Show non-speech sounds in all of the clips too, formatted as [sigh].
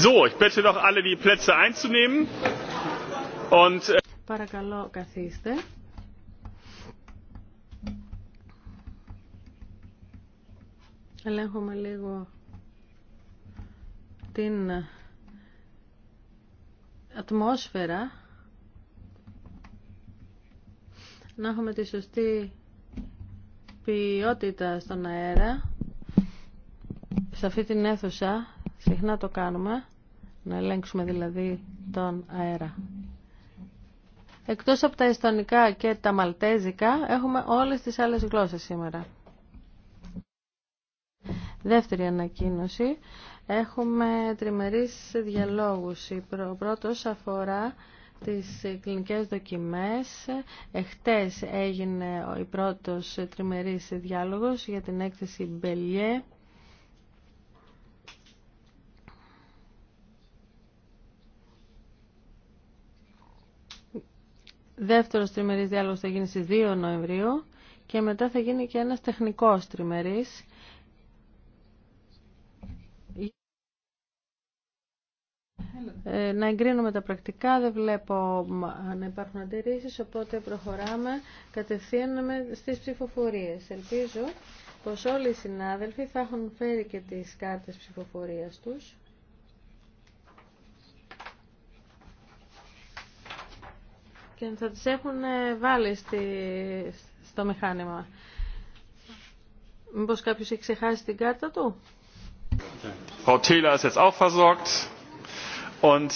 So, ich bitte doch alle die Plätze einzunehmen. Und äh, Παρακαλώ καθίστε. Ελέγχουμε λίγο την ε, ατμόσφαιρα. Να έχουμε τη σωστή ποιότητα στον αέρα. Σε αυτή την αίθουσα Συχνά το κάνουμε, να ελέγξουμε δηλαδή τον αέρα. Εκτός από τα ιστονικά και τα μαλτέζικα, έχουμε όλες τις άλλες γλώσσες σήμερα. Δεύτερη ανακοίνωση. Έχουμε τριμερείς διαλόγους. Ο πρώτος αφορά τις κλινικές δοκιμές. Εχτες έγινε ο πρώτος τριμερής διάλογος για την έκθεση Μπελιέ Δεύτερος τριμερή διάλογος θα γίνει στι 2 Νοεμβρίου και μετά θα γίνει και ένας τεχνικός τριμερής. Ε, να εγκρίνουμε τα πρακτικά, δεν βλέπω να υπάρχουν αντιρρήσει. οπότε προχωράμε κατευθείαν στις ψηφοφορίες. Ελπίζω πως όλοι οι συνάδελφοι θα έχουν φέρει και τις κάρτες ψηφοφορίας τους. και θα τις έχουν ε, βάλει στη, στο μηχάνημα. Μήπως κάποιος έχει ξεχάσει την κάρτα του. Frau Taylor ist jetzt auch versorgt und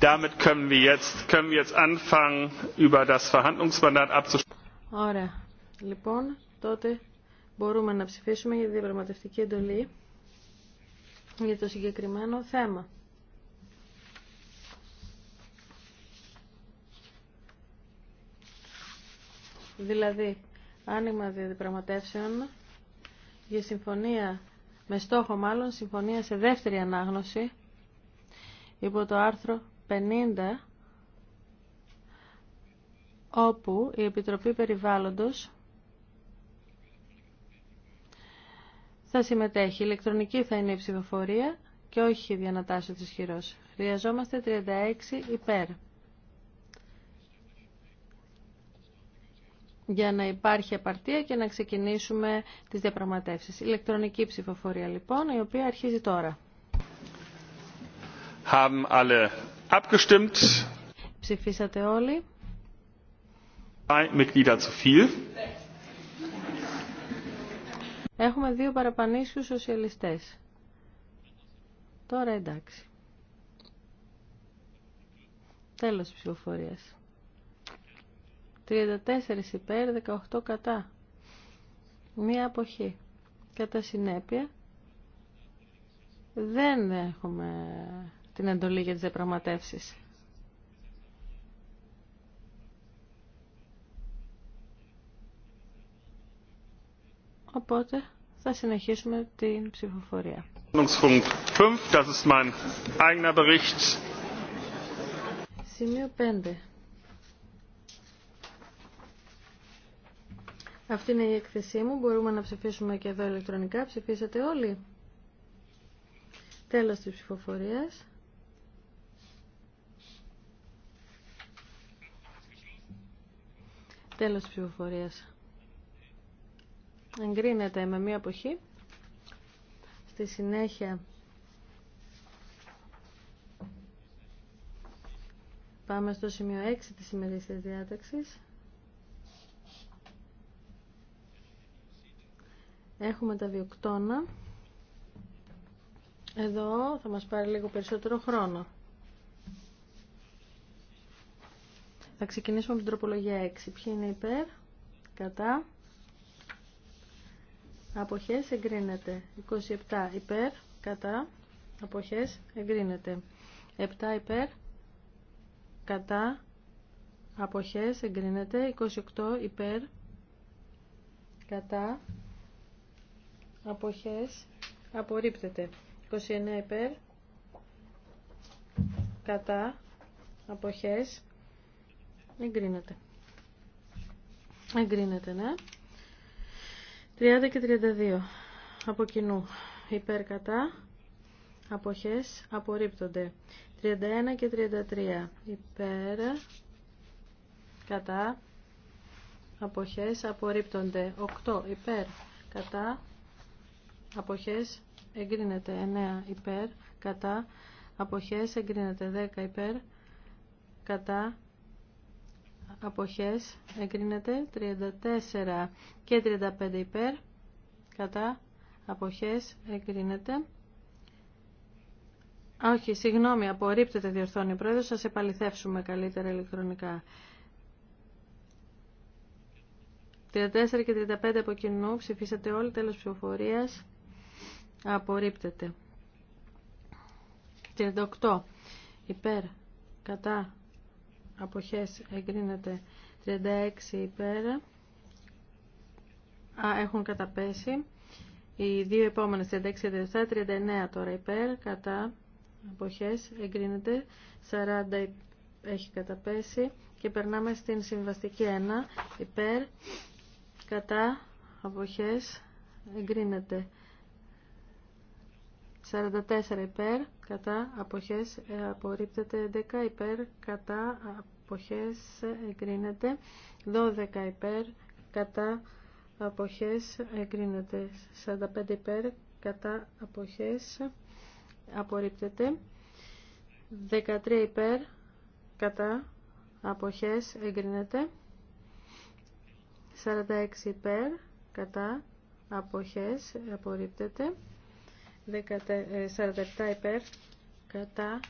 damit können wir jetzt, können wir jetzt anfangen, über das Verhandlungsmandat abzustimmen. Ωραία. Λοιπόν, τότε μπορούμε να ψηφίσουμε για τη διαπραγματευτική εντολή για το συγκεκριμένο θέμα. δηλαδή άνοιγμα διαπραγματεύσεων για συμφωνία, με στόχο μάλλον, συμφωνία σε δεύτερη ανάγνωση υπό το άρθρο 50 όπου η Επιτροπή Περιβάλλοντος θα συμμετέχει. Ηλεκτρονική θα είναι η ψηφοφορία και όχι η διανατάσταση της χειρός. Χρειαζόμαστε 36 υπέρ. για να υπάρχει απαρτία και να ξεκινήσουμε τις διαπραγματεύσεις. Ηλεκτρονική ψηφοφορία λοιπόν, η οποία αρχίζει τώρα. Haben alle abgestimmt. Ψηφίσατε όλοι. Έχουμε δύο παραπανήσιους σοσιαλιστές. Τώρα εντάξει. Τέλος ψηφοφορίας. 34 υπέρ, 18 κατά. Μία αποχή. Κατά συνέπεια, δεν έχουμε την εντολή για τις διαπραγματεύσει. Οπότε θα συνεχίσουμε την ψηφοφορία. Σημείο 5. Αυτή είναι η έκθεσή μου. Μπορούμε να ψηφίσουμε και εδώ ηλεκτρονικά. Ψηφίσατε όλοι. Τέλος της ψηφοφορίας. Τέλος της ψηφοφορίας. Εγκρίνεται με μία αποχή. Στη συνέχεια πάμε στο σημείο 6 της σημερινής διάταξης. Έχουμε τα διοκτώνα. Εδώ θα μας πάρει λίγο περισσότερο χρόνο. Θα ξεκινήσουμε με την τροπολογία 6. Ποιοι είναι υπέρ, κατά, αποχές εγκρίνεται. 27 υπέρ, κατά, αποχές εγκρίνεται. 7 υπέρ, κατά, αποχές εγκρίνεται. 28 υπέρ, κατά, αποχές απορρίπτεται 29 υπέρ κατά αποχές εγκρίνεται εγκρίνεται ναι 30 και 32 από κοινού υπέρ κατά αποχές απορρίπτονται 31 και 33 υπέρ κατά αποχές απορρίπτονται 8 υπέρ κατά αποχές εγκρίνεται 9 υπέρ κατά αποχές εγκρίνεται 10 υπέρ κατά αποχές εγκρίνεται 34 και 35 υπέρ κατά αποχές εγκρίνεται όχι, συγγνώμη, απορρίπτεται διορθώνει ο πρόεδρος, σας επαληθεύσουμε καλύτερα ηλεκτρονικά. 34 και 35 από κοινού ψηφίσατε όλοι, τέλος ψηφοφορίας απορρίπτεται. 38 υπέρ κατά αποχές εγκρίνεται 36 υπέρ Α, έχουν καταπέσει οι δύο επόμενες 36 37 39 τώρα υπέρ κατά αποχές εγκρίνεται 40 έχει καταπέσει και περνάμε στην συμβαστική 1 υπέρ κατά αποχές εγκρίνεται 44 ε, ε, υπέρ, κατά, αποχές, απορρίπτεται 11 υπέρ, κατά, αποχές, εγκρίνεται 12 υπέρ, κατά, αποχές, εγκρίνεται 45 υπέρ, κατά, αποχές, απορρίπτεται 13 υπέρ, κατά, αποχές, εγκρίνεται 46 υπέρ, κατά, αποχές, απορρίπτεται 47 ε, υπέρ κατά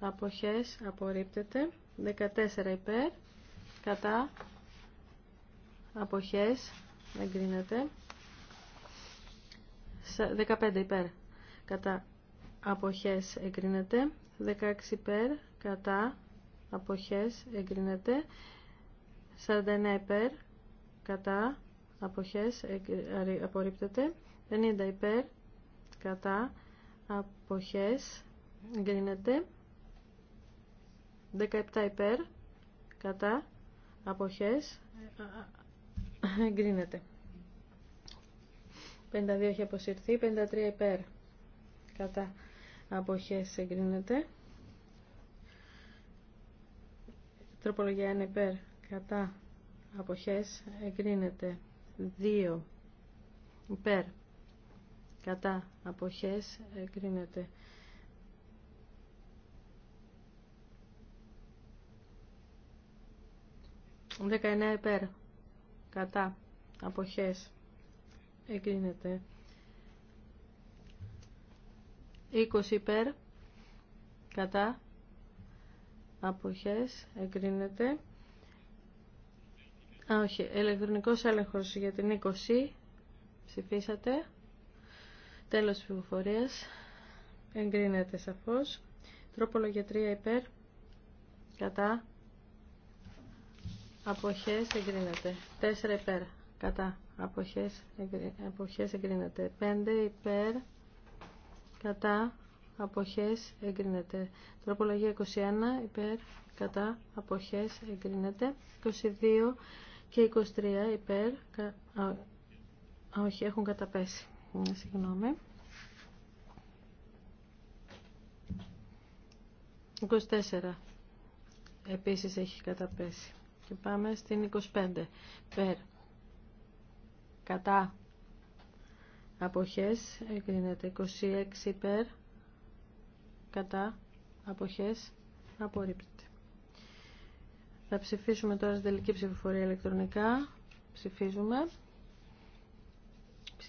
αποχές απορρίπτεται 14 υπέρ κατά αποχές εγκρίνεται 15 υπέρ κατά αποχές εγκρίνεται 16 υπέρ κατά αποχές εγκρίνεται 49 υπέρ κατά αποχές απορρίπτεται 50 υπέρ κατά αποχές εγκρίνεται 17 υπέρ κατά αποχές εγκρίνεται 52 έχει αποσυρθεί 53 υπέρ κατά αποχές εγκρίνεται τροπολογία 1 υπέρ κατά αποχές εγκρίνεται 2 υπέρ κατά αποχές εγκρίνεται. 19 υπέρ κατά αποχές εγκρίνεται. 20 υπέρ κατά αποχές εγκρίνεται. Α, όχι, ηλεκτρονικός έλεγχος για την 20 ψηφίσατε. Τέλος ψηφοφορίας. Εγκρίνεται σαφώς. Τρόπολογια 3 υπέρ. Κατά. Αποχές εγκρίνεται. 4 υπέρ. Κατά. Αποχές, αποχές εγκρίνεται. 5 υπέρ. Κατά. Αποχές εγκρίνεται. Τροπολογία 21 υπέρ. Κατά. Αποχές εγκρίνεται. 22 και 23 υπέρ. Κα... Α, όχι, έχουν καταπέσει. 24. Ναι, επίσης έχει καταπέσει. Και πάμε στην 25. Περ. Κατά. Αποχές. Εγκρίνεται. 26 περ Κατά. Αποχές. Απορρίπτεται. Θα ψηφίσουμε τώρα στην τελική ψηφοφορία ηλεκτρονικά. Ψηφίζουμε.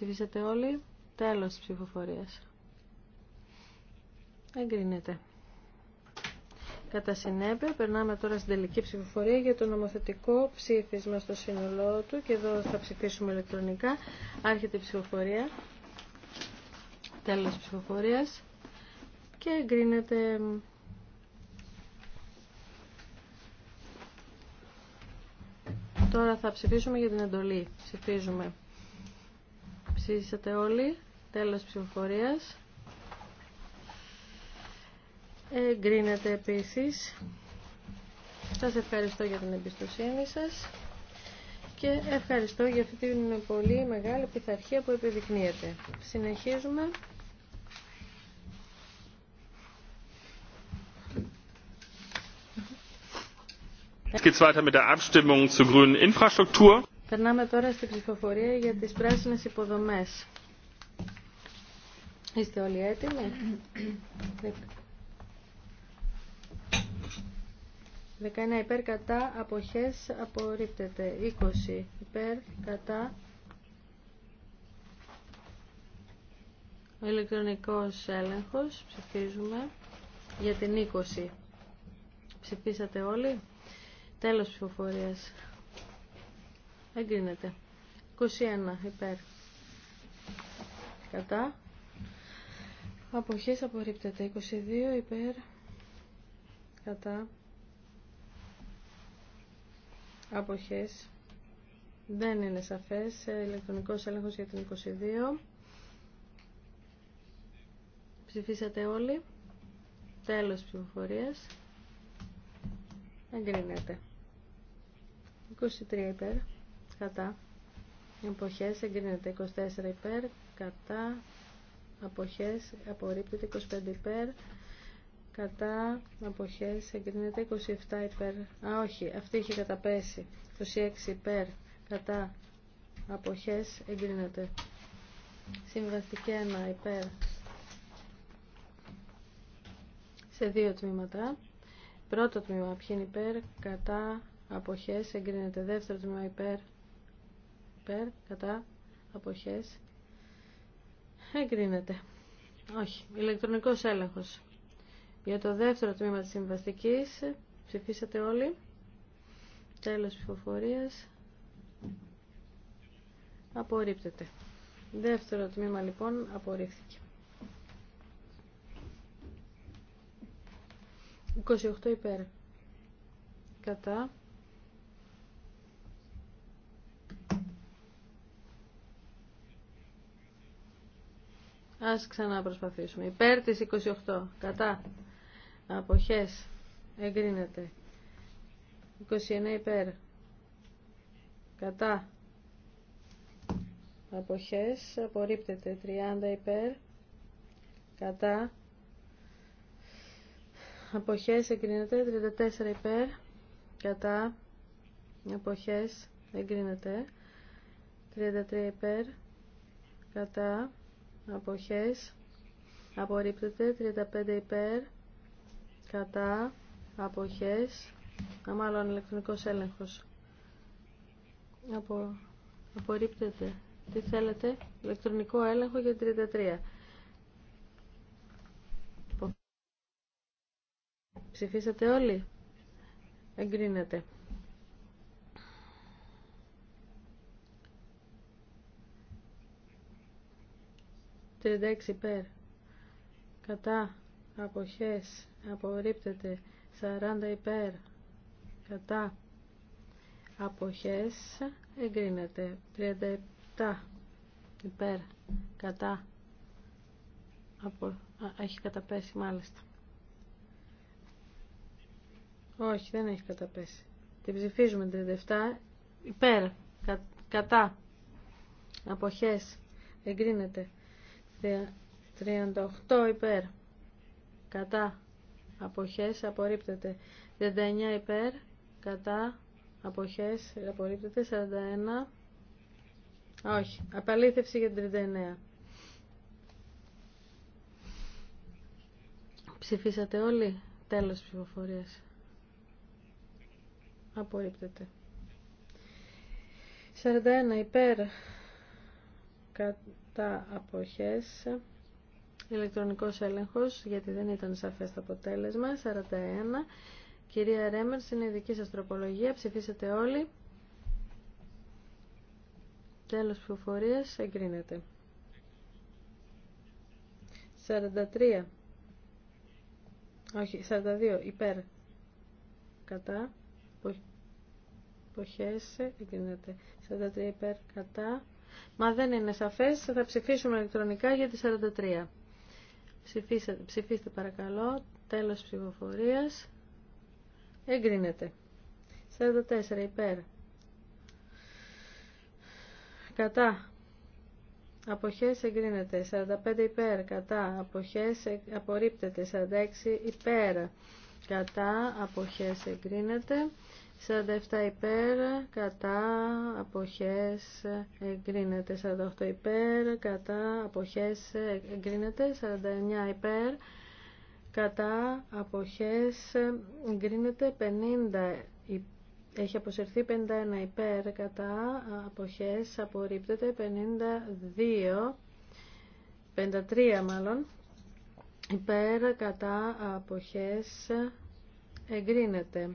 Ψηφίσατε όλοι. Τέλος της ψηφοφορίας. Εγκρίνεται. Κατά συνέπεια, περνάμε τώρα στην τελική ψηφοφορία για το νομοθετικό ψήφισμα στο σύνολό του και εδώ θα ψηφίσουμε ηλεκτρονικά. Άρχεται η ψηφοφορία. Τέλος ψηφοφορίας. Και εγκρίνεται... Τώρα θα ψηφίσουμε για την εντολή. Ψηφίζουμε. Ψήσατε όλοι. Τέλος ψηφοφορίας. Εγκρίνεται επίσης. Σας ευχαριστώ για την εμπιστοσύνη σας και ευχαριστώ για αυτή την πολύ μεγάλη πειθαρχία που επιδεικνύεται. Συνεχίζουμε. Jetzt geht weiter mit der Abstimmung zur grünen Infrastruktur. Περνάμε τώρα στην ψηφοφορία για τις πράσινες υποδομές. Είστε όλοι έτοιμοι. 19 υπέρ κατά αποχές απορρίπτεται. 20 υπέρ κατά Ο ηλεκτρονικός έλεγχος. Ψηφίζουμε για την 20. Ψηφίσατε όλοι. Τέλος ψηφοφορίας. Εγκρίνεται. 21 υπέρ. Κατά. Αποχές απορρίπτεται. 22 υπέρ. Κατά. Αποχές. Δεν είναι σαφές. Ηλεκτρονικός έλεγχος για την 22. Ψηφίσατε όλοι. Τέλος ψηφοφορίας. Εγκρίνεται. 23 υπέρ κατά εποχές εγκρίνεται 24 υπέρ κατά αποχές απορρίπτεται 25 υπέρ κατά αποχές εγκρίνεται 27 υπέρ α όχι αυτή είχε καταπέσει 26 υπέρ κατά αποχές εγκρίνεται συμβαστική 1 υπέρ σε δύο τμήματα πρώτο τμήμα είναι υπέρ κατά αποχές εγκρίνεται δεύτερο τμήμα υπέρ υπέρ, κατά, αποχές, εγκρίνεται. Όχι, ηλεκτρονικός έλεγχος. Για το δεύτερο τμήμα της συμβαστικής ψηφίσατε όλοι. Τέλος ψηφοφορίας. Απορρίπτεται. Δεύτερο τμήμα λοιπόν απορρίφθηκε. 28 υπέρ. Κατά. Ας ξαναπροσπαθήσουμε. Υπέρ της 28. Κατά. Αποχές. Εγκρίνεται. 29 υπέρ. Κατά. Αποχές. Απορρίπτεται. 30 υπέρ. Κατά. Αποχές. Εγκρίνεται. 34 υπέρ. Κατά. Αποχές. Εγκρίνεται. 33 υπέρ. Κατά αποχές απορρίπτεται 35 υπέρ κατά αποχές α, μάλλον ηλεκτρονικός έλεγχος Απο, απορρίπτεται τι θέλετε ηλεκτρονικό έλεγχο για 33 Ψηφίσατε όλοι. Εγκρίνεται. 36 υπέρ. Κατά. Αποχές. Απορρίπτεται. 40 υπέρ. Κατά. Αποχές. Εγκρίνεται. 37 υπέρ. Κατά. Απο... Α, έχει καταπέσει μάλιστα. Όχι, δεν έχει καταπέσει. Την ψηφίζουμε 37 υπέρ. Κα... Κατά. Αποχές. Εγκρίνεται. 38 υπέρ. Κατά. Αποχές απορρίπτεται. 39 υπέρ. Κατά. Αποχές απορρίπτεται. 41. Όχι. Απαλήθευση για 39. Ψηφίσατε όλοι. Τέλος ψηφοφορίας. Απορρίπτεται. 41 υπέρ κατά αποχές ηλεκτρονικός έλεγχος γιατί δεν ήταν σαφές το αποτέλεσμα 41 κυρία Ρέμερς είναι η δική σας τροπολογία ψηφίσατε όλοι τέλος ψηφοφορίας εγκρίνεται 43 όχι 42 υπέρ κατά αποχές εγκρίνεται 43 υπέρ κατά Μα δεν είναι σαφές. Θα ψηφίσουμε ηλεκτρονικά για τη 43. Ψηφίστε, ψηφίστε παρακαλώ. Τέλος ψηφοφορίας. Εγκρίνεται. 44 υπέρ. Κατά. Αποχές εγκρίνεται. 45 υπέρ. Κατά. Αποχές ε, απορρίπτεται. 46 υπέρ. Κατά. Αποχές εγκρίνεται. 47 υπέρ, κατά, αποχές, εγκρίνεται. 48 υπέρ, κατά, αποχές, εγκρίνεται. 49 υπέρ, κατά, αποχές, εγκρίνεται. 50 υπέρ. Έχει αποσυρθεί 51 υπέρ, κατά, αποχές, απορρίπτεται 52, 53 μάλλον, υπέρ, κατά, αποχές, εγκρίνεται.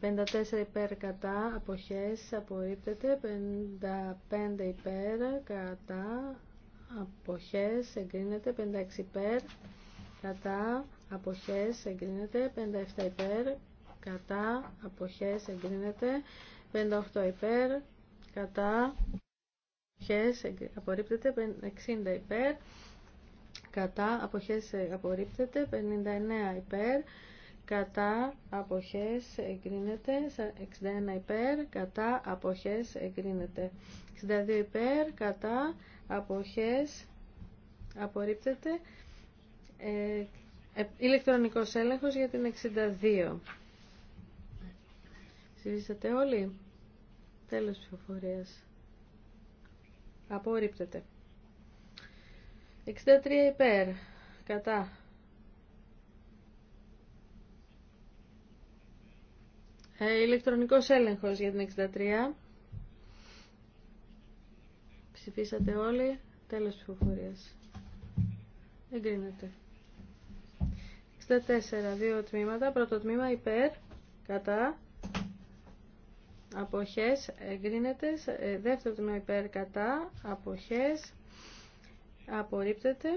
54 υπέρ κατά αποχές απορρίπτεται 55 υπέρ κατά αποχές εγκρίνεται 56 υπέρ κατά αποχές εγκρίνεται 57 υπέρ κατά αποχές εγκρίνεται 58 υπέρ κατά αποχές απορρίπτεται 60 υπέρ κατά αποχές ε, απορρίπτεται 59 υπέρ κατά αποχές εγκρίνεται 61 υπέρ κατά αποχές εγκρίνεται 62 υπέρ κατά αποχές απορρίπτεται ε, ε, ηλεκτρονικός έλεγχος για την 62 Ψηφίσατε όλοι τέλος ψηφοφορίας απορρίπτεται 63 υπέρ κατά Ε, ηλεκτρονικός έλεγχος για την 63. Ψηφίσατε όλοι. Τέλος ψηφοφορίας. Εγκρίνεται. 64. Δύο τμήματα. Πρώτο τμήμα υπέρ. Κατά. Αποχές. Εγκρίνεται. Ε, δεύτερο τμήμα υπέρ. Κατά. Αποχές. Απορρίπτεται.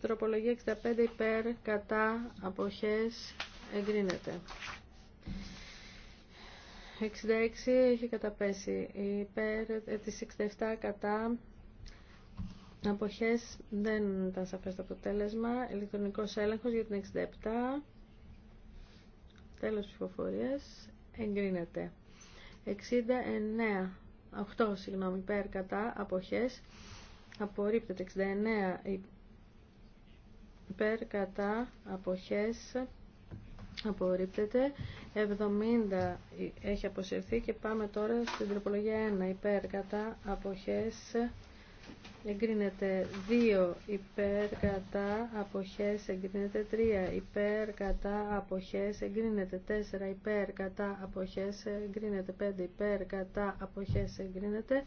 Τροπολογία 65 υπέρ. Κατά. Αποχές. Εγκρίνεται. 66 έχει καταπέσει. Υπέρ ε, της 67 κατά αποχές δεν ήταν σαφές το αποτέλεσμα. Ηλεκτρονικός έλεγχος για την 67. Τέλος ψηφοφορίας. Εγκρίνεται. 69. 8 συγγνώμη υπέρ κατά αποχές. Απορρίπτεται. 69 υπέρ κατά αποχές απορρίπτεται 70 έχει αποσυρθεί και πάμε τώρα στην τροπολογία 1 υπέρ κατά αποχές εγκρίνεται 2 υπέρ κατά αποχές εγκρίνεται 3 υπέρ κατά αποχές εγκρίνεται 4 υπέρ κατά αποχές εγκρίνεται 5 υπέρ κατά αποχές εγκρίνεται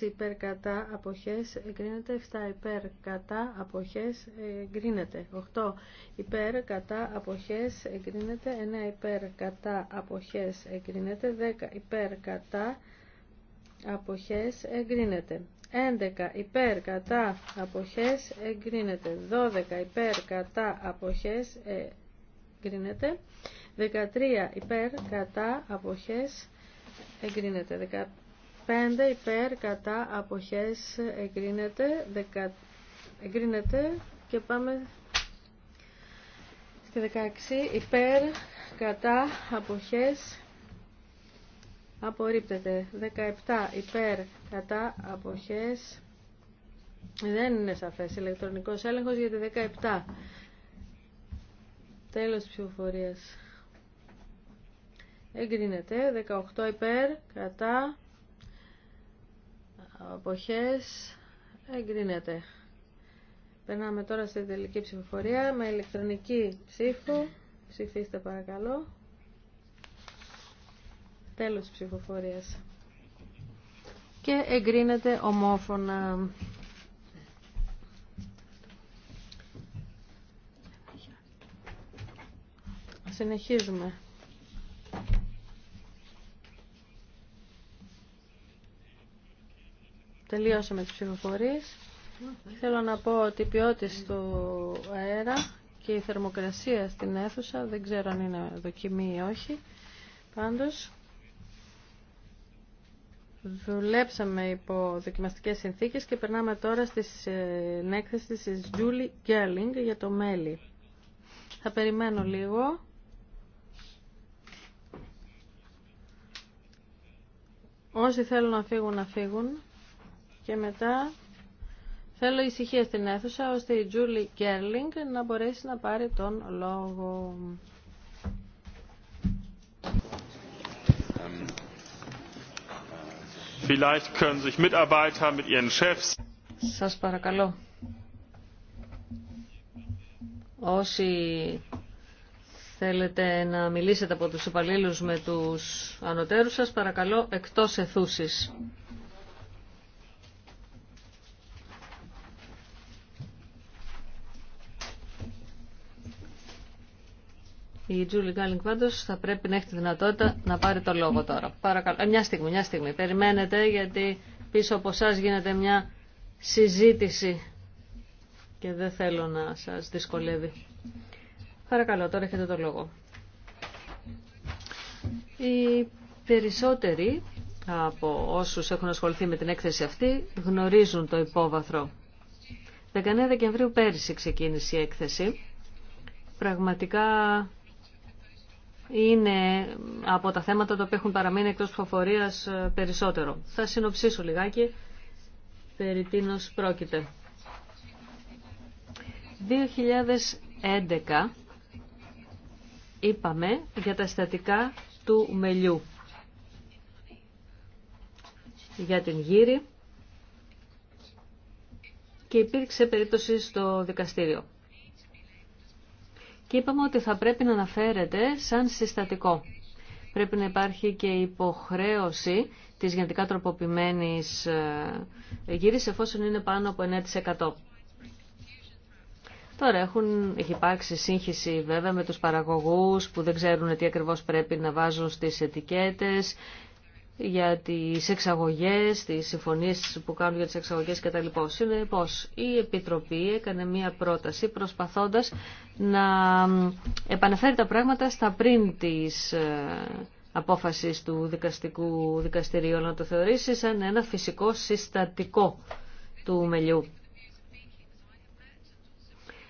6 υπέρ κατά αποχές εγκρίνεται 7 υπέρ κατά αποχές εγκρίνεται 8 υπέρ κατά αποχές εγκρίνεται 9 υπέρ κατά αποχές εγκρίνεται 10 υπέρ κατά αποχές εγκρίνεται 11 υπέρ κατά αποχές εγκρίνεται. 12 υπέρ κατά αποχές εγκρίνεται. 13 υπέρ κατά αποχές εγκρίνεται. 15 υπέρ κατά αποχές εγκρίνεται. Εγκρίνεται και πάμε στη 16 υπέρ κατά αποχές απορρίπτεται. 17 υπέρ κατά αποχές δεν είναι σαφές. Ηλεκτρονικός έλεγχος γιατί 17. Τέλος της ψηφοφορίας. Εγκρίνεται. 18 υπέρ κατά αποχές εγκρίνεται. Περνάμε τώρα στην τελική ψηφοφορία με ηλεκτρονική ψήφο. Ψηφίστε παρακαλώ. Τέλος ψηφοφορίας. Και εγκρίνεται ομόφωνα. Συνεχίζουμε. Τελειώσαμε τις ψηφοφορίες. Θέλω να πω ότι η ποιότητα του αέρα και η θερμοκρασία στην αίθουσα, δεν ξέρω αν είναι δοκιμή ή όχι, πάντως... Δουλέψαμε υπό δοκιμαστικές συνθήκες και περνάμε τώρα ε, στην έκθεση της Julie Gerling για το μέλι. Θα περιμένω λίγο. Όσοι θέλουν να φύγουν, να φύγουν. Και μετά θέλω ησυχία στην αίθουσα, ώστε η Julie Gerling να μπορέσει να πάρει τον λόγο. Vielleicht können sich Mitarbeiter mit ihren Chefs. Σας παρακαλώ. Όσοι θέλετε να μιλήσετε από τους υπαλλήλους με τους ανωτέρους σας, παρακαλώ εκτός εθούσης. Η Τζούλη Γκάλινγκ πάντω θα πρέπει να έχει τη δυνατότητα να πάρει το λόγο τώρα. Παρακαλώ. Ε, μια στιγμή, μια στιγμή. Περιμένετε γιατί πίσω από εσά γίνεται μια συζήτηση και δεν θέλω να σας δυσκολεύει. Παρακαλώ, τώρα έχετε το λόγο. Οι περισσότεροι από όσους έχουν ασχοληθεί με την έκθεση αυτή γνωρίζουν το υπόβαθρο. 19 Δεκεμβρίου πέρυσι ξεκίνησε η έκθεση. Πραγματικά είναι από τα θέματα τα οποία έχουν παραμείνει εκτός ψηφοφορίας ε, περισσότερο. Θα συνοψίσω λιγάκι περί τίνος πρόκειται. 2011 είπαμε για τα στατικά του μελιού. Για την γύρι και υπήρξε περίπτωση στο δικαστήριο και είπαμε ότι θα πρέπει να αναφέρεται σαν συστατικό. Πρέπει να υπάρχει και υποχρέωση της γενετικά τροποποιημένης ε, γύρισης, εφόσον είναι πάνω από 9%. Τώρα έχουν, έχει υπάρξει σύγχυση βέβαια με τους παραγωγούς που δεν ξέρουν τι ακριβώς πρέπει να βάζουν στις ετικέτες για τις εξαγωγές, τις συμφωνίες που κάνουν για τις εξαγωγές και τα Είναι Συνεπώς, η Επιτροπή έκανε μία πρόταση προσπαθώντας να επαναφέρει τα πράγματα στα πριν της ε, απόφασης του δικαστικού δικαστηρίου να το θεωρήσει σαν ένα φυσικό συστατικό του μελιού.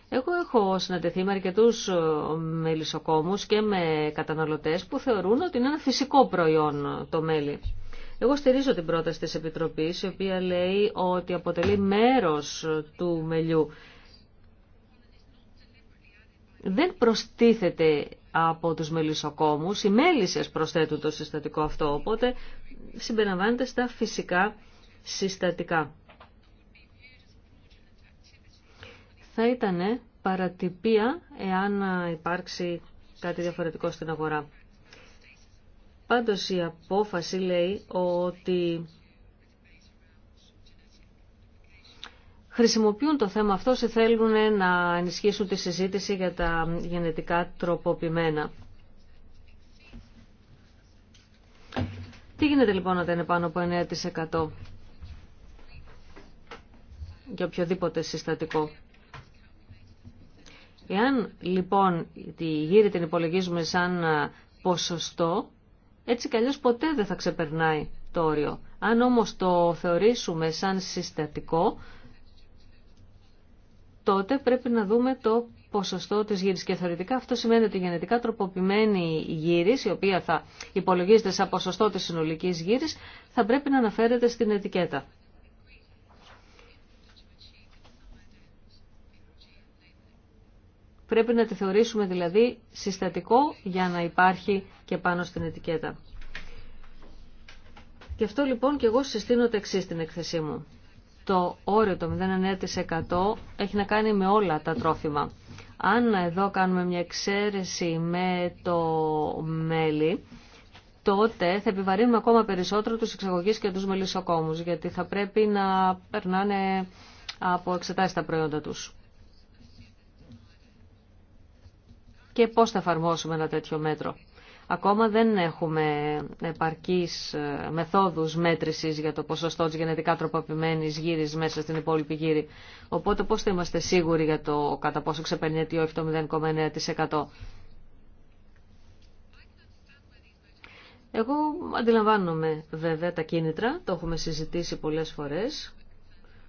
Εγώ έχω συναντηθεί με αρκετού ε, μελισσοκόμους και με καταναλωτές που θεωρούν ότι είναι ένα φυσικό προϊόν το μέλι. Εγώ στηρίζω την πρόταση της Επιτροπής, η οποία λέει ότι αποτελεί μέρος του μελιού. Δεν προστίθεται από τους μελισσοκόμους, οι μέλισσες προσθέτουν το συστατικό αυτό, οπότε συμπεριλαμβάνεται στα φυσικά συστατικά. θα ήταν παρατυπία εάν υπάρξει κάτι διαφορετικό στην αγορά. Πάντως η απόφαση λέει ότι χρησιμοποιούν το θέμα αυτό σε θέλουν να ενισχύσουν τη συζήτηση για τα γενετικά τροποποιημένα. Τι γίνεται λοιπόν όταν είναι πάνω από 9% για οποιοδήποτε συστατικό. Εάν λοιπόν τη γύρη την υπολογίζουμε σαν ε, ποσοστό, έτσι κι ποτέ δεν θα ξεπερνάει το όριο. Αν όμως το θεωρήσουμε σαν συστατικό, τότε πρέπει να δούμε το ποσοστό της γύρης. Και θεωρητικά αυτό σημαίνει ότι η γενετικά τροποποιημένη γύρης, η οποία θα υπολογίζεται σαν ποσοστό της συνολικής γύρης, θα πρέπει να αναφέρεται στην ετικέτα. Πρέπει να τη θεωρήσουμε δηλαδή συστατικό για να υπάρχει και πάνω στην ετικέτα. Και αυτό λοιπόν και εγώ συστήνω το εξή στην εκθεσή μου. Το όριο το 0,9% έχει να κάνει με όλα τα τρόφιμα. Αν εδώ κάνουμε μια εξαίρεση με το μέλι, τότε θα επιβαρύνουμε ακόμα περισσότερο τους εξαγωγείς και τους μελισσοκόμους, γιατί θα πρέπει να περνάνε από εξετάσεις τα προϊόντα τους. και πώς θα εφαρμόσουμε ένα τέτοιο μέτρο. Ακόμα δεν έχουμε επαρκείς ε, μεθόδους μέτρησης για το ποσοστό της γενετικά τροποποιημένης γύρης μέσα στην υπόλοιπη γύρη. Οπότε πώς θα είμαστε σίγουροι για το κατά πόσο ξεπερνιέται ή όχι το 0,9%. Εγώ αντιλαμβάνομαι βέβαια τα κίνητρα, το έχουμε συζητήσει πολλές φορές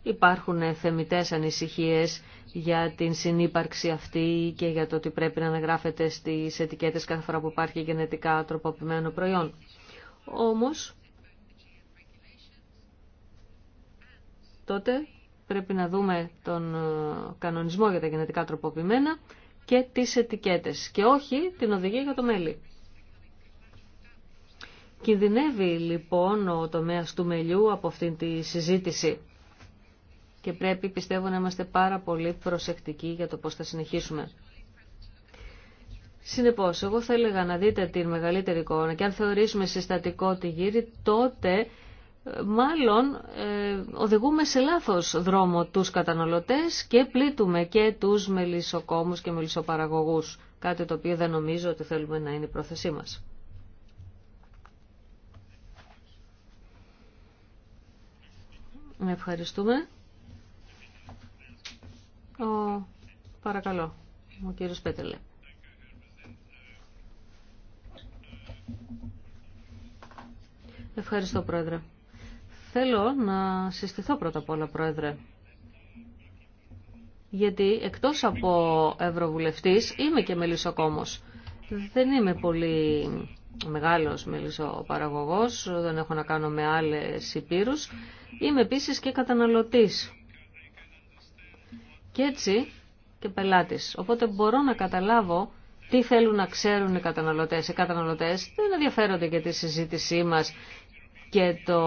Υπάρχουν θεμητές ανησυχίες για την συνύπαρξη αυτή και για το ότι πρέπει να αναγράφεται στις ετικέτες κάθε φορά που υπάρχει γενετικά τροποποιημένο προϊόν. Όμως, τότε πρέπει να δούμε τον ε, κανονισμό για τα γενετικά τροποποιημένα και τις ετικέτες και όχι την οδηγία για το μέλι. Κινδυνεύει λοιπόν ο τομέας του μελιού από αυτήν τη συζήτηση και πρέπει πιστεύω να είμαστε πάρα πολύ προσεκτικοί για το πώς θα συνεχίσουμε. Συνεπώς, εγώ θα έλεγα να δείτε την μεγαλύτερη εικόνα και αν θεωρήσουμε συστατικό τη γύρι, τότε ε, μάλλον ε, οδηγούμε σε λάθος δρόμο τους καταναλωτές και πλήττουμε και τους μελισσοκόμους και μελισσοπαραγωγούς, κάτι το οποίο δεν νομίζω ότι θέλουμε να είναι η πρόθεσή μας. Ευχαριστούμε. Ο... Παρακαλώ, ο κύριος Πέτελε. Ευχαριστώ, Πρόεδρε. Θέλω να συστηθώ πρώτα απ' όλα, Πρόεδρε. Γιατί εκτός από Ευρωβουλευτής είμαι και μελισσοκόμος. Δεν είμαι πολύ μεγάλος μελισσοπαραγωγός, δεν έχω να κάνω με άλλες υπήρους. Είμαι επίσης και καταναλωτής και έτσι και πελάτης. Οπότε μπορώ να καταλάβω τι θέλουν να ξέρουν οι καταναλωτές. Οι καταναλωτές δεν ενδιαφέρονται για τη συζήτησή μας και το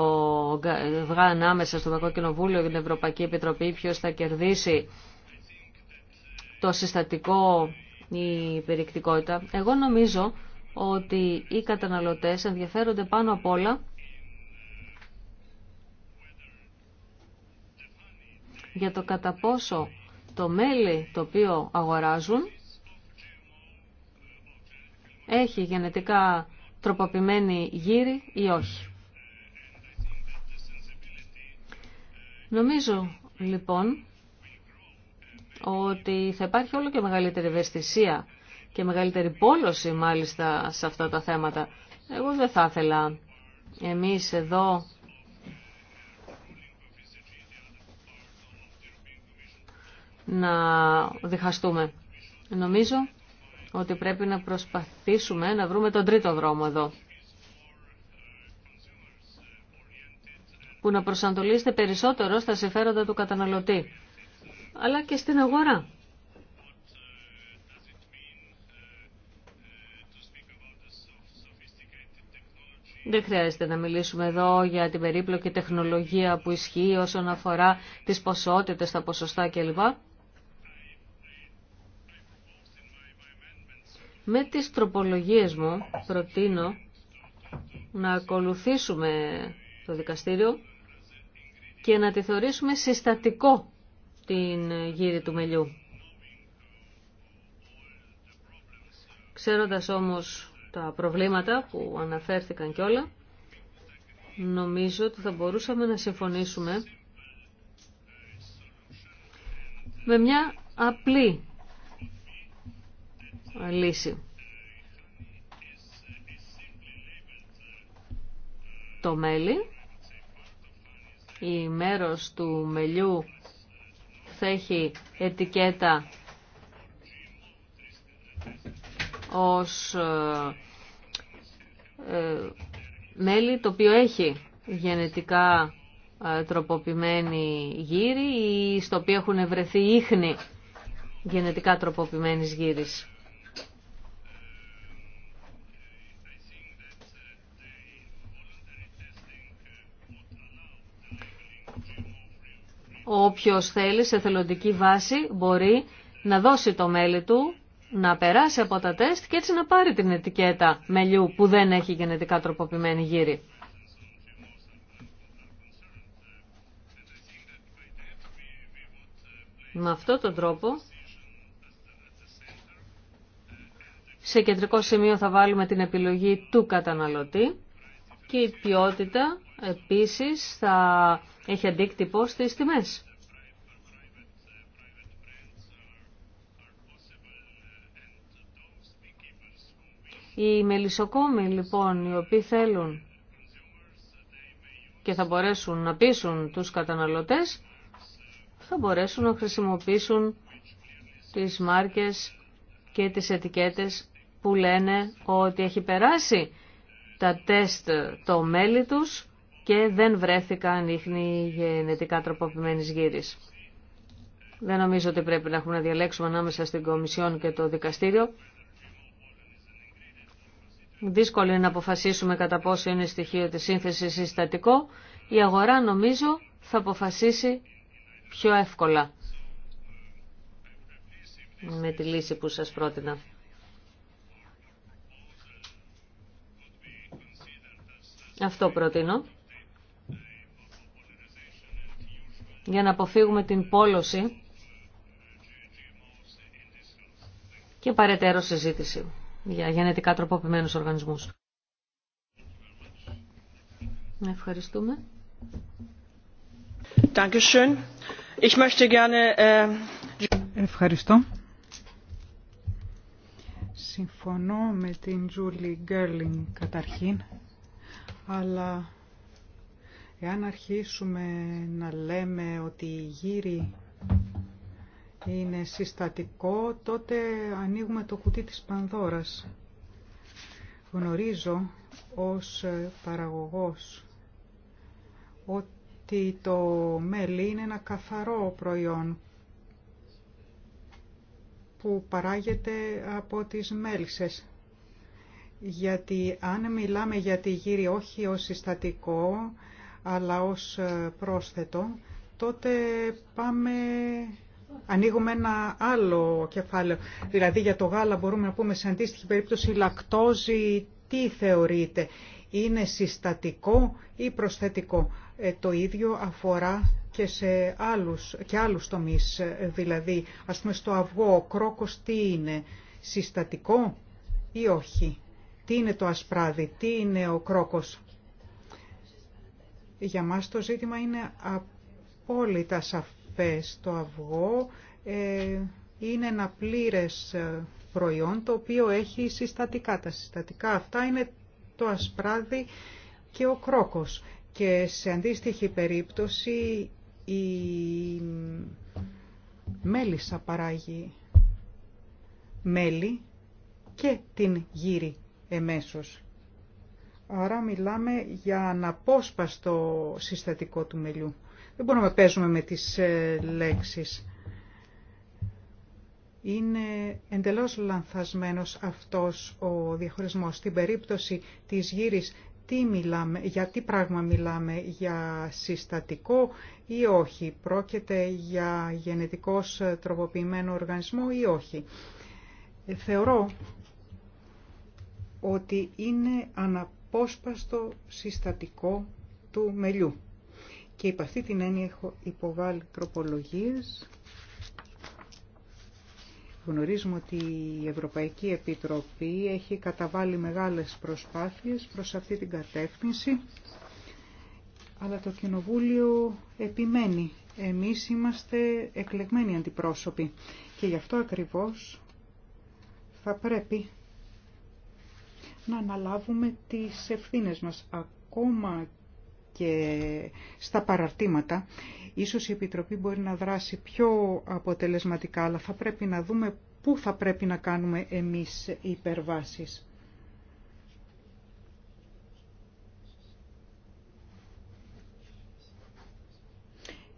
βγά ανάμεσα στο Ευρωπαϊκό Κοινοβούλιο και την Ευρωπαϊκή Επιτροπή ποιο θα κερδίσει το συστατικό η περιεκτικότητα. Εγώ νομίζω ότι οι καταναλωτές ενδιαφέρονται πάνω απ' όλα για το κατά πόσο το μέλι το οποίο αγοράζουν έχει γενετικά τροποποιημένη γύρι ή όχι. Νομίζω λοιπόν ότι θα υπάρχει όλο και μεγαλύτερη ευαισθησία και μεγαλύτερη πόλωση μάλιστα σε αυτά τα θέματα. Εγώ δεν θα ήθελα εμείς εδώ να διχαστούμε. Νομίζω ότι πρέπει να προσπαθήσουμε να βρούμε τον τρίτο δρόμο εδώ. Που να προσανατολίσετε περισσότερο στα συμφέροντα του καταναλωτή. Αλλά και στην αγορά. Δεν χρειάζεται να μιλήσουμε εδώ για την περίπλοκη τεχνολογία που ισχύει όσον αφορά τις ποσότητες, τα ποσοστά κλπ. Με τις τροπολογίες μου προτείνω να ακολουθήσουμε το δικαστήριο και να τη θεωρήσουμε συστατικό την γύρη του μελιού. Ξέροντας όμως τα προβλήματα που αναφέρθηκαν κιόλα, νομίζω ότι θα μπορούσαμε να συμφωνήσουμε με μια απλή λύση. Το μέλι, η μέρος του μελιού θα έχει ετικέτα ως ε, ε, μέλι το οποίο έχει γενετικά ε, τροποποιημένη γύρι ή στο οποίο έχουν βρεθεί ίχνη γενετικά τροποποιημένης γύρης. Όποιος θέλει σε θελοντική βάση μπορεί να δώσει το μέλι του, να περάσει από τα τεστ και έτσι να πάρει την ετικέτα μελιού που δεν έχει γενετικά τροποποιημένη γύρι. Με αυτόν τον τρόπο σε κεντρικό σημείο θα βάλουμε την επιλογή του καταναλωτή και η ποιότητα επίσης θα έχει αντίκτυπο στις τιμές. Οι μελισσοκόμοι λοιπόν οι οποίοι θέλουν και θα μπορέσουν να πείσουν τους καταναλωτές θα μπορέσουν να χρησιμοποιήσουν τις μάρκες και τις ετικέτες που λένε ότι έχει περάσει τα τεστ το μέλι τους και δεν βρέθηκαν ίχνη γενετικά τροποποιημένης γύρης. Δεν νομίζω ότι πρέπει να έχουμε να διαλέξουμε ανάμεσα στην Κομισιόν και το Δικαστήριο. Δύσκολο είναι να αποφασίσουμε κατά πόσο είναι στοιχείο της σύνθεσης συστατικό. Η αγορά νομίζω θα αποφασίσει πιο εύκολα με τη λύση που σας πρότεινα. Αυτό προτείνω. Για να αποφύγουμε την πόλωση και παρετέρω συζήτηση για γενετικά τροποποιημένους οργανισμούς. Ευχαριστούμε. Äh, Ευχαριστώ. Συμφωνώ με την Τζούλη Γκέρλινγκ καταρχήν αλλά εάν αρχίσουμε να λέμε ότι η γύρι είναι συστατικό, τότε ανοίγουμε το κουτί της Πανδώρας. Γνωρίζω ως παραγωγός ότι το μέλι είναι ένα καθαρό προϊόν που παράγεται από τις μέλισσες γιατί αν μιλάμε για τη γύρι όχι ως συστατικό, αλλά ως ε, πρόσθετο, τότε πάμε, ανοίγουμε ένα άλλο κεφάλαιο. Δηλαδή για το γάλα μπορούμε να πούμε σε αντίστοιχη περίπτωση λακτόζη, τι θεωρείται, είναι συστατικό ή προσθετικό. Ε, το ίδιο αφορά και σε άλλους, και άλλους τομείς, ε, δηλαδή ας πούμε στο αυγό, ο κρόκος τι είναι, συστατικό ή όχι. Τι είναι το ασπράδι, τι είναι ο κρόκος. Για μας το ζήτημα είναι απόλυτα σαφές. Το αυγό ε, είναι ένα πλήρες ε, προϊόν το οποίο έχει συστατικά. Τα συστατικά αυτά είναι το ασπράδι και ο κρόκος. Και σε αντίστοιχη περίπτωση η μέλισσα παράγει μέλι και την γύρι εμέσως. Άρα μιλάμε για αναπόσπαστο συστατικό του μελιού. Δεν μπορούμε να παίζουμε με τις ε, λέξεις. Είναι εντελώς λανθασμένος αυτός ο διαχωρισμός. Στην περίπτωση της γύρης, τι μιλάμε, για τι πράγμα μιλάμε, για συστατικό ή όχι, πρόκειται για γενετικός τροποποιημένο οργανισμό ή όχι. Ε, θεωρώ ότι είναι αναπόσπαστο συστατικό του μελιού. Και υπ' αυτή την έννοια έχω υποβάλει τροπολογίες. Γνωρίζουμε ότι η Ευρωπαϊκή Επιτροπή έχει καταβάλει μεγάλες προσπάθειες προς αυτή την κατεύθυνση, αλλά το Κοινοβούλιο επιμένει. Εμείς είμαστε εκλεγμένοι αντιπρόσωποι και γι' αυτό ακριβώς θα πρέπει να αναλάβουμε τις ευθύνες μας. Ακόμα και στα παραρτήματα, ίσως η Επιτροπή μπορεί να δράσει πιο αποτελεσματικά, αλλά θα πρέπει να δούμε πού θα πρέπει να κάνουμε εμείς υπερβάσεις.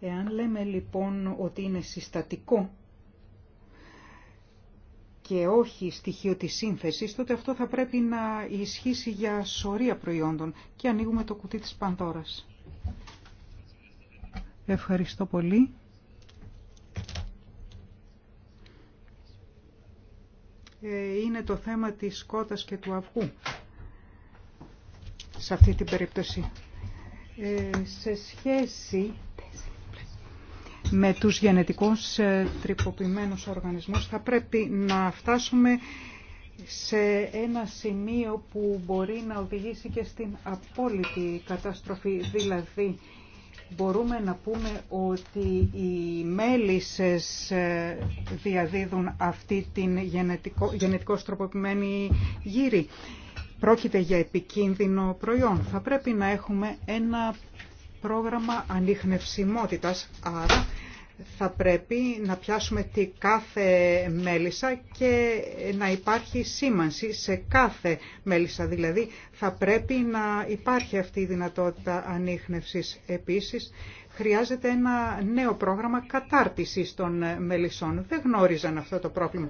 Εάν λέμε λοιπόν ότι είναι συστατικό και όχι στοιχείο της σύνθεσης, τότε αυτό θα πρέπει να ισχύσει για σωρία προϊόντων και ανοίγουμε το κουτί της παντόρας. Ευχαριστώ πολύ. Ε, είναι το θέμα της κότας και του αυγού σε αυτή την περίπτωση. Ε, σε σχέση με τους ε, τρυποποιημένους οργανισμούς θα πρέπει να φτάσουμε σε ένα σημείο που μπορεί να οδηγήσει και στην απόλυτη καταστροφή. Δηλαδή, μπορούμε να πούμε ότι οι μέλισσες ε, διαδίδουν αυτή την γενετικό, τροποποιημένη γύρι. Πρόκειται για επικίνδυνο προϊόν. Θα πρέπει να έχουμε ένα πρόγραμμα ανιχνευσιμότητας, άρα θα πρέπει να πιάσουμε τη κάθε μέλισσα και να υπάρχει σήμανση σε κάθε μέλισσα. Δηλαδή θα πρέπει να υπάρχει αυτή η δυνατότητα ανιχνεύσης. Επίσης χρειάζεται ένα νέο πρόγραμμα κατάρτισης των μελισσών. Δεν γνώριζαν αυτό το πρόβλημα.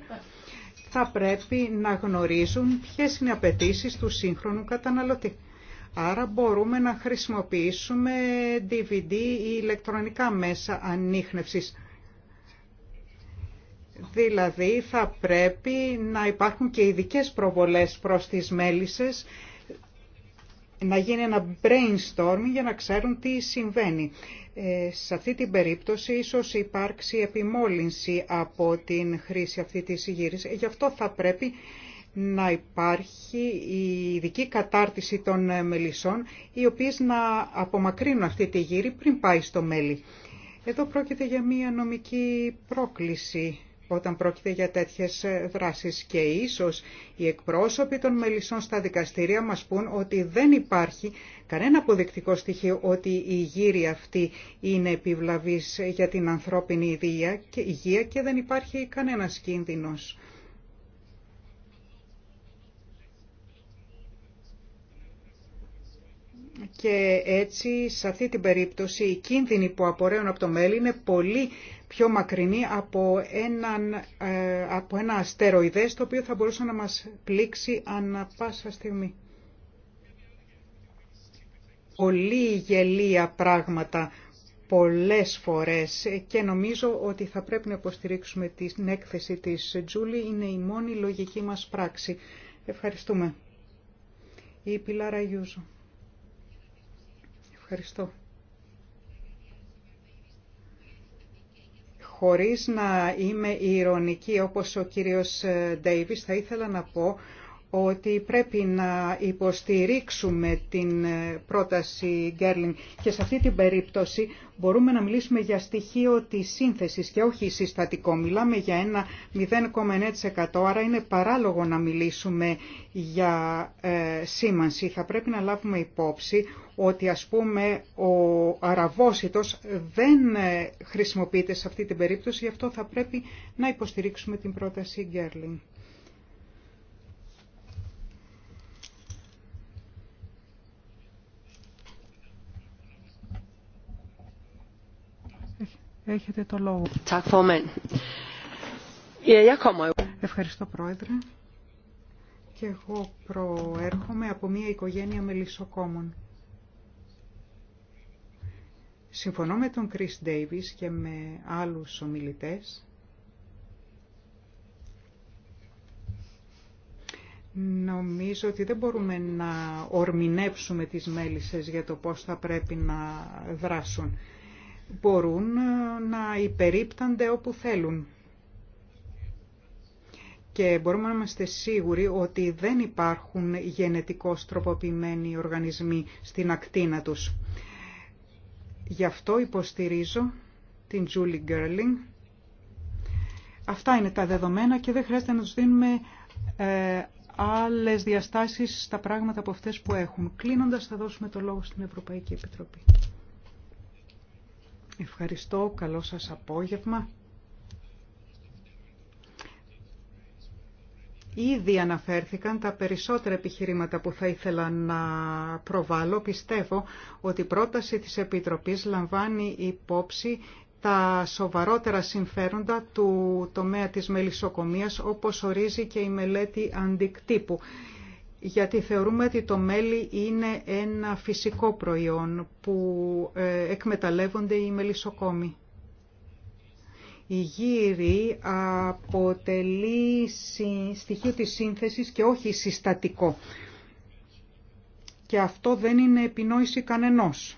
Θα πρέπει να γνωρίζουν ποιες είναι οι απαιτήσει του σύγχρονου καταναλωτή. Άρα μπορούμε να χρησιμοποιήσουμε DVD ή ηλεκτρονικά μέσα ανείχνευσης. Δηλαδή θα πρέπει να υπάρχουν και ειδικές προβολές προς τις μέλισσες, να γίνει ένα brainstorm για να ξέρουν τι συμβαίνει. Ε, σε αυτή την περίπτωση ίσως υπάρξει επιμόλυνση από την χρήση αυτή της συγγύρισης. Γι' αυτό θα πρέπει να υπάρχει η ειδική κατάρτιση των ε, μελισσών, οι οποίες να απομακρύνουν αυτή τη γύρη πριν πάει στο μέλι. Εδώ πρόκειται για μία νομική πρόκληση όταν πρόκειται για τέτοιες ε, δράσεις και ίσως οι εκπρόσωποι των μελισσών στα δικαστήρια μας πούν ότι δεν υπάρχει κανένα αποδεικτικό στοιχείο ότι η γύρη αυτή είναι επιβλαβής για την ανθρώπινη υγεία και δεν υπάρχει κανένας κίνδυνος Και έτσι σε αυτή την περίπτωση οι κίνδυνοι που απορρέουν από το μέλι είναι πολύ πιο μακρινή από, έναν, ε, από ένα αστεροειδές το οποίο θα μπορούσε να μας πλήξει ανα πάσα στιγμή. Πολύ γελία πράγματα πολλές φορές και νομίζω ότι θα πρέπει να υποστηρίξουμε την έκθεση της Τζούλη. Είναι η μόνη λογική μας πράξη. Ευχαριστούμε. Η Πιλάρα Ευχαριστώ. Χωρίς να είμαι ηρωνική όπως ο κύριος Ντέιβις, θα ήθελα να πω ότι πρέπει να υποστηρίξουμε την ε, πρόταση Γκέρλινγκ και σε αυτή την περίπτωση μπορούμε να μιλήσουμε για στοιχείο της σύνθεσης και όχι συστατικό. Μιλάμε για ένα 0,9% άρα είναι παράλογο να μιλήσουμε για ε, σήμανση. Θα πρέπει να λάβουμε υπόψη ότι ας πούμε ο αραβόσιτος δεν ε, χρησιμοποιείται σε αυτή την περίπτωση γι' αυτό θα πρέπει να υποστηρίξουμε την πρόταση Γκέρλινγκ. Έχετε το λόγο. Ευχαριστώ Πρόεδρε. Και εγώ προέρχομαι από μια οικογένεια μελισσοκόμων. Συμφωνώ με τον Chris Ντέιβις και με άλλους ομιλητές Νομίζω ότι δεν μπορούμε να ορμηνεύσουμε τις μέλισσες για το πώς θα πρέπει να δράσουν μπορούν ε, να υπερίπτανται όπου θέλουν. Και μπορούμε να είμαστε σίγουροι ότι δεν υπάρχουν γενετικώς τροποποιημένοι οργανισμοί στην ακτίνα τους. Γι' αυτό υποστηρίζω την Julie Gerling. Αυτά είναι τα δεδομένα και δεν χρειάζεται να τους δίνουμε ε, άλλες διαστάσεις στα πράγματα από αυτές που έχουν. Κλείνοντας θα δώσουμε το λόγο στην Ευρωπαϊκή Επιτροπή. Ευχαριστώ. Καλό σας απόγευμα. Ήδη αναφέρθηκαν τα περισσότερα επιχειρήματα που θα ήθελα να προβάλλω. Πιστεύω ότι η πρόταση της Επιτροπής λαμβάνει υπόψη τα σοβαρότερα συμφέροντα του τομέα της μελισσοκομείας όπως ορίζει και η μελέτη αντικτύπου γιατί θεωρούμε ότι το μέλι είναι ένα φυσικό προϊόν που ε, εκμεταλλεύονται οι μελισσοκόμοι. Η γύρι αποτελεί στοιχείο της σύνθεσης και όχι συστατικό. Και αυτό δεν είναι επινόηση κανενός.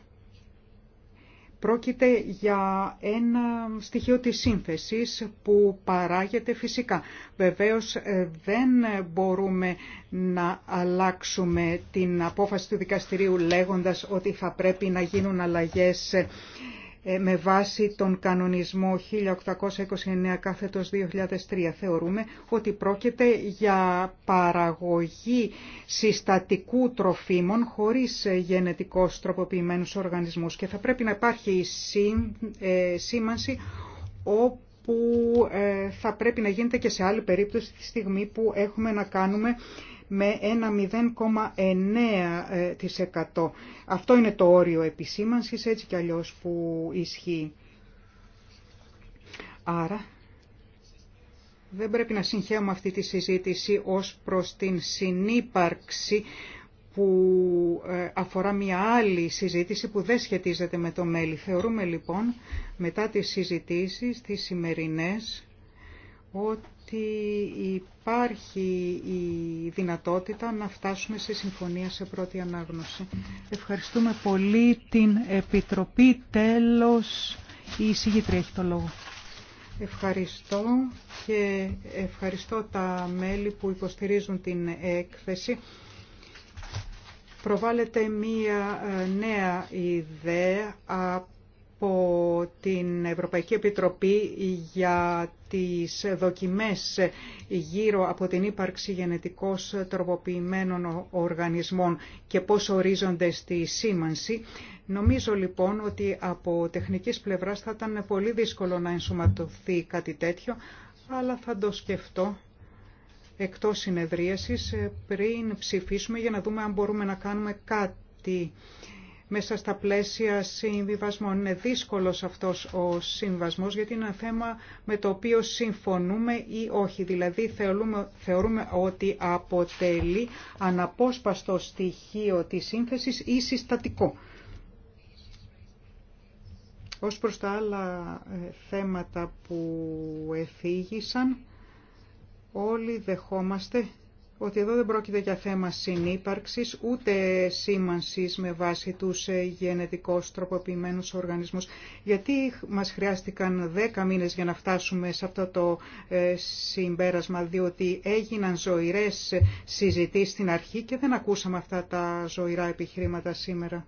Πρόκειται για ένα στοιχείο της σύνθεσης που παράγεται φυσικά. Βεβαίως ε, δεν μπορούμε να αλλάξουμε την απόφαση του δικαστηρίου λέγοντας ότι θα πρέπει να γίνουν αλλαγές ε, ε, με βάση τον κανονισμό 1829 κάθετος 2003. Θεωρούμε ότι πρόκειται για παραγωγή συστατικού τροφίμων χωρίς ε, γενετικώς τροποποιημένους οργανισμούς και θα πρέπει να υπάρχει ε, σήμανση όπου θα πρέπει να γίνεται και σε άλλη περίπτωση τη στιγμή που έχουμε να κάνουμε με ένα 0,9%. Ε, Αυτό είναι το όριο επισήμανσης έτσι κι αλλιώς που ισχύει. Άρα δεν πρέπει να συγχαίουμε αυτή τη συζήτηση ως προς την συνύπαρξη που ε, αφορά μια άλλη συζήτηση που δεν σχετίζεται με το μέλη. Θεωρούμε λοιπόν μετά τις συζητήσεις, τις σημερινές, ότι ότι υπάρχει η δυνατότητα να φτάσουμε σε συμφωνία σε πρώτη ανάγνωση. Ευχαριστούμε πολύ την Επιτροπή. Τέλος, η εισηγήτρια έχει το λόγο. Ευχαριστώ και ευχαριστώ τα μέλη που υποστηρίζουν την έκθεση. Προβάλλεται μία ε, νέα ιδέα από από την Ευρωπαϊκή Επιτροπή για τις δοκιμές γύρω από την ύπαρξη γενετικώς τροποποιημένων οργανισμών και πώς ορίζονται στη σήμανση. Νομίζω λοιπόν ότι από τεχνικής πλευράς θα ήταν πολύ δύσκολο να ενσωματωθεί κάτι τέτοιο, αλλά θα το σκεφτώ εκτός συνεδρίασης πριν ψηφίσουμε για να δούμε αν μπορούμε να κάνουμε κάτι μέσα στα πλαίσια συμβιβασμών. Είναι δύσκολος αυτός ο συμβασμός γιατί είναι ένα θέμα με το οποίο συμφωνούμε ή όχι. Δηλαδή θεωρούμε, θεωρούμε ότι αποτελεί αναπόσπαστο στοιχείο της σύνθεσης ή συστατικό. Ως προς τα άλλα ε, θέματα που εφήγησαν, όλοι δεχόμαστε ότι εδώ δεν πρόκειται για θέμα συνύπαρξης ούτε σήμανσης με βάση τους ε, γενετικώς τροποποιημένους οργανισμούς. Γιατί μας χρειάστηκαν δέκα μήνες για να φτάσουμε σε αυτό το ε, συμπέρασμα, διότι έγιναν ζωηρές ε, συζητήσεις στην αρχή και δεν ακούσαμε αυτά τα ζωηρά επιχειρήματα σήμερα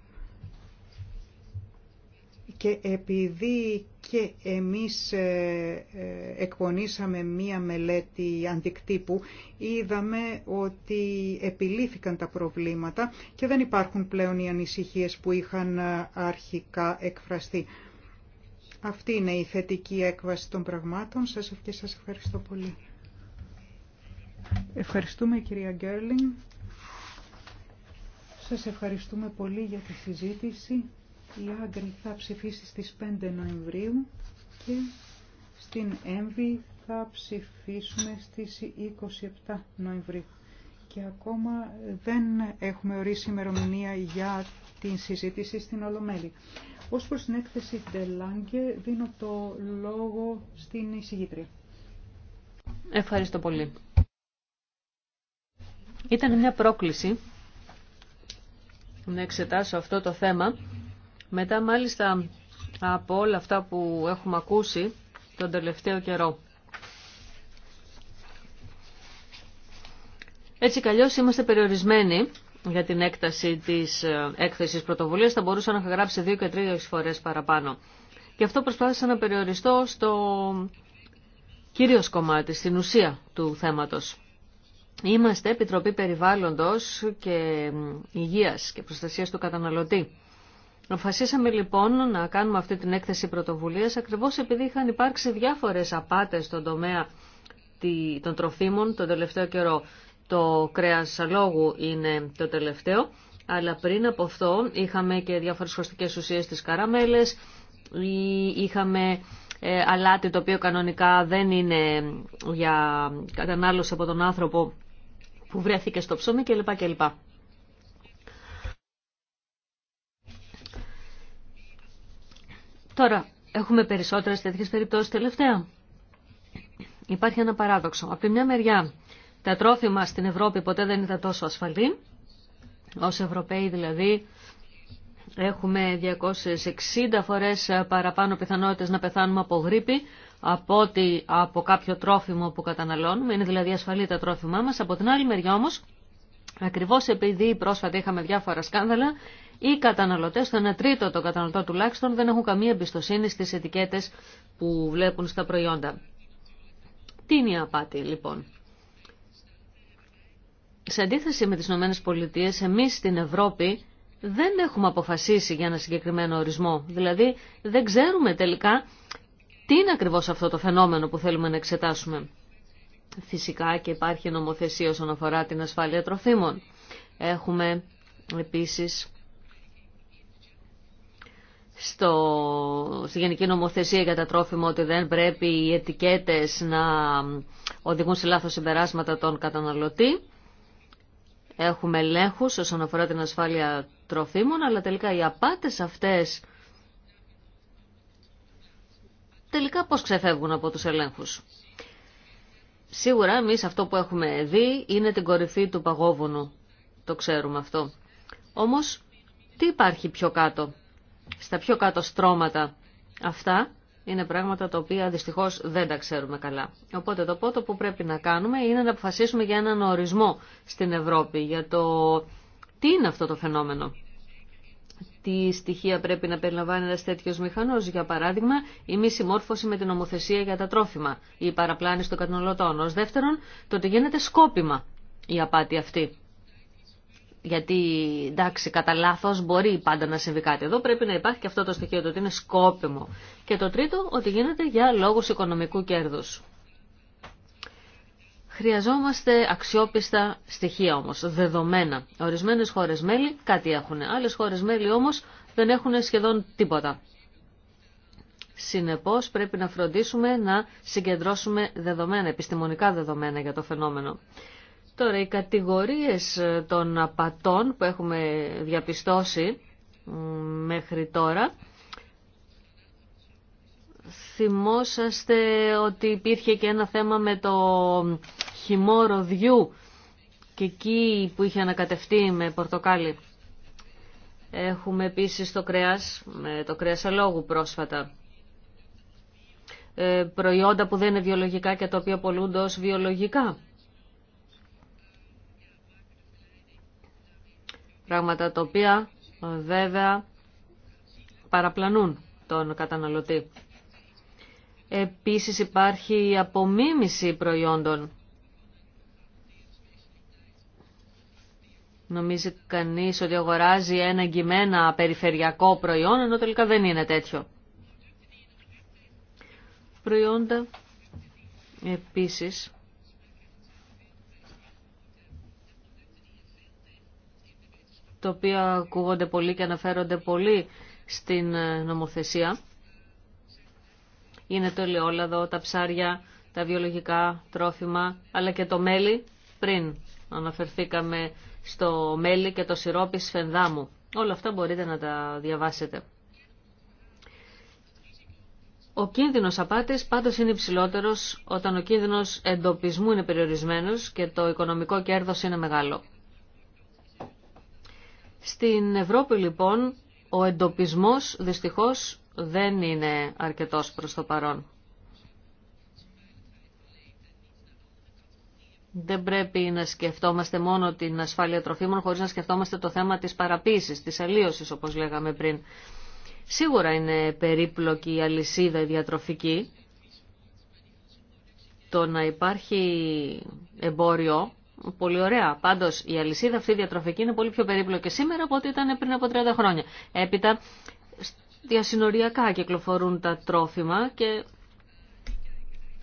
και επειδή και εμείς ε, ε, εκπονήσαμε μία μελέτη αντικτύπου, είδαμε ότι επιλύθηκαν τα προβλήματα και δεν υπάρχουν πλέον οι ανησυχίες που είχαν ε, αρχικά εκφραστεί. Αυτή είναι η θετική έκβαση των πραγμάτων. Σας και ευχαριστώ πολύ. Ευχαριστούμε κυρία Γκέρλιν. Σας ευχαριστούμε πολύ για τη συζήτηση. Η Άγκρη θα ψηφίσει στις 5 Νοεμβρίου και στην Έμβη θα ψηφίσουμε στις 27 Νοεμβρίου. Και ακόμα δεν έχουμε ορίσει ημερομηνία για την συζήτηση στην Ολομέλη. Ως προς την έκθεση Τελάνγκε δίνω το λόγο στην εισηγήτρια. Ευχαριστώ πολύ. Ήταν μια πρόκληση να εξετάσω αυτό το θέμα μετά μάλιστα από όλα αυτά που έχουμε ακούσει τον τελευταίο καιρό. Έτσι καλώς είμαστε περιορισμένοι για την έκταση της ε, έκθεσης πρωτοβουλίας. Θα μπορούσα να είχα γράψει δύο και τρία φορές παραπάνω. Και αυτό προσπάθησα να περιοριστώ στο κύριο κομμάτι, στην ουσία του θέματος. Είμαστε Επιτροπή Περιβάλλοντος και Υγείας και Προστασίας του Καταναλωτή. Αποφασίσαμε λοιπόν να κάνουμε αυτή την έκθεση πρωτοβουλίας ακριβώς επειδή είχαν υπάρξει διάφορες απάτες στον τομέα των τροφίμων τον τελευταίο καιρό. Το κρέας αλόγου είναι το τελευταίο, αλλά πριν από αυτό είχαμε και διάφορες χωστικές ουσίες στις καραμέλες, είχαμε ε, αλάτι το οποίο κανονικά δεν είναι για κατανάλωση από τον άνθρωπο που βρέθηκε στο ψωμί κλπ. Τώρα, έχουμε περισσότερες τέτοιες περιπτώσεις τελευταία. Υπάρχει ένα παράδοξο. Από τη μια μεριά, τα τρόφιμα στην Ευρώπη ποτέ δεν ήταν τόσο ασφαλή. Ως Ευρωπαίοι δηλαδή έχουμε 260 φορές παραπάνω πιθανότητες να πεθάνουμε από γρήπη από ότι από κάποιο τρόφιμο που καταναλώνουμε. Είναι δηλαδή ασφαλή τα τρόφιμά μας. Από την άλλη μεριά όμως, ακριβώς επειδή πρόσφατα είχαμε διάφορα σκάνδαλα, οι καταναλωτέ το 1 τρίτο των καταναλωτών τουλάχιστον, δεν έχουν καμία εμπιστοσύνη στι ετικέτε που βλέπουν στα προϊόντα. Τι είναι η απάτη λοιπόν. Σε αντίθεση με τις ΗΠΑ, Πολιτείες, εμείς στην Ευρώπη δεν έχουμε αποφασίσει για ένα συγκεκριμένο ορισμό. Δηλαδή δεν ξέρουμε τελικά τι είναι ακριβώς αυτό το φαινόμενο που θέλουμε να εξετάσουμε. Φυσικά και υπάρχει νομοθεσία όσον αφορά την ασφάλεια τροφίμων. Έχουμε επίσης στο, στη Γενική Νομοθεσία για τα τρόφιμα ότι δεν πρέπει οι ετικέτες να οδηγούν σε λάθος συμπεράσματα των καταναλωτή. Έχουμε ελέγχου όσον αφορά την ασφάλεια τροφίμων, αλλά τελικά οι απάτες αυτές τελικά πώς ξεφεύγουν από τους ελέγχους. Σίγουρα εμείς αυτό που έχουμε δει είναι την κορυφή του παγόβουνου. Το ξέρουμε αυτό. Όμως, τι υπάρχει πιο κάτω στα πιο κάτω στρώματα αυτά είναι πράγματα τα οποία δυστυχώς δεν τα ξέρουμε καλά. Οπότε το πρώτο που πρέπει να κάνουμε είναι να αποφασίσουμε για έναν ορισμό στην Ευρώπη, για το τι είναι αυτό το φαινόμενο. Τι στοιχεία πρέπει να περιλαμβάνει ένα τέτοιο μηχανό, για παράδειγμα, η μη συμμόρφωση με την ομοθεσία για τα τρόφιμα, η παραπλάνηση των καταναλωτών. Ω δεύτερον, το ότι γίνεται σκόπιμα η απάτη αυτή γιατί εντάξει κατά λάθο μπορεί πάντα να συμβεί κάτι εδώ, πρέπει να υπάρχει και αυτό το στοιχείο το ότι είναι σκόπιμο. Και το τρίτο, ότι γίνεται για λόγους οικονομικού κέρδου. Χρειαζόμαστε αξιόπιστα στοιχεία όμως, δεδομένα. Ορισμένες χώρε μέλη κάτι έχουν, άλλες χώρε μέλη όμως δεν έχουν σχεδόν τίποτα. Συνεπώ πρέπει να φροντίσουμε να συγκεντρώσουμε δεδομένα, επιστημονικά δεδομένα για το φαινόμενο. Τώρα οι κατηγορίες ε, των απατών που έχουμε διαπιστώσει μέχρι τώρα θυμόσαστε ότι υπήρχε και ένα θέμα με το χυμό ροδιού και εκεί που είχε ανακατευτεί με πορτοκάλι. Έχουμε επίσης το κρέας, με το κρέας αλόγου πρόσφατα. Ε, προϊόντα που δεν είναι βιολογικά και τα οποία πολλούνται ως βιολογικά. Πράγματα τα οποία ε, βέβαια παραπλανούν τον καταναλωτή. Επίσης υπάρχει η απομίμηση προϊόντων. Νομίζει κανείς ότι αγοράζει ένα εγκυμένα περιφερειακό προϊόν, ενώ τελικά δεν είναι τέτοιο. Προϊόντα επίσης τα οποία ακούγονται πολύ και αναφέρονται πολύ στην ε, νομοθεσία. Είναι το ελαιόλαδο, τα ψάρια, τα βιολογικά τρόφιμα, αλλά και το μέλι πριν αναφερθήκαμε στο μέλι και το σιρόπι σφενδάμου. Όλα αυτά μπορείτε να τα διαβάσετε. Ο κίνδυνος απάτης πάντως είναι υψηλότερος όταν ο κίνδυνος εντοπισμού είναι περιορισμένος και το οικονομικό κέρδος είναι μεγάλο. Στην Ευρώπη λοιπόν ο εντοπισμός δυστυχώς δεν είναι αρκετός προς το παρόν. Δεν πρέπει να σκεφτόμαστε μόνο την ασφάλεια τροφίμων χωρίς να σκεφτόμαστε το θέμα της παραποίησης, της αλλίωσης όπως λέγαμε πριν. Σίγουρα είναι περίπλοκη η αλυσίδα η διατροφική. Το να υπάρχει εμπόριο Πολύ ωραία. Πάντω η αλυσίδα αυτή διατροφική είναι πολύ πιο περίπλοκη σήμερα από ό,τι ήταν πριν από 30 χρόνια. Έπειτα διασυνοριακά κυκλοφορούν τα τρόφιμα και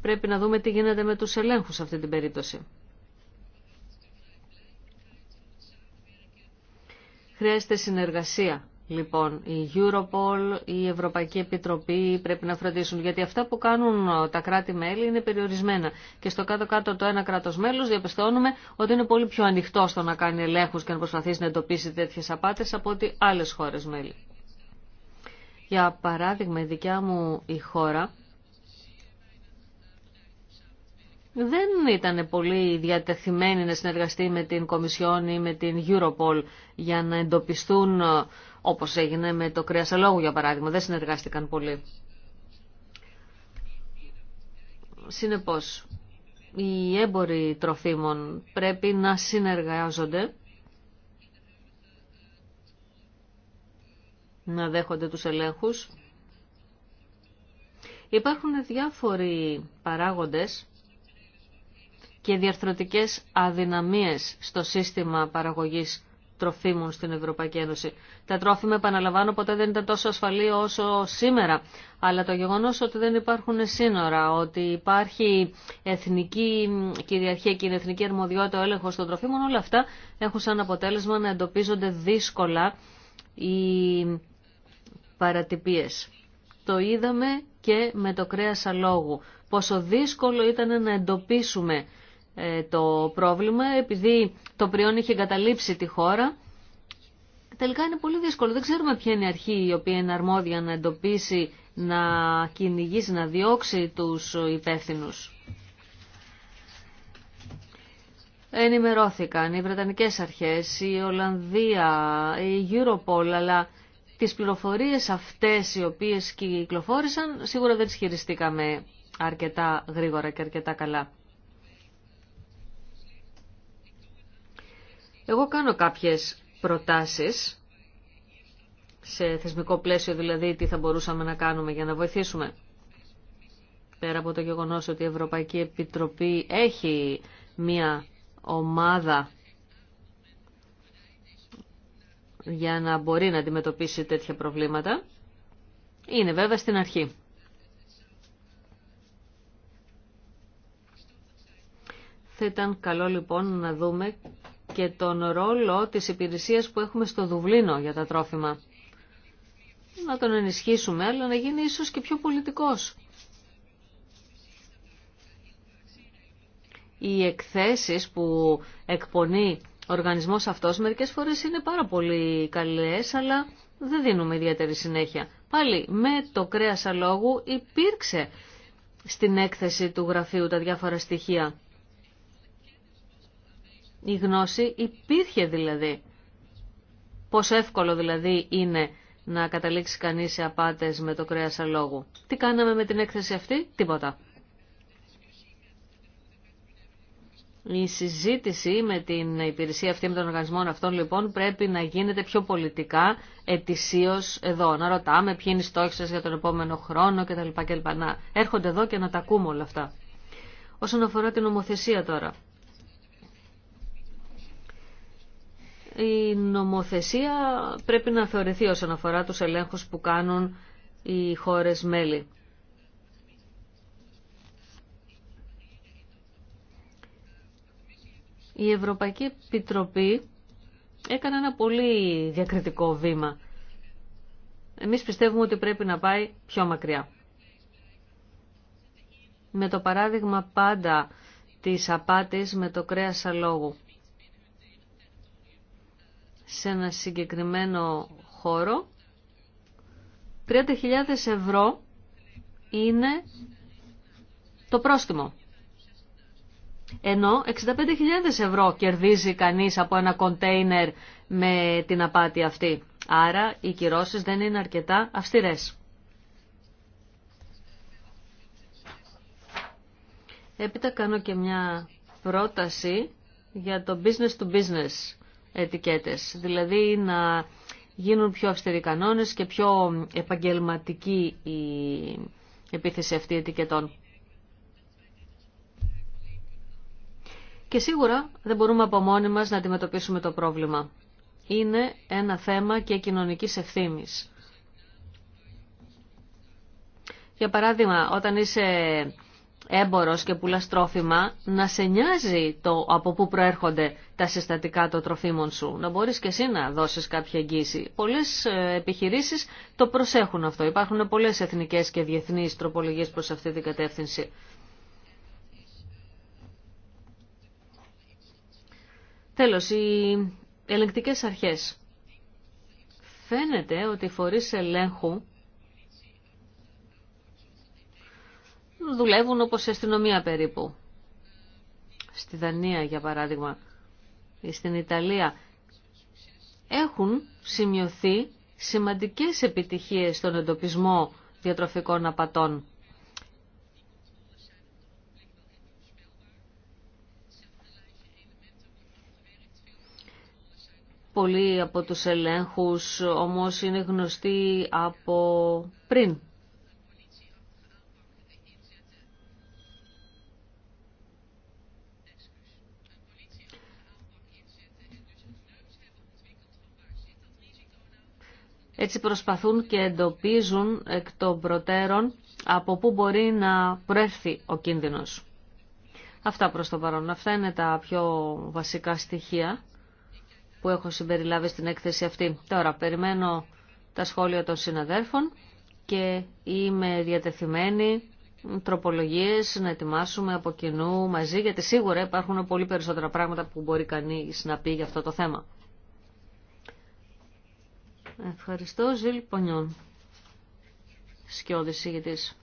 πρέπει να δούμε τι γίνεται με τους ελέγχους σε αυτή την περίπτωση. Χρειάζεται συνεργασία Λοιπόν, η Europol, η Ευρωπαϊκή Επιτροπή πρέπει να φροντίσουν, γιατί αυτά που κάνουν τα κράτη-μέλη είναι περιορισμένα. Και στο κάτω-κάτω το ένα κράτος μέλος διαπιστώνουμε ότι είναι πολύ πιο ανοιχτό στο να κάνει ελέγχου και να προσπαθήσει να εντοπίσει τέτοιες απάτες από ότι άλλες χώρες μέλη. Για παράδειγμα, η δικιά μου η χώρα δεν ήταν πολύ διατεθειμένοι να συνεργαστεί με την Κομισιόν ή με την Europol για να εντοπιστούν, ε, όπως έγινε με το κρέας για παράδειγμα, δεν συνεργάστηκαν πολύ. Συνεπώς, οι έμποροι τροφίμων πρέπει να συνεργάζονται, να δέχονται τους ελέγχους. Υπάρχουν διάφοροι παράγοντες και διαρθρωτικές αδυναμίες στο σύστημα παραγωγής τροφίμων στην Ευρωπαϊκή Ένωση. Τα τρόφιμα, επαναλαμβάνω, ποτέ δεν ήταν τόσο ασφαλή όσο σήμερα. Αλλά το γεγονός ότι δεν υπάρχουν σύνορα, ότι υπάρχει εθνική κυριαρχία και η εθνική αρμοδιότητα ο έλεγχος των τροφίμων, όλα αυτά έχουν σαν αποτέλεσμα να εντοπίζονται δύσκολα οι παρατυπίες. Το είδαμε και με το κρέας αλόγου. Πόσο δύσκολο ήταν να εντοπίσουμε ε, το πρόβλημα επειδή το πριόν είχε εγκαταλείψει τη χώρα. Τελικά είναι πολύ δύσκολο. Δεν ξέρουμε ποια είναι η αρχή η οποία είναι αρμόδια να εντοπίσει, να κυνηγήσει, να διώξει τους υπεύθυνους. Ενημερώθηκαν οι Βρετανικές αρχές, η Ολλανδία, η Europol, αλλά τις πληροφορίες αυτές οι οποίες κυκλοφόρησαν σίγουρα δεν τις χειριστήκαμε αρκετά γρήγορα και αρκετά καλά. Εγώ κάνω κάποιες προτάσεις, σε θεσμικό πλαίσιο δηλαδή τι θα μπορούσαμε να κάνουμε για να βοηθήσουμε. Πέρα από το γεγονός ότι η Ευρωπαϊκή Επιτροπή έχει μία ομάδα για να μπορεί να αντιμετωπίσει τέτοια προβλήματα, είναι βέβαια στην αρχή. Θα ήταν καλό λοιπόν να δούμε και τον ρόλο της υπηρεσίας που έχουμε στο Δουβλίνο για τα τρόφιμα. Να τον ενισχύσουμε, αλλά να γίνει ίσως και πιο πολιτικός. Οι εκθέσεις που εκπονεί ο οργανισμός αυτός μερικές φορές είναι πάρα πολύ καλές, αλλά δεν δίνουμε ιδιαίτερη συνέχεια. Πάλι με το κρέας αλόγου υπήρξε στην έκθεση του γραφείου τα διάφορα στοιχεία. Η γνώση υπήρχε δηλαδή. Πόσο εύκολο δηλαδή είναι να καταλήξει κανείς σε απάτες με το κρέας αλόγου. Τι κάναμε με την έκθεση αυτή, τίποτα. Η συζήτηση με την υπηρεσία αυτή, με τον οργανισμό αυτών λοιπόν πρέπει να γίνεται πιο πολιτικά ετησίως εδώ. Να ρωτάμε ποιοι είναι οι στόχοι σας για τον επόμενο χρόνο κτλ. Να έρχονται εδώ και να τα ακούμε όλα αυτά. Όσον αφορά την νομοθεσία τώρα. η νομοθεσία πρέπει να θεωρηθεί όσον αφορά τους ελέγχους που κάνουν οι χώρες μέλη. Η Ευρωπαϊκή Επιτροπή έκανε ένα πολύ διακριτικό βήμα. Εμείς πιστεύουμε ότι πρέπει να πάει πιο μακριά. Με το παράδειγμα πάντα της απάτης με το κρέας αλόγου σε ένα συγκεκριμένο χώρο, 30.000 ευρώ είναι το πρόστιμο. Ενώ 65.000 ευρώ κερδίζει κανείς από ένα κοντέινερ με την απάτη αυτή. Άρα οι κυρώσεις δεν είναι αρκετά αυστηρές. Έπειτα κάνω και μια πρόταση για το business to business ετικέτες. Δηλαδή να γίνουν πιο αυστηροί κανόνες και πιο επαγγελματική η επίθεση αυτή ετικετών. Και σίγουρα δεν μπορούμε από μόνοι μας να αντιμετωπίσουμε το πρόβλημα. Είναι ένα θέμα και κοινωνικής ευθύνης. Για παράδειγμα, όταν είσαι έμπορος και πουλάς τρόφιμα να σε νοιάζει το από πού προέρχονται τα συστατικά των τροφίμων σου. Να μπορείς και εσύ να δώσεις κάποια εγγύηση. Πολλές ε, επιχειρήσεις το προσέχουν αυτό. Υπάρχουν πολλές εθνικές και διεθνείς τροπολογίες προς αυτή την κατεύθυνση. Τέλος, οι ελεγκτικές αρχές. Φαίνεται ότι οι φορείς ελέγχου δουλεύουν όπως η αστυνομία περίπου. Στη Δανία για παράδειγμα ή στην Ιταλία έχουν σημειωθεί σημαντικές επιτυχίες στον εντοπισμό διατροφικών απατών. Πολλοί από τους ελέγχους όμως είναι γνωστοί από πριν Έτσι προσπαθούν και εντοπίζουν εκ των προτέρων από πού μπορεί να προέρθει ο κίνδυνος. Αυτά προς το παρόν. Αυτά είναι τα πιο βασικά στοιχεία που έχω συμπεριλάβει στην έκθεση αυτή. Τώρα περιμένω τα σχόλια των συναδέρφων και είμαι διατεθειμένη τροπολογίες να ετοιμάσουμε από κοινού μαζί γιατί σίγουρα υπάρχουν πολύ περισσότερα πράγματα που μπορεί κανείς να πει για αυτό το θέμα. Ευχαριστώ, Ζήλ Πονιών. Σκιώδη συγητής.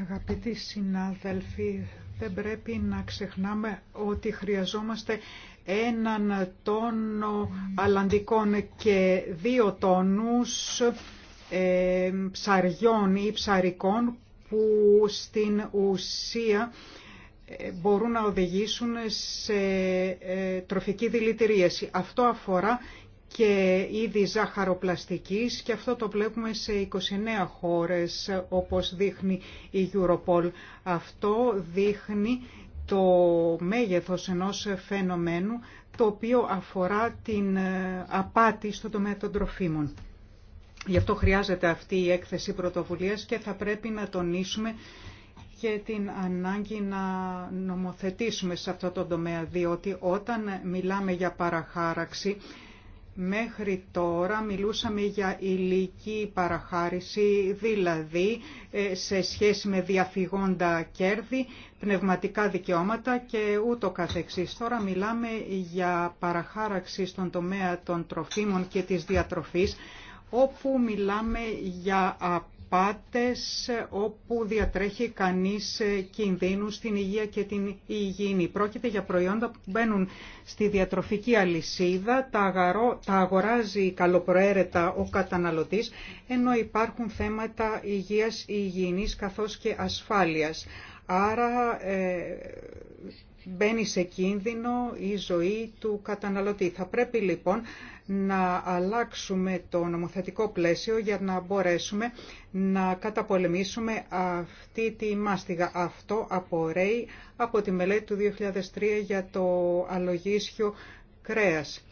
Αγαπητοί συνάδελφοι, δεν πρέπει να ξεχνάμε ότι χρειαζόμαστε έναν τόνο αλλαντικών και δύο τόνους ε, ψαριών ή ψαρικών που στην ουσία ε, μπορούν να οδηγήσουν σε ε, τροφική δηλητηρίαση. Αυτό αφορά και είδη ζαχαροπλαστικής και αυτό το βλέπουμε σε 29 χώρες όπως δείχνει η Europol. Αυτό δείχνει το μέγεθος ενός φαινομένου το οποίο αφορά την ε, απάτη στο τομέα των τροφίμων. Γι' αυτό χρειάζεται αυτή η έκθεση πρωτοβουλίας και θα πρέπει να τονίσουμε και την ανάγκη να νομοθετήσουμε σε αυτό το τομέα, διότι όταν μιλάμε για παραχάραξη Μέχρι τώρα μιλούσαμε για ηλική παραχάρηση, δηλαδή ε, σε σχέση με διαφυγόντα κέρδη, πνευματικά δικαιώματα και ούτω καθεξής. Τώρα μιλάμε για παραχάραξη στον τομέα των τροφίμων και της διατροφής, όπου μιλάμε για πάτες όπου διατρέχει κανείς κινδύνου στην υγεία και την υγιεινή. Πρόκειται για προϊόντα που μπαίνουν στη διατροφική αλυσίδα, τα, τα αγοράζει καλοπροαίρετα ο καταναλωτής, ενώ υπάρχουν θέματα υγείας, υγιεινής καθώς και ασφάλειας. Άρα ε, μπαίνει σε κίνδυνο η ζωή του καταναλωτή. Θα πρέπει λοιπόν να αλλάξουμε το νομοθετικό πλαίσιο για να μπορέσουμε να καταπολεμήσουμε αυτή τη μάστιγα. Αυτό απορρέει από τη μελέτη του 2003 για το αλογίσιο κρέας.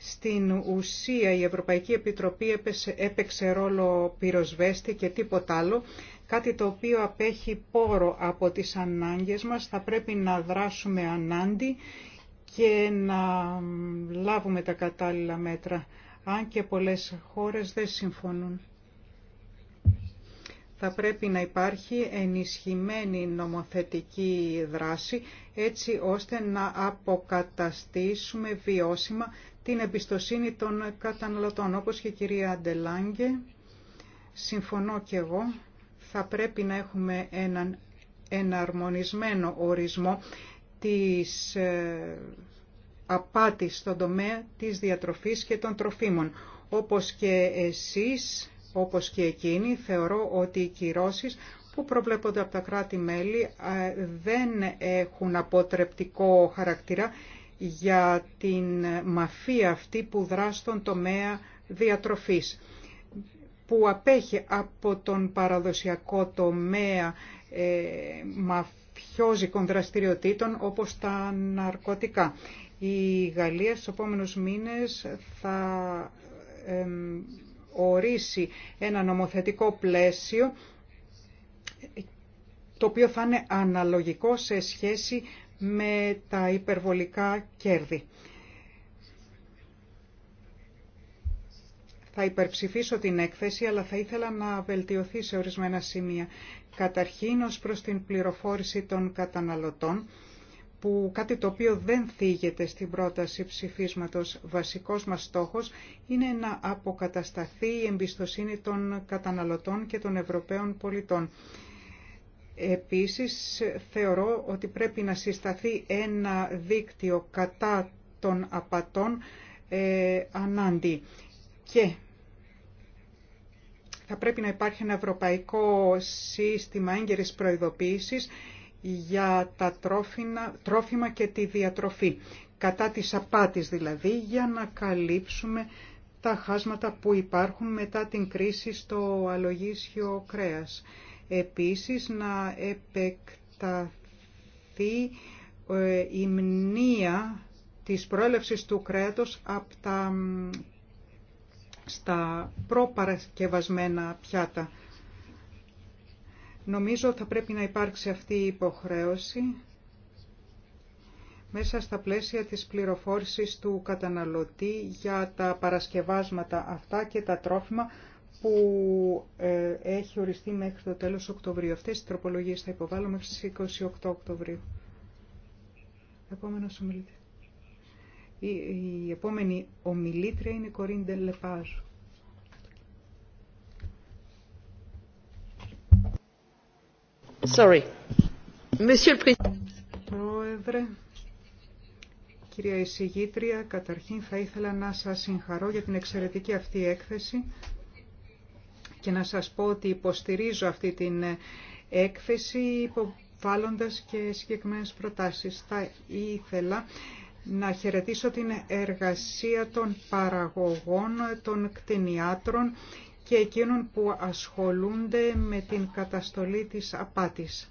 Στην ουσία η Ευρωπαϊκή Επιτροπή έπαιξε ρόλο πυροσβέστη και τίποτα άλλο κάτι το οποίο απέχει πόρο από τις ανάγκες μας, θα πρέπει να δράσουμε ανάντι και να λάβουμε τα κατάλληλα μέτρα, αν και πολλές χώρες δεν συμφωνούν. Θα πρέπει να υπάρχει ενισχυμένη νομοθετική δράση, έτσι ώστε να αποκαταστήσουμε βιώσιμα την εμπιστοσύνη των καταναλωτών, όπως και η κυρία Αντελάγκε. Συμφωνώ και εγώ θα πρέπει να έχουμε έναν εναρμονισμένο ορισμό της ε, απάτης στον τομέα της διατροφής και των τροφίμων. Όπως και εσείς, όπως και εκείνοι, θεωρώ ότι οι κυρώσεις που προβλέπονται από τα κράτη-μέλη ε, δεν έχουν αποτρεπτικό χαρακτήρα για την μαφία αυτή που δρά στον τομέα διατροφής που απέχει από τον παραδοσιακό τομέα ε, μαφιόζικων δραστηριοτήτων όπως τα ναρκωτικά. Η Γαλλία στους επόμενους μήνες θα ορίσει ένα νομοθετικό πλαίσιο το οποίο θα είναι αναλογικό σε σχέση με τα υπερβολικά κέρδη. Θα υπερψηφίσω την έκθεση, αλλά θα ήθελα να βελτιωθεί σε ορισμένα σημεία. Καταρχήν ως προς την πληροφόρηση των καταναλωτών, που κάτι το οποίο δεν θίγεται στην πρόταση ψηφίσματος. Βασικός μας στόχος είναι να αποκατασταθεί η εμπιστοσύνη των καταναλωτών και των Ευρωπαίων πολιτών. Επίσης, θεωρώ ότι πρέπει να συσταθεί ένα δίκτυο κατά των απατών ε, ανάντι. Και θα πρέπει να υπάρχει ένα ευρωπαϊκό σύστημα έγκαιρης προειδοποίησης για τα τρόφιμα και τη διατροφή, κατά της απάτης δηλαδή, για να καλύψουμε τα χάσματα που υπάρχουν μετά την κρίση στο αλογίσιο κρέας. Επίσης να επεκταθεί ε, η μνήα της προέλευσης του κρέατος από τα στα προπαρασκευασμένα πιάτα. Νομίζω θα πρέπει να υπάρξει αυτή η υποχρέωση μέσα στα πλαίσια της πληροφόρησης του καταναλωτή για τα παρασκευάσματα αυτά και τα τρόφιμα που ε, έχει οριστεί μέχρι το τέλος Οκτωβρίου. Αυτές οι τροπολογίες θα υποβάλω μέχρι 28 Οκτωβρίου. Επόμενος ομιλητής. Η, επόμενη ομιλήτρια είναι η Κορίντε Λεπάζ. Sorry. Πρόεδρε, κυρία εισηγήτρια, καταρχήν θα ήθελα να σας συγχαρώ για την εξαιρετική αυτή έκθεση και να σας πω ότι υποστηρίζω αυτή την έκθεση υποβάλλοντας και συγκεκριμένες προτάσεις. Θα ήθελα να χαιρετήσω την εργασία των παραγωγών, των κτηνιάτρων και εκείνων που ασχολούνται με την καταστολή της απάτης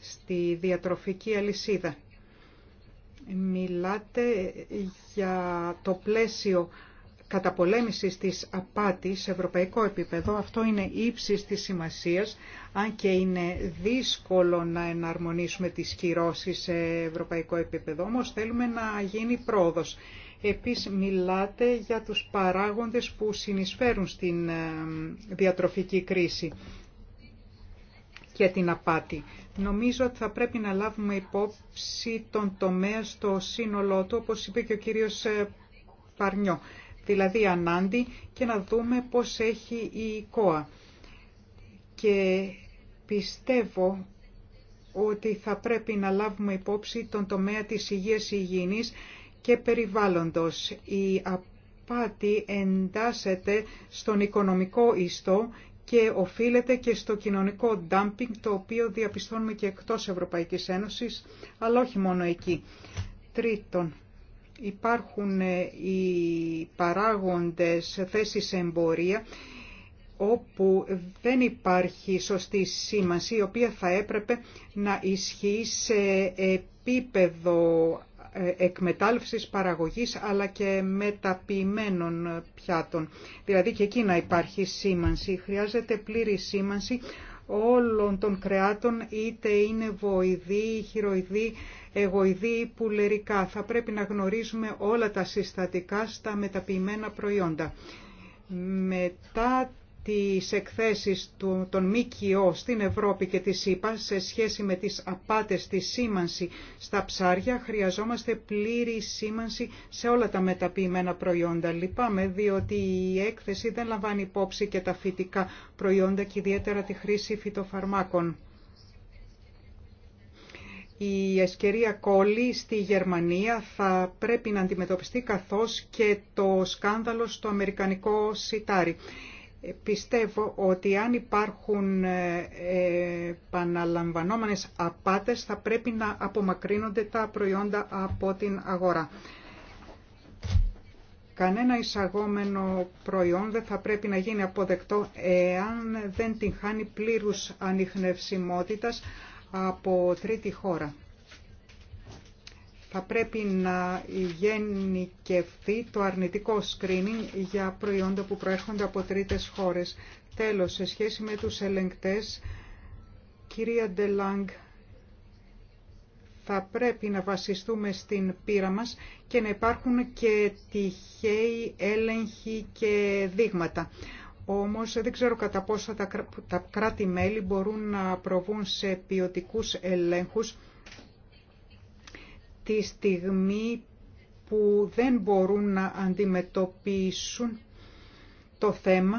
στη διατροφική αλυσίδα. Μιλάτε για το πλαίσιο καταπολέμησης της απάτης σε ευρωπαϊκό επίπεδο, αυτό είναι ύψης της σημασίας, αν και είναι δύσκολο να εναρμονίσουμε τις κυρώσεις σε ευρωπαϊκό επίπεδο, όμως θέλουμε να γίνει πρόοδος. Επίσης μιλάτε για τους παράγοντες που συνεισφέρουν στην ε, διατροφική κρίση και την απάτη. Νομίζω ότι θα πρέπει να λάβουμε υπόψη τον τομέα στο σύνολό του, όπως είπε και ο κύριος ε, Παρνιό δηλαδή ανάντι, και να δούμε πώς έχει η ΚΟΑ. Και πιστεύω ότι θα πρέπει να λάβουμε υπόψη τον τομέα της υγείας υγιεινής και περιβάλλοντος. Η απάτη εντάσσεται στον οικονομικό ιστό και οφείλεται και στο κοινωνικό ντάμπινγκ το οποίο διαπιστώνουμε και εκτός Ευρωπαϊκής Ένωσης, αλλά όχι μόνο εκεί. Τρίτον, υπάρχουν ε, οι παράγοντες θέσεις εμπορία όπου δεν υπάρχει σωστή σήμανση η οποία θα έπρεπε να ισχύει σε επίπεδο ε, εκμετάλλευσης παραγωγής αλλά και μεταποιημένων πιάτων. Δηλαδή και εκεί να υπάρχει σήμανση. Χρειάζεται πλήρη σήμανση όλων των κρεάτων είτε είναι βοηδή, χειροειδοί εγωειδή πουλερικά. Θα πρέπει να γνωρίζουμε όλα τα συστατικά στα μεταποιημένα προϊόντα. Μετά τις εκθέσεις του, των ΜΚΟ στην Ευρώπη και της ΕΠΑ σε σχέση με τις απάτες στη σήμανση στα ψάρια χρειαζόμαστε πλήρη σήμανση σε όλα τα μεταποιημένα προϊόντα. Λυπάμαι διότι η έκθεση δεν λαμβάνει υπόψη και τα φυτικά προϊόντα και ιδιαίτερα τη χρήση φυτοφαρμάκων. Η ευκαιρία κόλλη στη Γερμανία θα πρέπει να αντιμετωπιστεί καθώς και το σκάνδαλο στο Αμερικανικό σιτάρι. Ε, πιστεύω ότι αν υπάρχουν ε, παναλαμβανόμενες απάτες θα πρέπει να απομακρύνονται τα προϊόντα από την αγορά. Κανένα εισαγόμενο προϊόν δεν θα πρέπει να γίνει αποδεκτό εάν δεν την χάνει πλήρους ανιχνευσιμότητας από τρίτη χώρα. Θα πρέπει να γενικευθεί το αρνητικό screening για προϊόντα που προέρχονται από τρίτες χώρες. Τέλος, σε σχέση με τους ελεγκτές, κυρία Ντελάγκ, θα πρέπει να βασιστούμε στην πείρα μας και να υπάρχουν και τυχαίοι έλεγχοι και δείγματα. Όμως δεν ξέρω κατά πόσο τα κράτη-μέλη μπορούν να προβούν σε ποιοτικούς ελέγχους τη στιγμή που δεν μπορούν να αντιμετωπίσουν το θέμα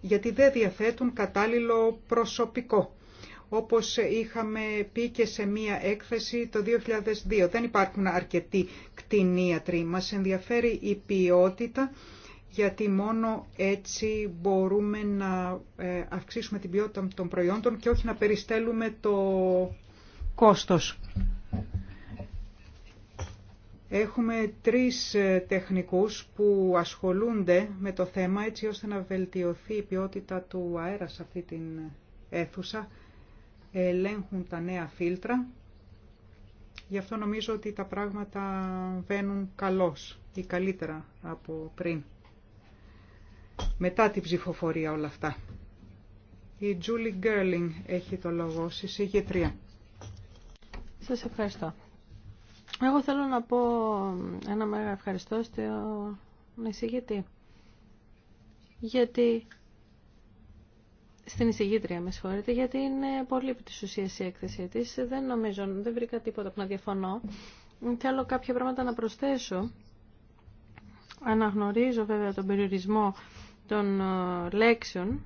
γιατί δεν διαθέτουν κατάλληλο προσωπικό. Όπως είχαμε πει και σε μία έκθεση το 2002, δεν υπάρχουν αρκετοί κτηνίατροι. Μας ενδιαφέρει η ποιότητα γιατί μόνο έτσι μπορούμε να ε, αυξήσουμε την ποιότητα των προϊόντων και όχι να περιστέλουμε το κόστος. Έχουμε τρεις ε, τεχνικούς που ασχολούνται με το θέμα έτσι ώστε να βελτιωθεί η ποιότητα του αέρα σε αυτή την αίθουσα. Ελέγχουν τα νέα φίλτρα. Γι' αυτό νομίζω ότι τα πράγματα βαίνουν καλώς ή καλύτερα από πριν μετά την ψηφοφορία όλα αυτά. Η Τζούλι Γκέρλινγκ έχει το λόγο, συζηγητρία. Σας ευχαριστώ. Εγώ θέλω να πω ένα μεγάλο ευχαριστώ στον εισηγητή. Γιατί στην εισηγήτρια, με συγχωρείτε, γιατί είναι πολύ επί της η έκθεση της. Δεν νομίζω, δεν βρήκα τίποτα που να διαφωνώ. Θέλω κάποια πράγματα να προσθέσω. Αναγνωρίζω βέβαια τον περιορισμό των ε, λέξεων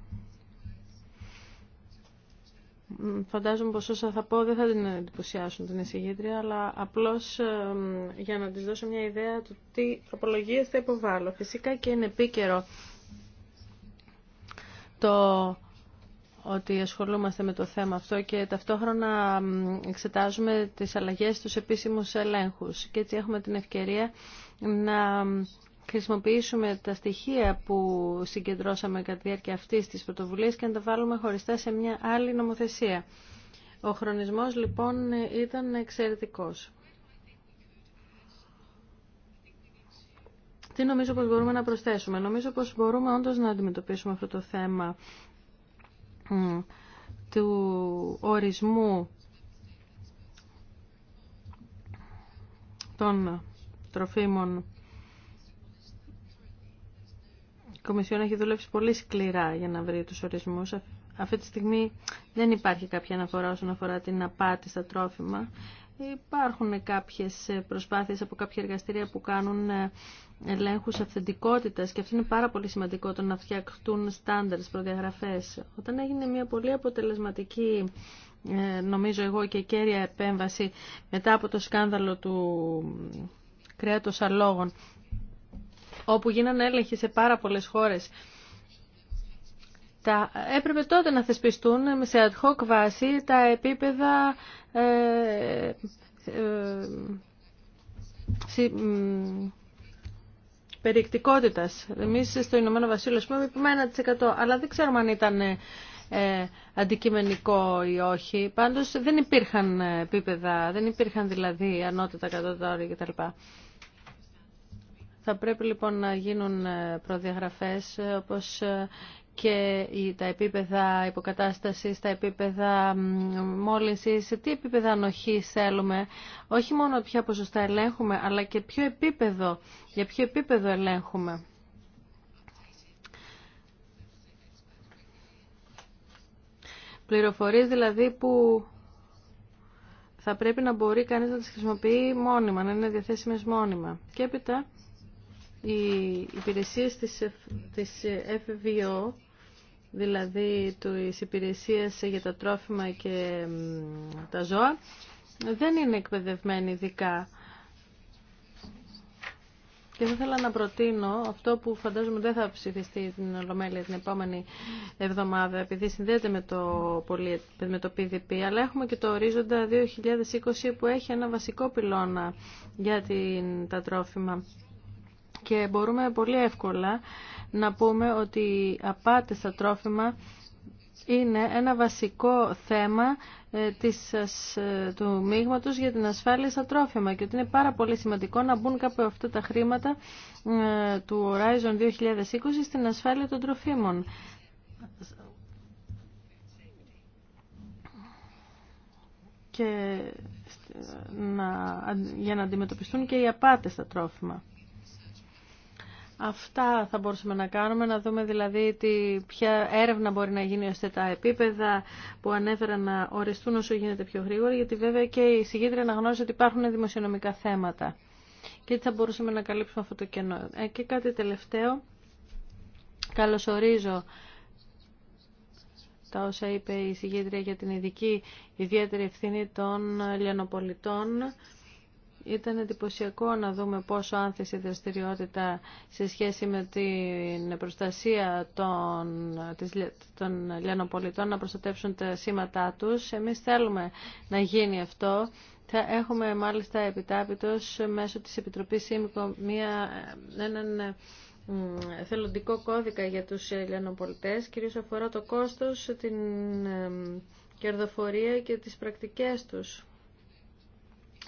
φαντάζομαι πως όσα θα πω δεν θα την εντυπωσιάσουν την εισηγήτρια, αλλά απλώς ε, για να της δώσω μια ιδέα του τι τροπολογίες θα υποβάλω. Φυσικά και είναι επίκαιρο το ότι ασχολούμαστε με το θέμα αυτό και ταυτόχρονα εξετάζουμε τις αλλαγές στους επίσημους ελέγχους. Και έτσι έχουμε την ευκαιρία να χρησιμοποιήσουμε τα στοιχεία που συγκεντρώσαμε κατά τη διάρκεια αυτής τη πρωτοβουλίας και να τα βάλουμε χωριστά σε μια άλλη νομοθεσία. Ο χρονισμός λοιπόν ήταν εξαιρετικός. Τι νομίζω πως μπορούμε να προσθέσουμε. Νομίζω πως μπορούμε όντως να αντιμετωπίσουμε αυτό το θέμα του ορισμού των τροφίμων Κομισιόν έχει δουλέψει πολύ σκληρά για να βρει τους ορισμούς. Αυτή τη στιγμή δεν υπάρχει κάποια αναφορά όσον αφορά την απάτη στα τρόφιμα. Υπάρχουν κάποιες προσπάθειες από κάποια εργαστήρια που κάνουν ε, ελέγχους αυθεντικότητας και αυτό είναι πάρα πολύ σημαντικό το να φτιαχτούν στάνταρς, προδιαγραφές. Όταν έγινε μια πολύ αποτελεσματική ε, νομίζω εγώ και κέρια επέμβαση μετά από το σκάνδαλο του ε, κρέατος αλόγων όπου γίνανε έλεγχοι σε πάρα πολλές χώρες. Τα, έπρεπε τότε να θεσπιστούν σε ad hoc βάση τα επίπεδα ε, ε, περιεκτικότητας. Εμείς στο Ηνωμένο Βασίλειο πούμε είπαμε 1%, αλλά δεν ξέρουμε αν ήταν ε, αντικειμενικό ή όχι. Πάντως δεν υπήρχαν επίπεδα, δεν υπήρχαν δηλαδή ανώτατα, κατώτατα όρια κτλ. Θα πρέπει λοιπόν να γίνουν ε, προδιαγραφές ε, όπως ε, και τα επίπεδα υποκατάστασης, τα επίπεδα μόλυνσης, τι επίπεδα ανοχή θέλουμε, όχι μόνο ποια ποσοστά ελέγχουμε, αλλά και ποιο επίπεδο, για ποιο επίπεδο ελέγχουμε. Πληροφορίες δηλαδή που θα πρέπει να μπορεί κανείς να τις χρησιμοποιεί μόνιμα, να είναι διαθέσιμες μόνιμα. Και έπειτα οι υπηρεσίες της, FVO, δηλαδή της υπηρεσίας για τα τρόφιμα και τα ζώα, δεν είναι εκπαιδευμένοι ειδικά. Και θα ήθελα να προτείνω αυτό που φαντάζομαι δεν θα ψηφιστεί την Ολομέλεια την επόμενη εβδομάδα, επειδή συνδέεται με το, πολυ... με το PDP, αλλά έχουμε και το ορίζοντα 2020 που έχει ένα βασικό πυλώνα για την... τα τρόφιμα και μπορούμε πολύ εύκολα να πούμε ότι η απάτες στα τρόφιμα είναι ένα βασικό θέμα ε, της, ε, του μείγματος για την ασφάλεια στα τρόφιμα και ότι είναι πάρα πολύ σημαντικό να μπουν κάποια αυτά τα χρήματα ε, του Horizon 2020 στην ασφάλεια των τροφίμων. Και να, για να αντιμετωπιστούν και οι απάτες στα τρόφιμα. Αυτά θα μπορούσαμε να κάνουμε, να δούμε δηλαδή τι, ποια έρευνα μπορεί να γίνει ώστε τα επίπεδα που ανέφερα να οριστούν όσο γίνεται πιο γρήγορα, γιατί βέβαια και η συγκέντρια αναγνώρισε ότι υπάρχουν δημοσιονομικά θέματα. Και έτσι θα μπορούσαμε να καλύψουμε αυτό το κενό. Ε, και κάτι τελευταίο, καλωσορίζω τα όσα είπε η συγκέντρια για την ειδική ιδιαίτερη ευθύνη των λιανοπολιτών ήταν εντυπωσιακό να δούμε πόσο άνθησε η δραστηριότητα σε σχέση με την προστασία των, της, των λιανοπολιτών να προστατεύσουν τα σήματά τους. Εμείς θέλουμε να γίνει αυτό. Θα έχουμε μάλιστα επιτάπητος μέσω της Επιτροπής ΣΥΜΚΟ μία, έναν θελοντικό κώδικα για τους λιανοπολιτές, κυρίως αφορά το κόστος, την κερδοφορία και τις πρακτικές τους.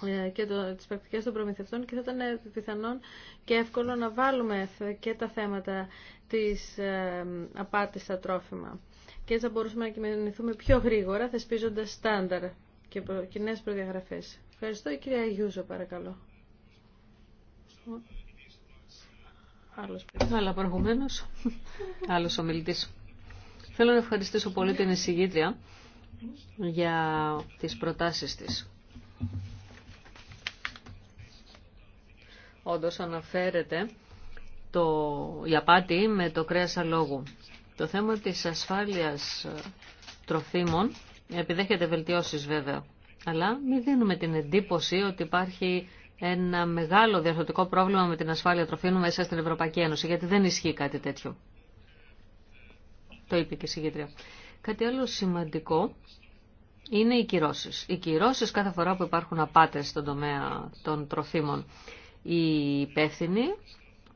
Ε, και το, τις πρακτικές των προμηθευτών και θα ήταν ε, πιθανόν και εύκολο να βάλουμε και τα θέματα της ε, απάτης στα τρόφιμα. Και έτσι θα μπορούσαμε να κοιμηθούμε πιο γρήγορα θεσπίζοντας στάνταρ και κοινέ προδιαγραφές. Ευχαριστώ. Η κυρία Γιούζο παρακαλώ. Άλλος, Αλλά προηγουμένως, άλλος ομιλητής. Θέλω να ευχαριστήσω πολύ την εισηγήτρια για τις προτάσεις της. όντως αναφέρεται το, η απάτη με το κρέας αλόγου. Το θέμα της ασφάλειας ε, τροφίμων επιδέχεται βελτιώσεις βέβαια. Αλλά μην δίνουμε την εντύπωση ότι υπάρχει ένα μεγάλο διαρθρωτικό πρόβλημα με την ασφάλεια τροφίμων μέσα στην Ευρωπαϊκή Ένωση, γιατί δεν ισχύει κάτι τέτοιο. Το είπε και η Κάτι άλλο σημαντικό είναι οι κυρώσει. Οι κυρώσει κάθε φορά που υπάρχουν απάτες στον τομέα των τροφίμων. Οι υπεύθυνοι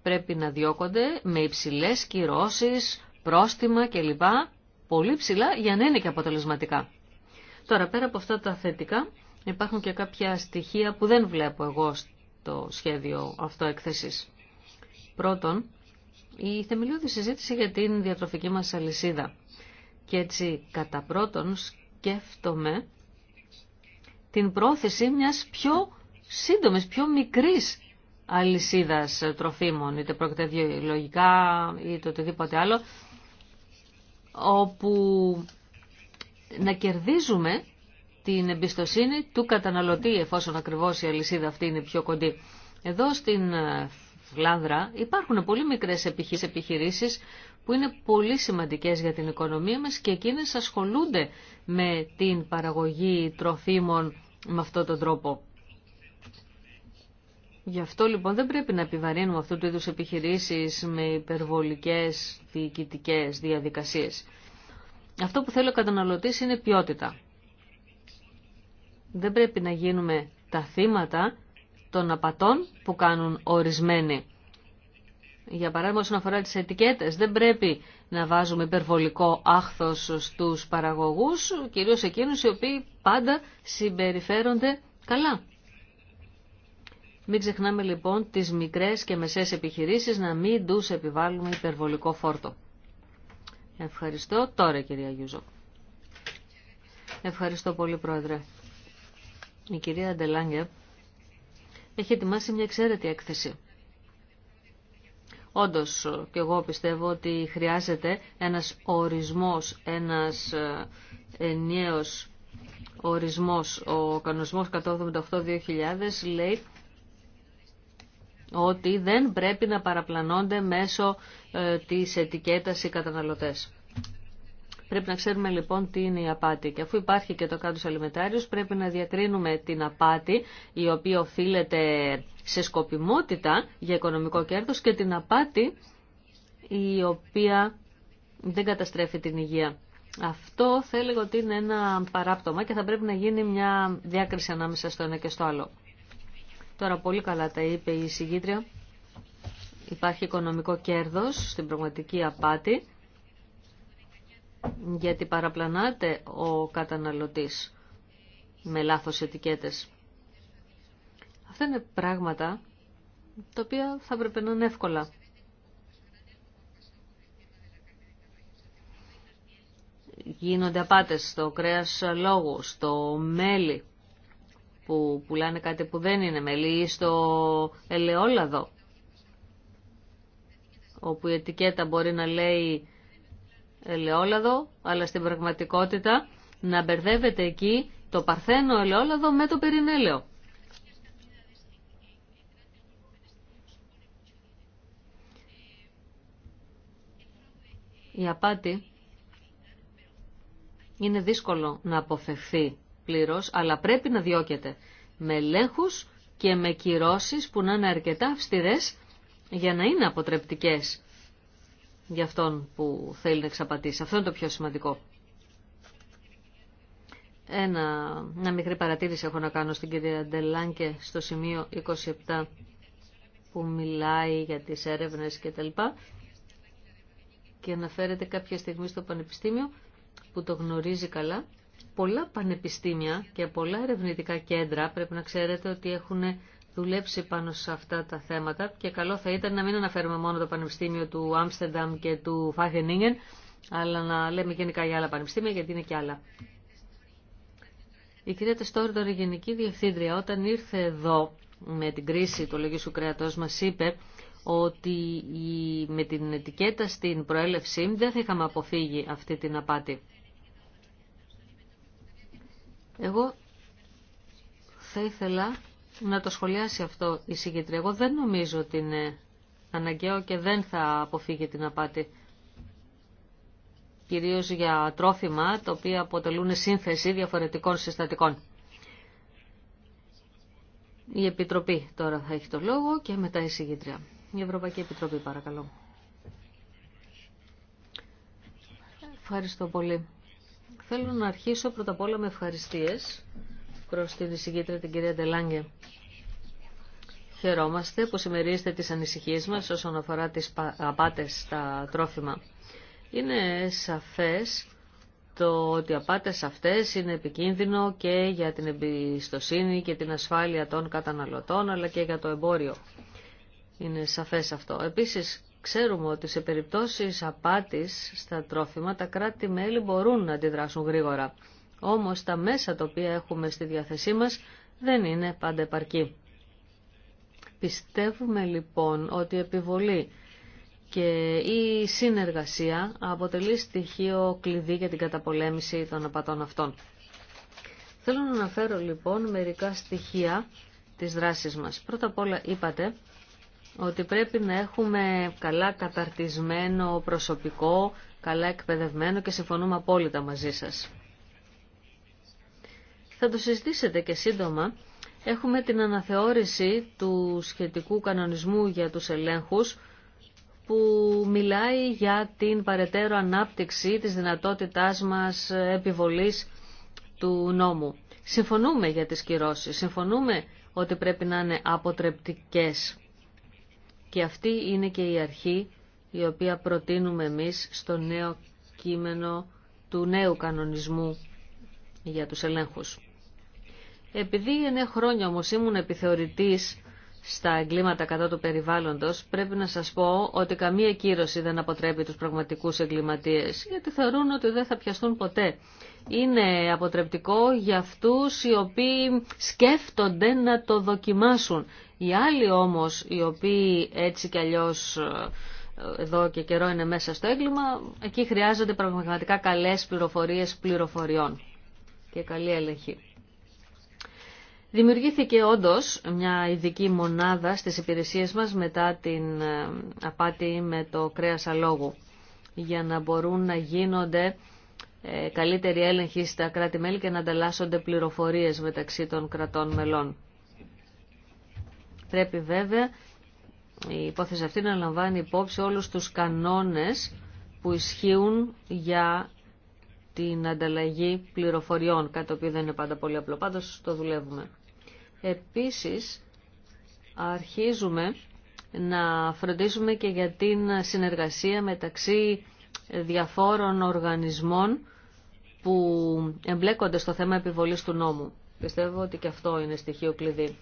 πρέπει να διώκονται με υψηλές κυρώσεις, πρόστιμα κλπ. Πολύ ψηλά για να είναι και αποτελεσματικά. Τώρα πέρα από αυτά τα θετικά υπάρχουν και κάποια στοιχεία που δεν βλέπω εγώ στο σχέδιο αυτό έκθεσης. Πρώτον, η θεμελιώδη συζήτηση για την διατροφική μας αλυσίδα. Και έτσι κατά πρώτον σκέφτομαι την πρόθεση μιας πιο σύντομης, πιο μικρής Αλυσίδα τροφίμων, είτε πρόκειται βιολογικά είτε οτιδήποτε άλλο, όπου να κερδίζουμε την εμπιστοσύνη του καταναλωτή, εφόσον ακριβώς η αλυσίδα αυτή είναι πιο κοντή. Εδώ στην Φλάνδρα υπάρχουν πολύ μικρές επιχειρήσεις που είναι πολύ σημαντικές για την οικονομία μας και εκείνες ασχολούνται με την παραγωγή τροφίμων με αυτόν τον τρόπο. Γι' αυτό λοιπόν δεν πρέπει να επιβαρύνουμε αυτού του είδους επιχειρήσεις με υπερβολικές διοικητικέ διαδικασίες. Αυτό που θέλω ο καταναλωτής είναι ποιότητα. Δεν πρέπει να γίνουμε τα θύματα των απατών που κάνουν ορισμένοι. Για παράδειγμα, όσον αφορά τις ετικέτες, δεν πρέπει να βάζουμε υπερβολικό άχθος στους παραγωγούς, κυρίως εκείνους οι οποίοι πάντα συμπεριφέρονται καλά. Μην ξεχνάμε λοιπόν τις μικρές και μεσές επιχειρήσεις να μην τους επιβάλλουμε υπερβολικό φόρτο. Ευχαριστώ. Τώρα κυρία Γιούζο. Ευχαριστώ πολύ πρόεδρε. Η κυρία Αντελάνγκε έχει ετοιμάσει μια εξαίρετη έκθεση. Όντως και εγώ πιστεύω ότι χρειάζεται ένας ορισμός, ένας ε, ενιαίος ορισμός. Ο κανονισμός 188-2000 λέει ότι δεν πρέπει να παραπλανώνται μέσω ε, της ετικέτας οι καταναλωτές. Πρέπει να ξέρουμε λοιπόν τι είναι η απάτη και αφού υπάρχει και το κάτω αλιμετάριος πρέπει να διακρίνουμε την απάτη η οποία οφείλεται σε σκοπιμότητα για οικονομικό κέρδος και την απάτη η οποία δεν καταστρέφει την υγεία. Αυτό θα έλεγα ότι είναι ένα παράπτωμα και θα πρέπει να γίνει μια διάκριση ανάμεσα στο ένα και στο άλλο. Τώρα πολύ καλά τα είπε η συγγήτρια. Υπάρχει οικονομικό κέρδος στην πραγματική απάτη γιατί παραπλανάται ο καταναλωτής με λάθος ετικέτες. Αυτά είναι πράγματα τα οποία θα έπρεπε να είναι εύκολα. Γίνονται απάτες στο κρέας λόγου, στο μέλι που πουλάνε κάτι που δεν είναι μελί ή στο ελαιόλαδο όπου η ετικέτα μπορεί να λέει ελαιόλαδο αλλά στην πραγματικότητα να μπερδεύεται εκεί το παρθένο ελαιόλαδο με το πυρηνέλαιο. Η απάτη είναι δύσκολο να αποφευθεί πλήρως, αλλά πρέπει να διώκεται με ελέγχου και με κυρώσεις που να είναι αρκετά αυστηρές για να είναι αποτρεπτικές για αυτόν που θέλει να εξαπατήσει. Αυτό είναι το πιο σημαντικό. Ένα, μια μικρή παρατήρηση έχω να κάνω στην κυρία Ντελάνκε στο σημείο 27 που μιλάει για τις έρευνες και και αναφέρεται κάποια στιγμή στο Πανεπιστήμιο που το γνωρίζει καλά πολλά πανεπιστήμια και πολλά ερευνητικά κέντρα πρέπει να ξέρετε ότι έχουν δουλέψει πάνω σε αυτά τα θέματα και καλό θα ήταν να μην αναφέρουμε μόνο το Πανεπιστήμιο του Άμστερνταμ και του Φάχενίγεν, αλλά να λέμε γενικά για άλλα πανεπιστήμια γιατί είναι και άλλα. Η κυρία Τεστόρντορ, η Γενική Διευθύντρια, όταν ήρθε εδώ με την κρίση του λογίσου κρέατος μας είπε ότι με την ετικέτα στην προέλευση δεν θα είχαμε αποφύγει αυτή την απάτη. Εγώ θα ήθελα να το σχολιάσει αυτό η συγκεντρία. Εγώ δεν νομίζω ότι είναι αναγκαίο και δεν θα αποφύγει την απάτη. Κυρίως για τρόφιμα, τα οποία αποτελούν σύνθεση διαφορετικών συστατικών. Η Επιτροπή τώρα θα έχει το λόγο και μετά η συγκεντρία. Η Ευρωπαϊκή Επιτροπή παρακαλώ. Ευχαριστώ πολύ. Θέλω να αρχίσω πρώτα απ' όλα με ευχαριστίες προς την εισηγήτρια την κυρία Ντελάνγκε. Χαιρόμαστε που συμμερίζετε τις ανησυχίες μας όσον αφορά τις απάτες στα τρόφιμα. Είναι σαφές το ότι οι απάτες αυτές είναι επικίνδυνο και για την εμπιστοσύνη και την ασφάλεια των καταναλωτών αλλά και για το εμπόριο. Είναι σαφές αυτό. Επίσης Ξέρουμε ότι σε περιπτώσεις απάτης στα τρόφιμα τα κράτη-μέλη μπορούν να αντιδράσουν γρήγορα. Όμως τα μέσα τα οποία έχουμε στη διάθεσή μας δεν είναι πάντα επαρκή. Πιστεύουμε λοιπόν ότι η επιβολή και η συνεργασία αποτελεί στοιχείο κλειδί για την καταπολέμηση των απατών αυτών. Θέλω να αναφέρω λοιπόν μερικά στοιχεία της δράσης μας. Πρώτα απ' όλα είπατε ότι πρέπει να έχουμε καλά καταρτισμένο προσωπικό, καλά εκπαιδευμένο και συμφωνούμε απόλυτα μαζί σας. Θα το συζητήσετε και σύντομα. Έχουμε την αναθεώρηση του σχετικού κανονισμού για τους ελέγχους που μιλάει για την παρετέρω ανάπτυξη της δυνατότητάς μας επιβολής του νόμου. Συμφωνούμε για τις κυρώσεις, συμφωνούμε ότι πρέπει να είναι αποτρεπτικές και αυτή είναι και η αρχή η οποία προτείνουμε εμείς στο νέο κείμενο του νέου κανονισμού για τους ελέγχους. Επειδή 9 χρόνια όμως ήμουν επιθεωρητής στα εγκλήματα κατά του περιβάλλοντος, πρέπει να σας πω ότι καμία κύρωση δεν αποτρέπει τους πραγματικούς εγκληματίες, γιατί θεωρούν ότι δεν θα πιαστούν ποτέ. Είναι αποτρεπτικό για αυτούς οι οποίοι σκέφτονται να το δοκιμάσουν οι άλλοι όμως, οι οποίοι έτσι κι αλλιώς ε, εδώ και καιρό είναι μέσα στο έγκλημα, εκεί χρειάζονται πραγματικά καλές πληροφορίες πληροφοριών και καλή έλεγχη. Δημιουργήθηκε όντως μια ειδική μονάδα στις υπηρεσίες μας μετά την ε, απάτη με το κρέας αλόγου για να μπορούν να γίνονται ε, καλύτεροι έλεγχοι στα κράτη-μέλη και να ανταλλάσσονται πληροφορίες μεταξύ των κρατών μελών. Πρέπει βέβαια η υπόθεση αυτή να λαμβάνει υπόψη όλους τους κανόνες που ισχύουν για την ανταλλαγή πληροφοριών, κάτι το οποίο δεν είναι πάντα πολύ απλό, πάντως το δουλεύουμε. Επίσης, αρχίζουμε να φροντίζουμε και για την συνεργασία μεταξύ διαφόρων οργανισμών που εμπλέκονται στο θέμα επιβολής του νόμου. Πιστεύω ότι και αυτό είναι στοιχείο κλειδί.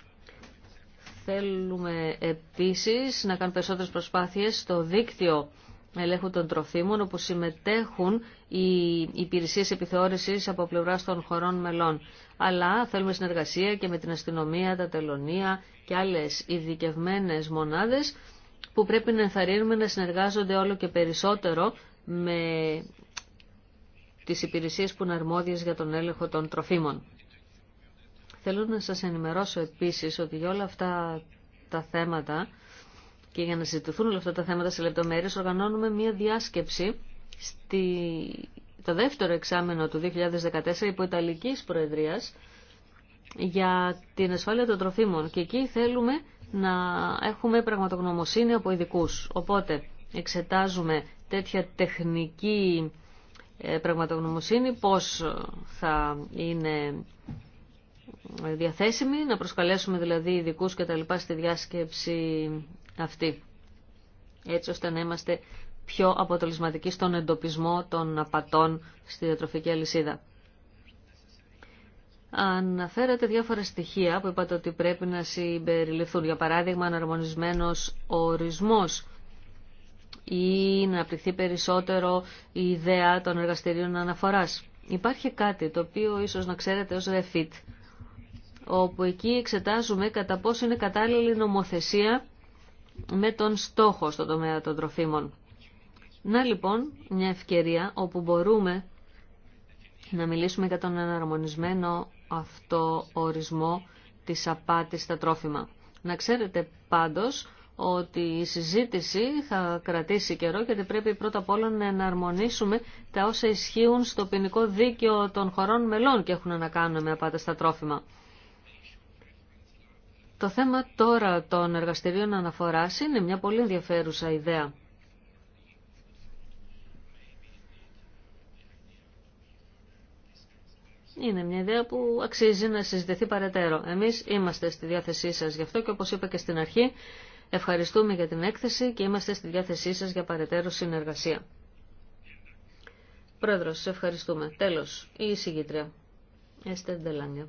Θέλουμε επίσης να κάνουν περισσότερες προσπάθειες στο δίκτυο ελέγχου των τροφίμων όπου συμμετέχουν οι υπηρεσίες επιθεώρησης από πλευρά των χωρών μελών. Αλλά θέλουμε συνεργασία και με την αστυνομία, τα τελωνία και άλλες ειδικευμένε μονάδες που πρέπει να ενθαρρύνουμε να συνεργάζονται όλο και περισσότερο με τις υπηρεσίες που είναι αρμόδιες για τον έλεγχο των τροφίμων. Θέλω να σας ενημερώσω επίσης ότι για όλα αυτά τα θέματα και για να συζητηθούν όλα αυτά τα θέματα σε λεπτομέρειες οργανώνουμε μία διάσκεψη στη... το δεύτερο εξάμενο του 2014 υπό Ιταλικής Προεδρίας για την ασφάλεια των τροφίμων και εκεί θέλουμε να έχουμε πραγματογνωμοσύνη από ειδικού. Οπότε εξετάζουμε τέτοια τεχνική ε, πραγματογνωμοσύνη πώς ε, θα είναι διαθέσιμοι, να προσκαλέσουμε δηλαδή ειδικού και τα λοιπά στη διάσκεψη αυτή. Έτσι ώστε να είμαστε πιο αποτελεσματικοί στον εντοπισμό των απατών στη διατροφική αλυσίδα. Αναφέρατε διάφορα στοιχεία που είπατε ότι πρέπει να συμπεριληφθούν. Για παράδειγμα, αναρμονισμένος ορισμός ή να αναπτυχθεί περισσότερο η ιδέα των εργαστηρίων αναφοράς. Υπάρχει κάτι το οποίο ίσως να απληθει περισσοτερο η ιδεα των εργαστηριων αναφορας υπαρχει κατι το οποιο ισως να ξερετε ως refit όπου εκεί εξετάζουμε κατά πόσο είναι κατάλληλη νομοθεσία με τον στόχο στο τομέα των τροφίμων. Να λοιπόν μια ευκαιρία όπου μπορούμε να μιλήσουμε για τον εναρμονισμένο αυτό ορισμό της απάτης στα τρόφιμα. Να ξέρετε πάντως ότι η συζήτηση θα κρατήσει καιρό γιατί πρέπει πρώτα απ' όλα να εναρμονίσουμε τα όσα ισχύουν στο ποινικό δίκαιο των χωρών μελών και έχουν να κάνουν με απάτα στα τρόφιμα. Το θέμα τώρα των εργαστηρίων αναφοράς είναι μια πολύ ενδιαφέρουσα ιδέα. Είναι μια ιδέα που αξίζει να συζητηθεί παρετέρω. Εμείς είμαστε στη διάθεσή σας γι' αυτό και όπως είπα και στην αρχή, ευχαριστούμε για την έκθεση και είμαστε στη διάθεσή σας για παρετέρω συνεργασία. Πρόεδρος, ευχαριστούμε. Τέλος, η εισηγήτρια. εντελάνια.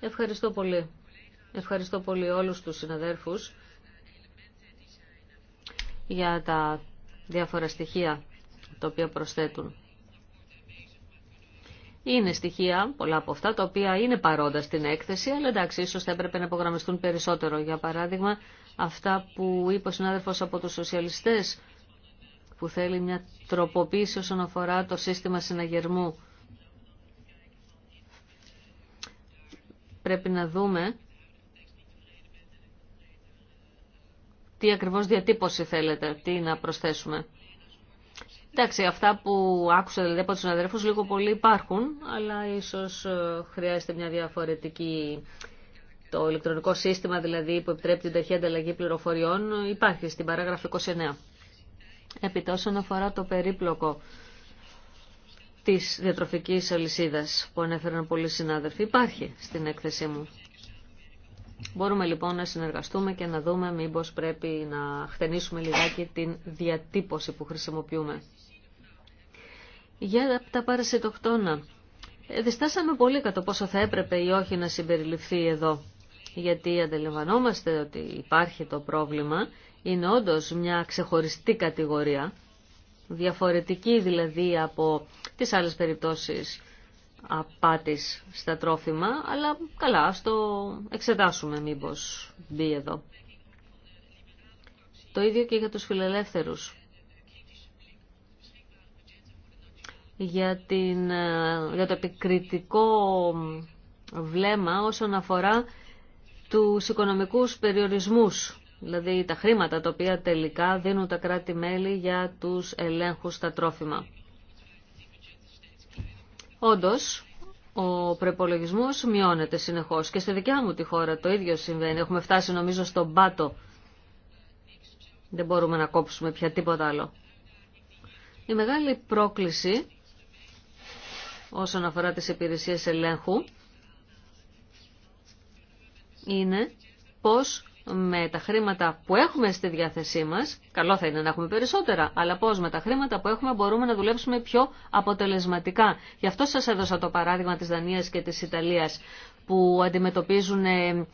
Ευχαριστώ πολύ. Ευχαριστώ πολύ όλους τους συναδέρφους για τα διάφορα στοιχεία τα οποία προσθέτουν. Είναι στοιχεία, πολλά από αυτά, τα οποία είναι παρόντα στην έκθεση, αλλά εντάξει, ίσως θα έπρεπε να υπογραμμιστούν περισσότερο. Για παράδειγμα, αυτά που είπε ο συνάδελφος από τους σοσιαλιστές, που θέλει μια τροποποίηση όσον αφορά το σύστημα συναγερμού. Πρέπει να δούμε τι ακριβώς διατύπωση θέλετε, τι να προσθέσουμε. Εντάξει, αυτά που άκουσα δηλαδή από τους συναδέλφους λίγο πολύ υπάρχουν, αλλά ίσως ε, χρειάζεται μια διαφορετική... Το ηλεκτρονικό σύστημα δηλαδή που επιτρέπει την ταχύα ανταλλαγή πληροφοριών υπάρχει στην παράγραφο 29. Επί όσον αφορά το περίπλοκο της διατροφικής αλυσίδας που ανέφεραν πολλοί συνάδελφοι υπάρχει στην έκθεσή μου. Μπορούμε λοιπόν να συνεργαστούμε και να δούμε μήπως πρέπει να χτενίσουμε λιγάκι την διατύπωση που χρησιμοποιούμε. Για τα παρασιτοκτόνα. Ε, διστάσαμε πολύ κατά πόσο θα έπρεπε ή όχι να συμπεριληφθεί εδώ. Γιατί αντιλαμβανόμαστε ότι υπάρχει το πρόβλημα. Είναι όντω μια ξεχωριστή κατηγορία. Διαφορετική δηλαδή από τις άλλες περιπτώσεις απάτης στα τρόφιμα, αλλά καλά, ας το εξετάσουμε μήπως μπει εδώ. Το ίδιο και για τους φιλελεύθερους. Για, την, ε, για το επικριτικό βλέμμα όσον αφορά τους οικονομικούς περιορισμούς, δηλαδή τα χρήματα τα οποία τελικά δίνουν τα κράτη-μέλη για τους ελέγχους στα τρόφιμα. Όντω ο προπολογισμό μειώνεται συνεχώς και στη δικιά μου τη χώρα το ίδιο συμβαίνει. Έχουμε φτάσει νομίζω στον πάτο. Δεν μπορούμε να κόψουμε πια τίποτα άλλο. Η μεγάλη πρόκληση όσον αφορά τις υπηρεσίες ελέγχου είναι πώς με τα χρήματα που έχουμε στη διάθεσή μας, καλό θα είναι να έχουμε περισσότερα, αλλά πώς με τα χρήματα που έχουμε μπορούμε να δουλέψουμε πιο αποτελεσματικά. Γι' αυτό σας έδωσα το παράδειγμα της Δανίας και της Ιταλίας που αντιμετωπίζουν ε,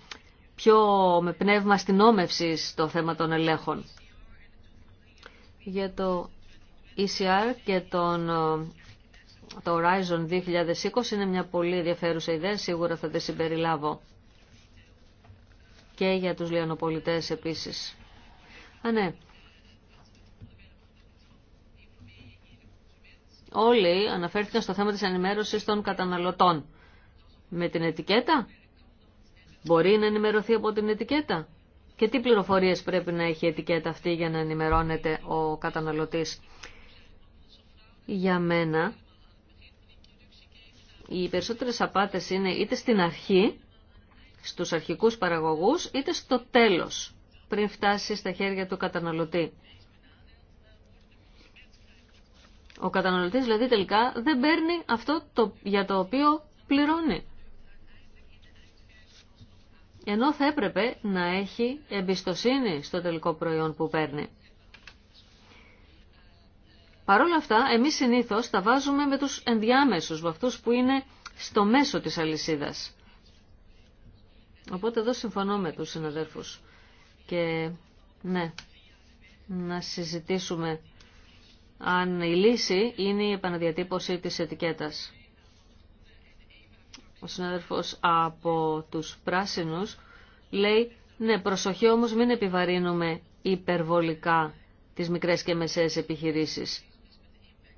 πιο με πνεύμα όμευση το θέμα των ελέγχων. Για το ECR και τον ε, το Horizon 2020 είναι μια πολύ ενδιαφέρουσα ιδέα, σίγουρα θα τη συμπεριλάβω και για τους λιανοπολιτές επίσης. Α, ναι. Όλοι αναφέρθηκαν στο θέμα της ενημέρωσης των καταναλωτών. Με την ετικέτα. Μπορεί να ενημερωθεί από την ετικέτα. Και τι πληροφορίες πρέπει να έχει η ετικέτα αυτή για να ενημερώνεται ο καταναλωτής. Για μένα, οι περισσότερες απάτες είναι είτε στην αρχή, στους αρχικούς παραγωγούς είτε στο τέλος πριν φτάσει στα χέρια του καταναλωτή. Ο καταναλωτής δηλαδή τελικά δεν παίρνει αυτό το, για το οποίο πληρώνει. Ενώ θα έπρεπε να έχει εμπιστοσύνη στο τελικό προϊόν που παίρνει. Παρ' όλα αυτά, εμείς συνήθως τα βάζουμε με τους ενδιάμεσους, με αυτούς που είναι στο μέσο της αλυσίδας. Οπότε εδώ συμφωνώ με τους συναδέρφους Και ναι, να συζητήσουμε αν η λύση είναι η επαναδιατύπωση της ετικέτας. Ο συναδέρφος από τους πράσινους λέει ναι προσοχή όμως μην επιβαρύνουμε υπερβολικά τις μικρές και μεσαίες επιχειρήσεις.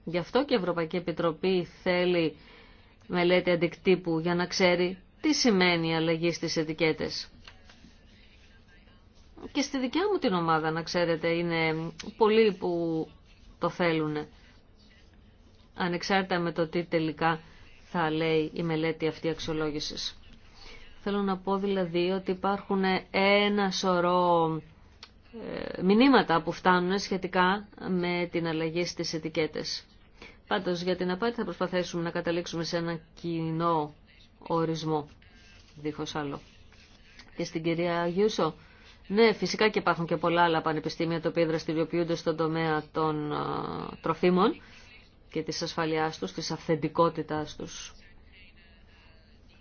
Γι' αυτό και η Ευρωπαϊκή Επιτροπή θέλει μελέτη αντικτύπου για να ξέρει τι σημαίνει η αλλαγή στις ετικέτες. Και στη δικιά μου την ομάδα, να ξέρετε, είναι πολλοί που το θέλουν. Ανεξάρτητα με το τι τελικά θα λέει η μελέτη αυτή αξιολόγησης. Θέλω να πω δηλαδή ότι υπάρχουν ένα σωρό ε, μηνύματα που φτάνουν σχετικά με την αλλαγή στις ετικέτες. Πάντως για την απάτη θα προσπαθήσουμε να καταλήξουμε σε ένα κοινό ορισμό, δίχως άλλο. Και στην κυρία Γιούσο, ναι, φυσικά και υπάρχουν και πολλά άλλα πανεπιστήμια τα οποία δραστηριοποιούνται στον τομέα των τροφίμων και της ασφαλειάς τους, της αυθεντικότητάς τους.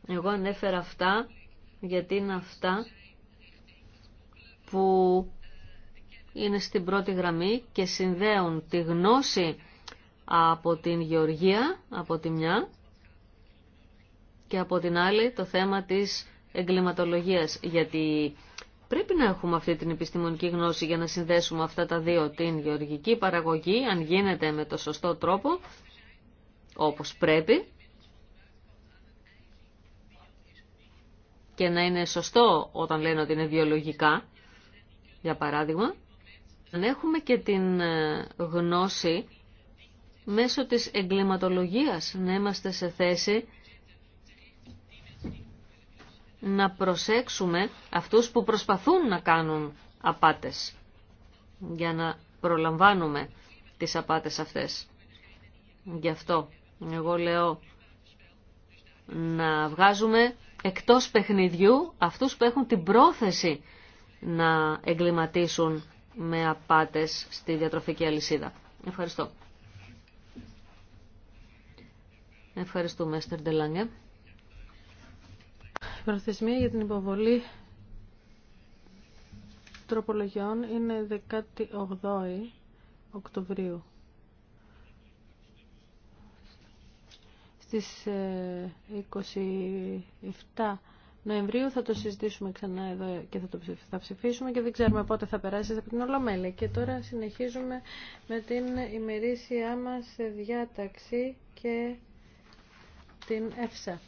Εγώ ανέφερα αυτά γιατί είναι αυτά που είναι στην πρώτη γραμμή και συνδέουν τη γνώση από την γεωργία, από τη μια, και από την άλλη το θέμα της εγκληματολογίας, γιατί πρέπει να έχουμε αυτή την επιστημονική γνώση για να συνδέσουμε αυτά τα δύο, την γεωργική παραγωγή, αν γίνεται με το σωστό τρόπο, όπως πρέπει, και να είναι σωστό όταν λένε ότι είναι βιολογικά, για παράδειγμα, αν έχουμε και την ε, γνώση μέσω της εγκληματολογίας να είμαστε σε θέση να προσέξουμε αυτούς που προσπαθούν να κάνουν απάτες για να προλαμβάνουμε τις απάτες αυτές. Γι' αυτό εγώ λέω να βγάζουμε εκτός παιχνιδιού αυτούς που έχουν την πρόθεση να εγκληματίσουν με απάτες στη διατροφική αλυσίδα. Ευχαριστώ. Ευχαριστούμε, Στερντελάνγκε προθεσμία για την υποβολή τροπολογιών είναι 18 Οκτωβρίου. Στις 27 ε, Νοεμβρίου θα το συζητήσουμε ξανά εδώ και θα το ψηφίσουμε και δεν ξέρουμε πότε θα περάσει από την Ολομέλη. Και τώρα συνεχίζουμε με την ημερήσια μας διάταξη και την ΕΦΣΑ.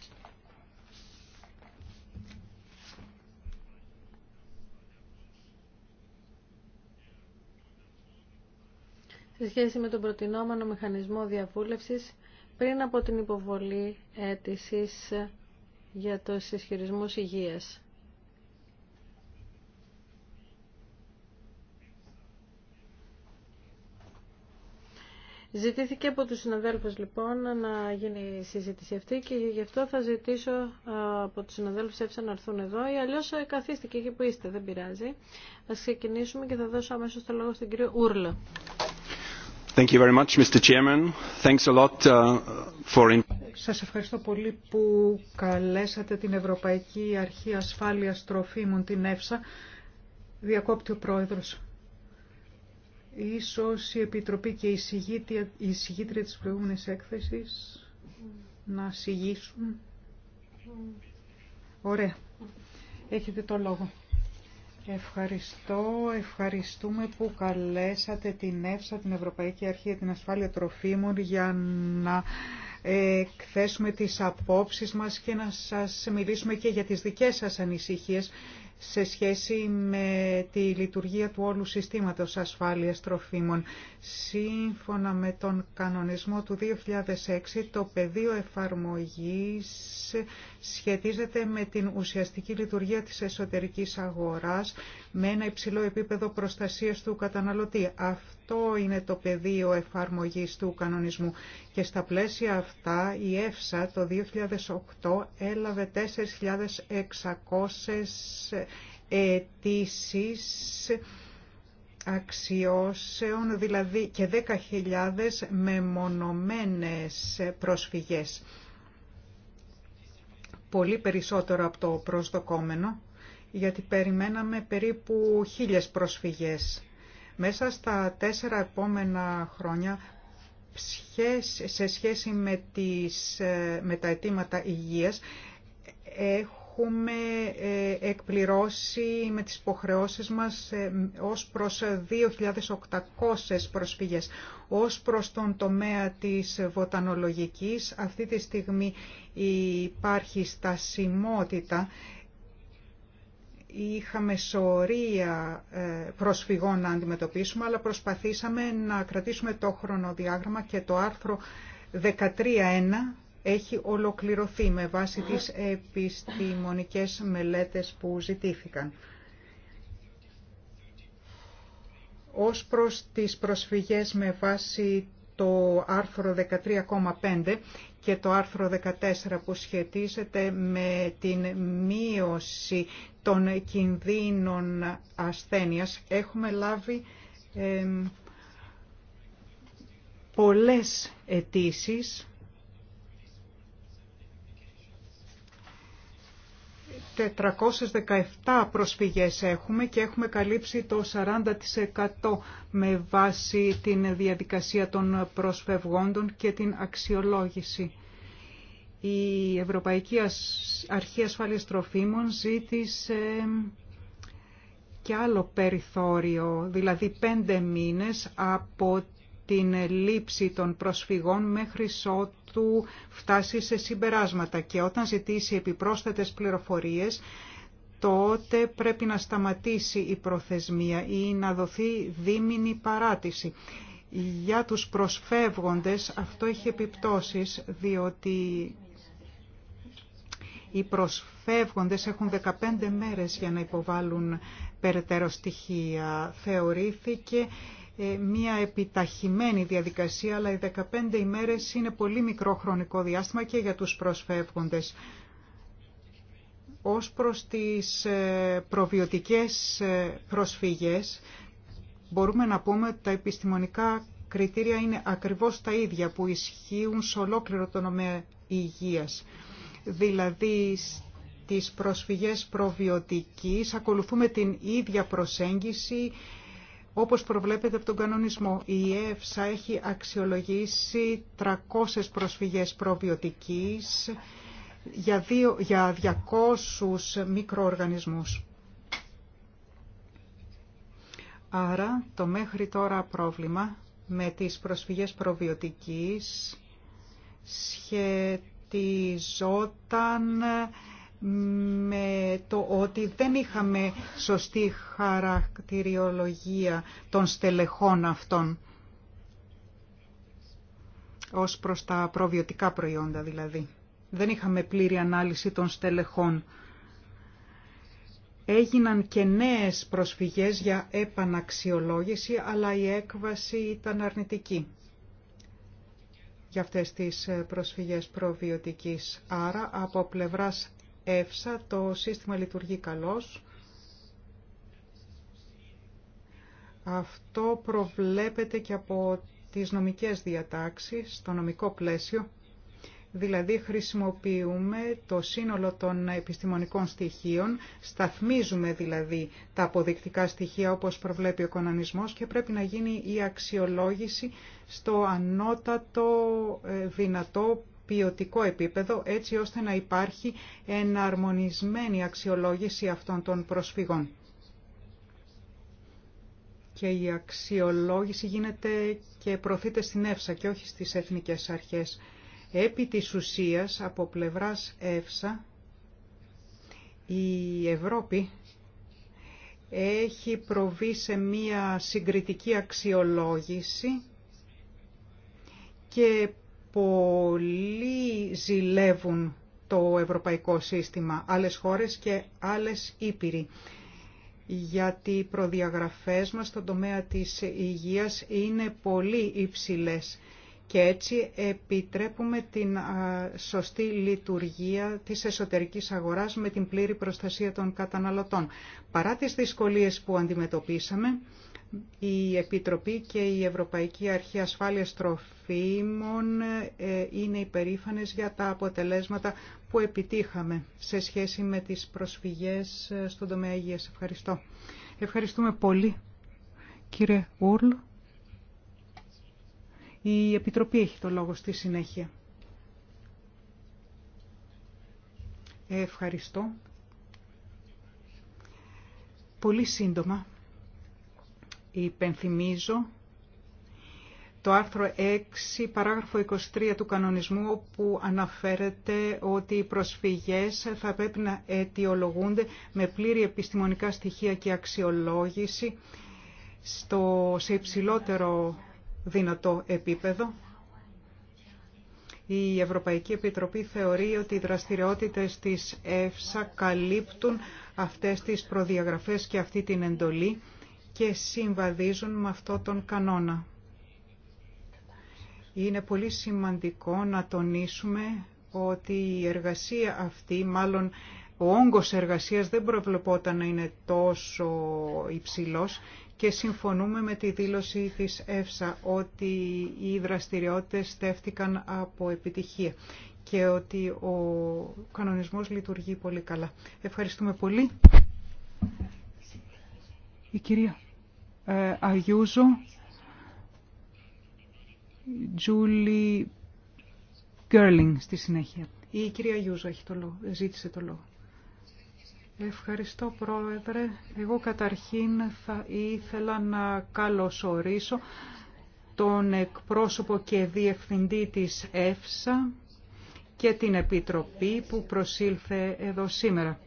σε σχέση με τον προτινόμενο μηχανισμό διαβούλευσης πριν από την υποβολή αίτησης για το ισχυρισμούς υγείας. Ζητήθηκε από τους συναδέλφους λοιπόν να γίνει η συζήτηση αυτή και γι' αυτό θα ζητήσω ε, από τους συναδέλφους έψα να έρθουν εδώ ή αλλιώς ε, καθίστηκε εκεί που είστε, δεν πειράζει. Ας ξεκινήσουμε και θα δώσω αμέσως το λόγο στην κυρία Ούρλα. Thank Σας ευχαριστώ πολύ που καλέσατε την Ευρωπαϊκή Αρχή Ασφάλειας Τροφίμων, την ΕΦΣΑ. Διακόπτει ο Πρόεδρος. Ίσως η Επιτροπή και η συγήτρια της προηγούμενης έκθεσης να συγγήσουν. Ωραία. Έχετε το λόγο. Ευχαριστώ, ευχαριστούμε που καλέσατε την ΕΦΣΑ, την Ευρωπαϊκή Αρχή για την Ασφάλεια Τροφίμων, για να ε, εκθέσουμε τις απόψεις μας και να σας μιλήσουμε και για τις δικές σας ανησυχίες σε σχέση με τη λειτουργία του όλου συστήματος ασφάλειας τροφίμων. Σύμφωνα με τον κανονισμό του 2006, το πεδίο εφαρμογής σχετίζεται με την ουσιαστική λειτουργία της εσωτερικής αγοράς με ένα υψηλό επίπεδο προστασίας του καταναλωτή. Αυτό είναι το πεδίο εφαρμογής του κανονισμού και στα πλαίσια αυτά η ΕΦΣΑ το 2008 έλαβε 4.600 αιτήσει αξιώσεων δηλαδή και 10.000 μεμονωμένες προσφυγές πολύ περισσότερο από το προσδοκόμενο, γιατί περιμέναμε περίπου χίλιες προσφυγές. Μέσα στα τέσσερα επόμενα χρόνια, σε σχέση με, τις, ε, με τα αιτήματα υγείας, έχουμε ε, εκπληρώσει με τις υποχρεώσεις μας ε, ως προς 2.800 προσφύγες. Ως προς τον τομέα της βοτανολογικής, αυτή τη στιγμή υπάρχει στασιμότητα. Είχαμε σωρία ε, προσφυγών να αντιμετωπίσουμε, αλλά προσπαθήσαμε να κρατήσουμε το χρονοδιάγραμμα και το άρθρο 13.1 έχει ολοκληρωθεί με βάση τις επιστημονικές μελέτες που ζητήθηκαν. Ως προς τις προσφυγές με βάση το άρθρο 13,5 και το άρθρο 14 που σχετίζεται με την μείωση των κινδύνων ασθένειας, έχουμε λάβει ε, πολλές αιτήσει 417 προσφυγές έχουμε και έχουμε καλύψει το 40% με βάση την διαδικασία των προσφευγόντων και την αξιολόγηση. Η Ευρωπαϊκή Αρχή Ασφάλειας Τροφίμων ζήτησε και άλλο περιθώριο, δηλαδή πέντε μήνες από την λήψη των προσφυγών μέχρι του φτάσει σε συμπεράσματα και όταν ζητήσει επιπρόσθετες πληροφορίες τότε πρέπει να σταματήσει η προθεσμία ή να δοθεί δίμηνη παράτηση. Για τους προσφεύγοντες αυτό έχει επιπτώσεις διότι οι προσφεύγοντες έχουν 15 μέρες για να υποβάλουν περαιτέρω στοιχεία. Θεωρήθηκε ε, μια επιταχυμένη διαδικασία, αλλά οι 15 ημέρες είναι πολύ μικρό χρονικό διάστημα και για τους προσφεύγοντες. Ως προς τις ε, προβιωτικές ε, προσφυγές, μπορούμε να πούμε ότι τα επιστημονικά κριτήρια είναι ακριβώς τα ίδια που ισχύουν σε ολόκληρο το νομέα υγείας. Δηλαδή, στις προσφυγές προβιωτικής ακολουθούμε την ίδια προσέγγιση όπως προβλέπεται από τον κανονισμό. Η ΕΕΦΣΑ έχει αξιολογήσει 300 προσφυγές προβιωτικής για, για 200 μικροοργανισμούς. Άρα το μέχρι τώρα πρόβλημα με τις προσφυγές προβιωτικής σχετιζόταν με το ότι δεν είχαμε σωστή χαρακτηριολογία των στελεχών αυτών ως προς τα προβιωτικά προϊόντα δηλαδή. Δεν είχαμε πλήρη ανάλυση των στελεχών. Έγιναν και νέες προσφυγές για επαναξιολόγηση, αλλά η έκβαση ήταν αρνητική για αυτές τις ε, προσφυγές προβιωτικής. Άρα, από πλευράς ΕΦΣΑ το σύστημα λειτουργεί καλώς. Αυτό προβλέπεται και από τις νομικές διατάξεις, το νομικό πλαίσιο. Δηλαδή χρησιμοποιούμε το σύνολο των επιστημονικών στοιχείων, σταθμίζουμε δηλαδή τα αποδεικτικά στοιχεία όπως προβλέπει ο οικονομισμός και πρέπει να γίνει η αξιολόγηση στο ανώτατο ε, δυνατό ποιοτικό επίπεδο έτσι ώστε να υπάρχει εναρμονισμένη αξιολόγηση αυτών των προσφυγών. Και η αξιολόγηση γίνεται και προθείται στην ΕΦΣΑ και όχι στις εθνικές αρχές. Επί της ουσίας από πλευράς ΕΦΣΑ η Ευρώπη έχει προβεί σε μία συγκριτική αξιολόγηση και πολύ ζηλεύουν το ευρωπαϊκό σύστημα, άλλες χώρες και άλλες ήπειροι. Γιατί οι προδιαγραφές μας στον τομέα της υγείας είναι πολύ υψηλές και έτσι επιτρέπουμε την σωστή λειτουργία της εσωτερικής αγοράς με την πλήρη προστασία των καταναλωτών. Παρά τις δυσκολίες που αντιμετωπίσαμε, η Επιτροπή και η Ευρωπαϊκή Αρχή Ασφάλειας Τροφίμων ε, είναι υπερήφανες για τα αποτελέσματα που επιτύχαμε σε σχέση με τις προσφυγές ε, στον τομέα υγείας. Ευχαριστώ. Ευχαριστούμε πολύ. Κύριε Ούρλ, η Επιτροπή έχει το λόγο στη συνέχεια. Ευχαριστώ. Πολύ σύντομα υπενθυμίζω το άρθρο 6, παράγραφο 23 του κανονισμού, όπου αναφέρεται ότι οι προσφυγές θα πρέπει να αιτιολογούνται με πλήρη επιστημονικά στοιχεία και αξιολόγηση στο, σε υψηλότερο δυνατό επίπεδο. Η Ευρωπαϊκή Επιτροπή θεωρεί ότι οι δραστηριότητες της ΕΦΣΑ καλύπτουν αυτές τις προδιαγραφές και αυτή την εντολή και συμβαδίζουν με αυτό τον κανόνα. Είναι πολύ σημαντικό να τονίσουμε ότι η εργασία αυτή, μάλλον ο όγκος εργασίας δεν προβλεπόταν να είναι τόσο υψηλός και συμφωνούμε με τη δήλωση της ΕΦΣΑ ότι οι δραστηριότητες στέφτηκαν από επιτυχία και ότι ο κανονισμός λειτουργεί πολύ καλά. Ευχαριστούμε πολύ. Η κυρία ε, Αγιούζο, Τζούλι Γκέρλινγκ στη συνέχεια. Η κυρία Αγιούζο έχει το λόγο, ζήτησε το λόγο. Ευχαριστώ Πρόεδρε. Εγώ καταρχήν θα ήθελα να καλωσορίσω τον εκπρόσωπο και διευθυντή της ΕΦΣΑ και την Επιτροπή που προσήλθε εδώ σήμερα.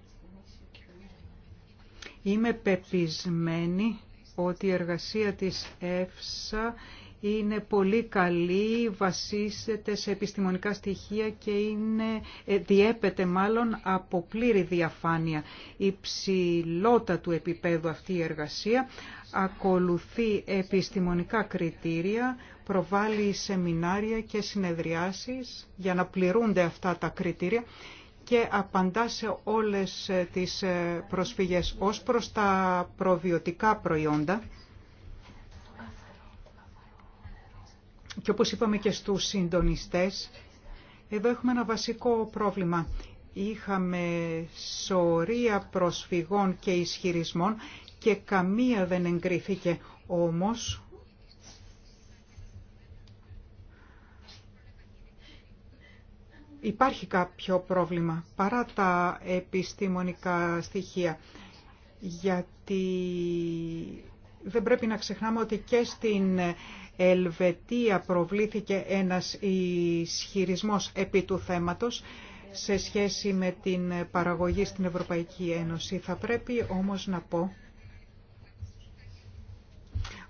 Είμαι πεπισμένη ότι η εργασία της ΕΦΣΑ είναι πολύ καλή, βασίζεται σε επιστημονικά στοιχεία και είναι, ε, διέπεται μάλλον από πλήρη διαφάνεια. Η του επίπεδου αυτή η εργασία ακολουθεί επιστημονικά κριτήρια, προβάλλει σεμινάρια και συνεδριάσεις για να πληρούνται αυτά τα κριτήρια και απαντά σε όλες ε, τις ε, προσφυγές ως προς τα προβιωτικά προϊόντα. Και όπως είπαμε και στους συντονιστές, εδώ έχουμε ένα βασικό πρόβλημα. Είχαμε σωρία προσφυγών και ισχυρισμών και καμία δεν εγκρίθηκε. Όμως, υπάρχει κάποιο πρόβλημα παρά τα επιστημονικά στοιχεία. Γιατί δεν πρέπει να ξεχνάμε ότι και στην Ελβετία προβλήθηκε ένας ισχυρισμός επί του θέματος σε σχέση με την παραγωγή στην Ευρωπαϊκή Ένωση. Θα πρέπει όμως να πω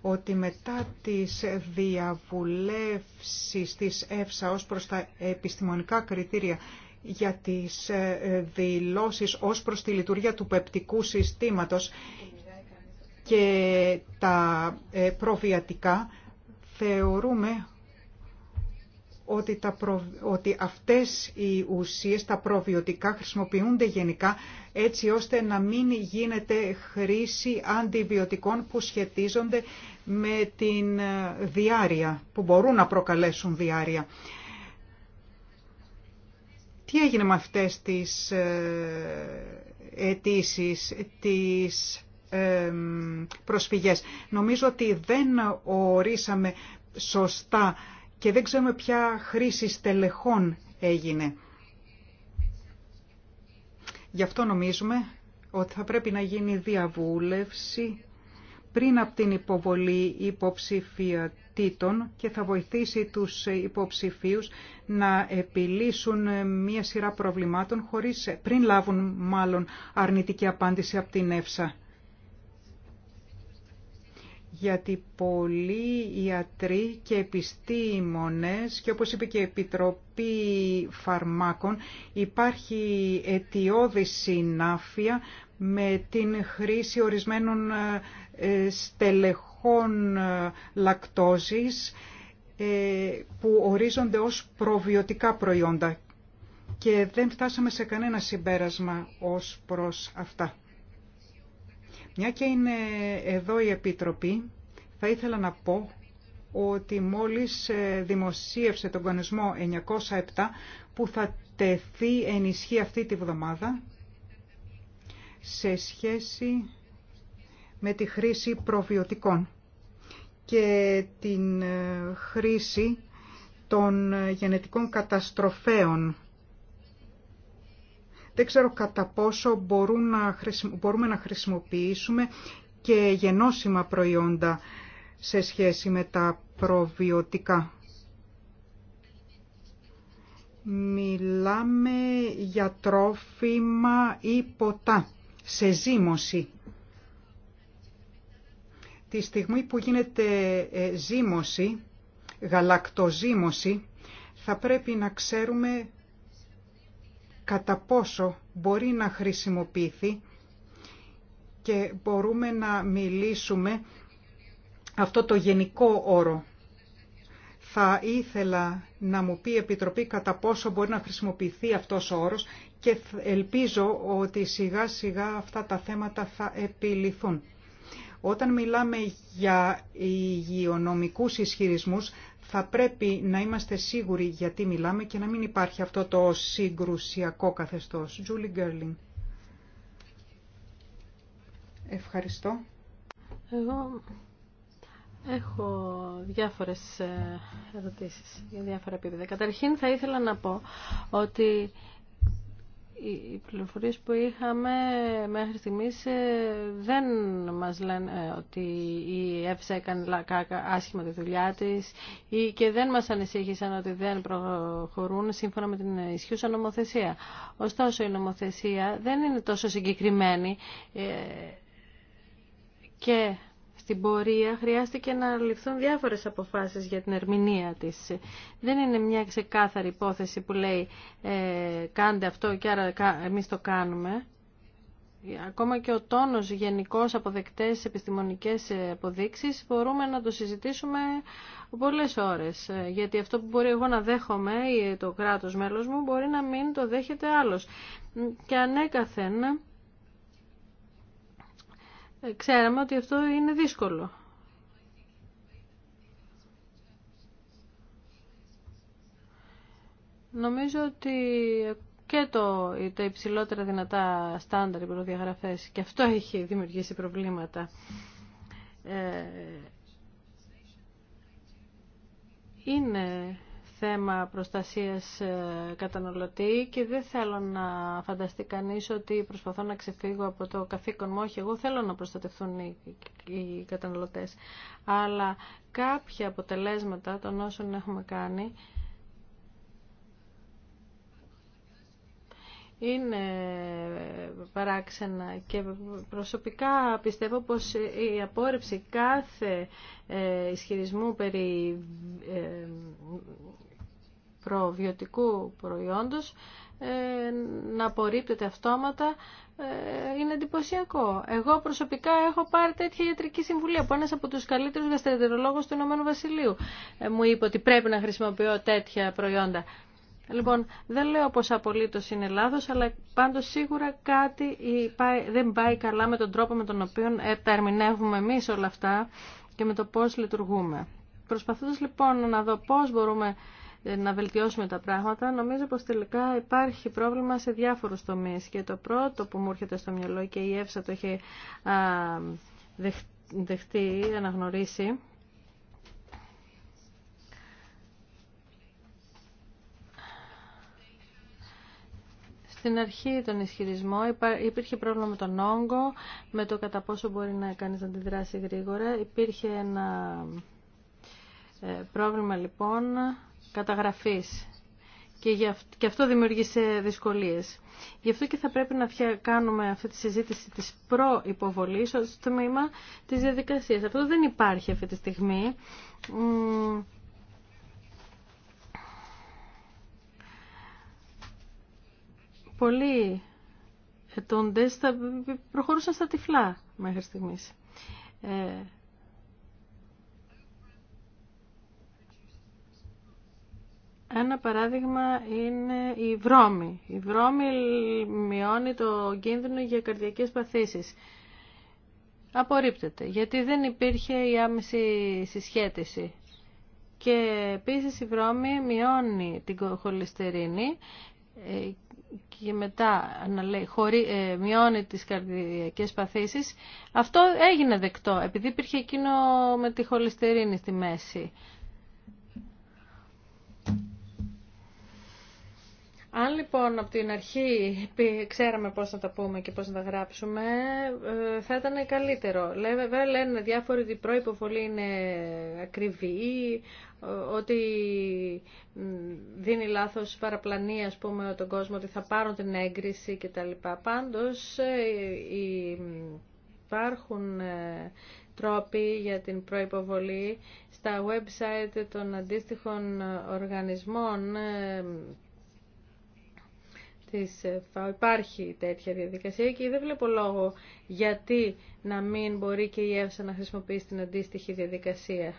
ότι μετά τις διαβουλεύσεις της ΕΦΣΑ ως προς τα επιστημονικά κριτήρια για τις ε, δηλώσεις ως προς τη λειτουργία του πεπτικού συστήματος και τα ε, προβιατικά, θεωρούμε ότι, τα ότι αυτές οι ουσίες, τα προβιωτικά, χρησιμοποιούνται γενικά έτσι ώστε να μην γίνεται χρήση αντιβιωτικών που σχετίζονται με την ε, διάρρεια, που μπορούν να προκαλέσουν διάρρεια. Τι έγινε με αυτές τις ε, αιτήσει, τις ε, προσφυγές. Νομίζω ότι δεν ορίσαμε σωστά και δεν ξέρουμε ποια χρήση στελεχών έγινε. Γι' αυτό νομίζουμε ότι θα πρέπει να γίνει διαβούλευση πριν από την υποβολή υποψηφιατήτων και θα βοηθήσει τους υποψηφίους να επιλύσουν μία σειρά προβλημάτων χωρίς, πριν λάβουν μάλλον αρνητική απάντηση από την ΕΦΣΑ γιατί πολλοί ιατροί και επιστήμονες και όπως είπε και η Επιτροπή Φαρμάκων υπάρχει αιτιώδη συνάφεια με την χρήση ορισμένων ε, ε, στελεχών ε, λακτόζης που ορίζονται ως προβιωτικά προϊόντα και δεν φτάσαμε σε κανένα συμπέρασμα ως προς αυτά. Μια και είναι εδώ η Επίτροπη, θα ήθελα να πω ότι μόλις ε, δημοσίευσε τον κανονισμό 907 που θα τεθεί ενισχύ αυτή τη βδομάδα σε σχέση με τη χρήση προβιωτικών και την ε, χρήση των ε, γενετικών καταστροφέων δεν ξέρω κατά πόσο μπορούμε να χρησιμοποιήσουμε και γενώσιμα προϊόντα σε σχέση με τα προβιωτικά. Μιλάμε για τρόφιμα ή ποτά σε ζύμωση. Τη στιγμή που γίνεται ε, ζύμωση, γαλακτοζύμωση, θα πρέπει να ξέρουμε κατά πόσο μπορεί να χρησιμοποιηθεί και μπορούμε να μιλήσουμε αυτό το γενικό όρο. Θα ήθελα να μου πει η Επιτροπή κατά πόσο μπορεί να χρησιμοποιηθεί αυτός ο όρος και ελπίζω ότι σιγά σιγά αυτά τα θέματα θα επιληθούν. Όταν μιλάμε για υγειονομικούς ισχυρισμούς θα πρέπει να είμαστε σίγουροι γιατί μιλάμε και να μην υπάρχει αυτό το συγκρουσιακό καθεστώς. Julie Γκέρλιν. Ευχαριστώ. Εγώ έχω διάφορες ε, ερωτήσεις για διάφορα επίπεδα. Καταρχήν θα ήθελα να πω ότι οι πληροφορίες που είχαμε μέχρι στιγμής ε, δεν μας λένε ε, ότι η ΕΦΣΑ έκανε άσχημα τη δουλειά της και δεν μας ανησύχησαν ότι δεν προχωρούν σύμφωνα με την ισχύουσα νομοθεσία. Ωστόσο η νομοθεσία δεν είναι τόσο συγκεκριμένη ε, και στην πορεία χρειάστηκε να ληφθούν διάφορες αποφάσεις για την ερμηνεία της. Δεν είναι μια ξεκάθαρη υπόθεση που λέει ε, κάντε αυτό και άρα εμείς το κάνουμε. Ακόμα και ο τόνος γενικός αποδεκτές επιστημονικές αποδείξεις μπορούμε να το συζητήσουμε πολλές ώρες. Γιατί αυτό που μπορεί εγώ να δέχομαι ή το κράτος μέλος μου μπορεί να μην το δέχεται άλλος. Και ανέκαθεν ε, ξέραμε ότι αυτό είναι δύσκολο. Νομίζω ότι και το, τα υψηλότερα δυνατά στάνταρ, οι προδιαγραφές, και αυτό έχει δημιουργήσει προβλήματα. Ε, είναι θέμα προστασίας ε, καταναλωτή και δεν θέλω να φανταστεί κανείς ότι προσπαθώ να ξεφύγω από το καθήκον μου. Όχι, εγώ θέλω να προστατευτούν οι καταναλωτές. Αλλά κάποια αποτελέσματα των όσων έχουμε κάνει είναι παράξενα και προσωπικά πιστεύω πως η απόρριψη κάθε ε, ισχυρισμού περί ε, προβιωτικού προϊόντος ε, να απορρίπτεται αυτόματα ε, είναι εντυπωσιακό. Εγώ προσωπικά έχω πάρει τέτοια ιατρική συμβουλή από ένας από τους καλύτερους γαστρεντερολόγους του Ηνωμένου Βασιλείου. Ε, μου είπε ότι πρέπει να χρησιμοποιώ τέτοια προϊόντα. Λοιπόν, δεν λέω πως απολύτως είναι λάθος, αλλά πάντως σίγουρα κάτι δεν πάει καλά με τον τρόπο με τον οποίο τα ερμηνεύουμε εμείς όλα αυτά και με το πώς λειτουργούμε. Προσπαθώντας λοιπόν να δω πώς μπορούμε να βελτιώσουμε τα πράγματα, νομίζω πως τελικά υπάρχει πρόβλημα σε διάφορους τομείς. Και το πρώτο που μου έρχεται στο μυαλό και η Εύσα το είχε δεχτεί, αναγνωρίσει, Στην αρχή τον ισχυρισμό υπήρχε πρόβλημα με τον όγκο, με το κατά πόσο μπορεί να κάνει να αντιδράσει γρήγορα. Υπήρχε ένα ε, πρόβλημα λοιπόν καταγραφής και, για και αυτό δημιούργησε δυσκολίες. Γι' αυτό και θα πρέπει να κάνουμε αυτή τη συζήτηση της προϋποβολής το τμήμα της διαδικασίας. Αυτό δεν υπάρχει αυτή τη στιγμή. Πολλοί ετώντες θα προχωρούσαν στα τυφλά μέχρι στιγμής. Ε, Ένα παράδειγμα είναι η βρώμη. Η βρώμη μειώνει το κίνδυνο για καρδιακές παθήσεις. Απορρίπτεται, γιατί δεν υπήρχε η άμεση συσχέτιση. Και επίσης η βρώμη μειώνει την χολυστερίνη ε, και μετά ε, μειώνει τις καρδιακές παθήσεις. Αυτό έγινε δεκτό, επειδή υπήρχε εκείνο με τη χολυστερίνη στη μέση. Αν λοιπόν από την αρχή ξέραμε πώς να τα πούμε και πώς να τα γράψουμε, ε, θα ήταν καλύτερο. Βέβαια λένε διάφοροι ότι η προϋποβολή είναι ακριβή, ότι δίνει λάθος παραπλανή ας πούμε, τον κόσμο ότι θα πάρουν την έγκριση κτλ. Πάντως ε, υπάρχουν ε, τρόποι για την προϋποβολή στα website των αντίστοιχων οργανισμών της Υπάρχει τέτοια διαδικασία και δεν βλέπω λόγο γιατί να μην μπορεί και η ΕΦΣΑ να χρησιμοποιήσει την αντίστοιχη διαδικασία.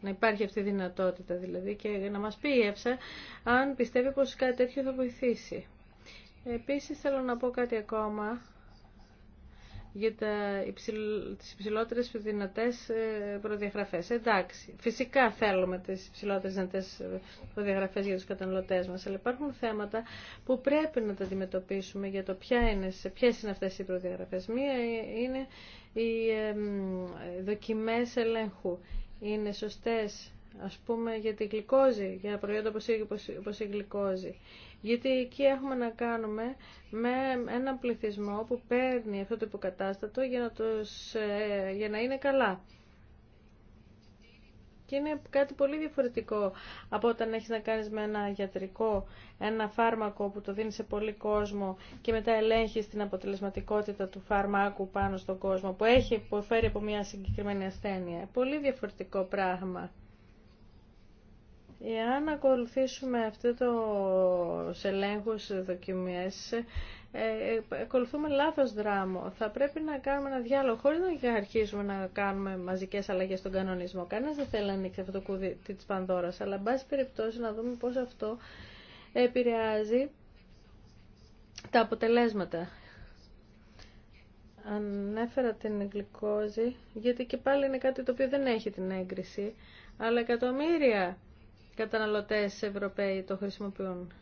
Να υπάρχει αυτή η δυνατότητα δηλαδή και να μας πει η ΕΦΣΑ αν πιστεύει πως κάτι τέτοιο θα βοηθήσει. Επίσης θέλω να πω κάτι ακόμα για τα υψηλ, τις υψηλότερες δυνατές ε, προδιαγραφές. Εντάξει, φυσικά θέλουμε τις υψηλότερες δυνατές ε, προδιαγραφές για τους καταναλωτές μας, αλλά υπάρχουν θέματα που πρέπει να τα αντιμετωπίσουμε για το ποια είναι, σε ποιες είναι αυτές οι προδιαγραφές. Μία είναι οι δοκιμές ελέγχου. Είναι σωστές, ας πούμε, για τη γλυκόζη, για προϊόντα όπως η γλυκόζη γιατί εκεί έχουμε να κάνουμε με έναν πληθυσμό που παίρνει αυτό το υποκατάστατο για να, ε, για να είναι καλά. Και είναι κάτι πολύ διαφορετικό από όταν έχεις να κάνεις με ένα γιατρικό, ένα φάρμακο που το δίνει σε πολύ κόσμο και μετά ελέγχεις την αποτελεσματικότητα του φάρμακου πάνω στον κόσμο που έχει υποφέρει από μια συγκεκριμένη ασθένεια. Πολύ διαφορετικό πράγμα. Εάν ακολουθήσουμε αυτό το ελέγχους δοκιμίε, ε, ακολουθούμε λάθος δράμο. Θα πρέπει να κάνουμε ένα διάλογο χωρίς να αρχίσουμε να κάνουμε μαζικές αλλαγές στον κανονισμό. Κανένα δεν θέλει να ανοίξει αυτό το κούδι της Πανδώρας, αλλά εν πάση περιπτώσει να δούμε πώς αυτό επηρεάζει τα αποτελέσματα. Ανέφερα την γλυκόζη, γιατί και πάλι είναι κάτι το οποίο δεν έχει την έγκριση, αλλά εκατομμύρια καταναλωτές Ευρωπαίοι το χρησιμοποιούν.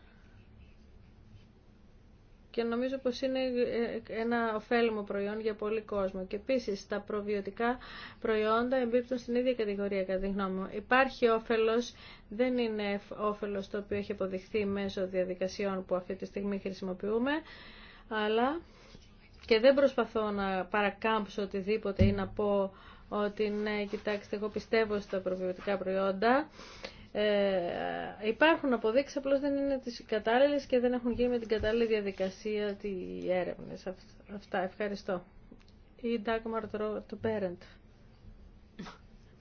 Και νομίζω πως είναι ε, ένα ωφέλιμο προϊόν για πολύ κόσμο. Και επίσης τα προβιωτικά προϊόντα εμπίπτουν στην ίδια κατηγορία κατά τη γνώμη μου. Υπάρχει όφελος, δεν είναι όφελος το οποίο έχει αποδειχθεί μέσω διαδικασιών που αυτή τη στιγμή χρησιμοποιούμε, αλλά και δεν προσπαθώ να παρακάμψω οτιδήποτε ή να πω ότι ναι, κοιτάξτε, εγώ πιστεύω στα προβιωτικά προϊόντα ε, υπάρχουν αποδείξεις, απλώς δεν είναι τις κατάλληλες και δεν έχουν γίνει με την κατάλληλη διαδικασία τη έρευνε Αυτά, ευχαριστώ. Η Dagmar του Parent.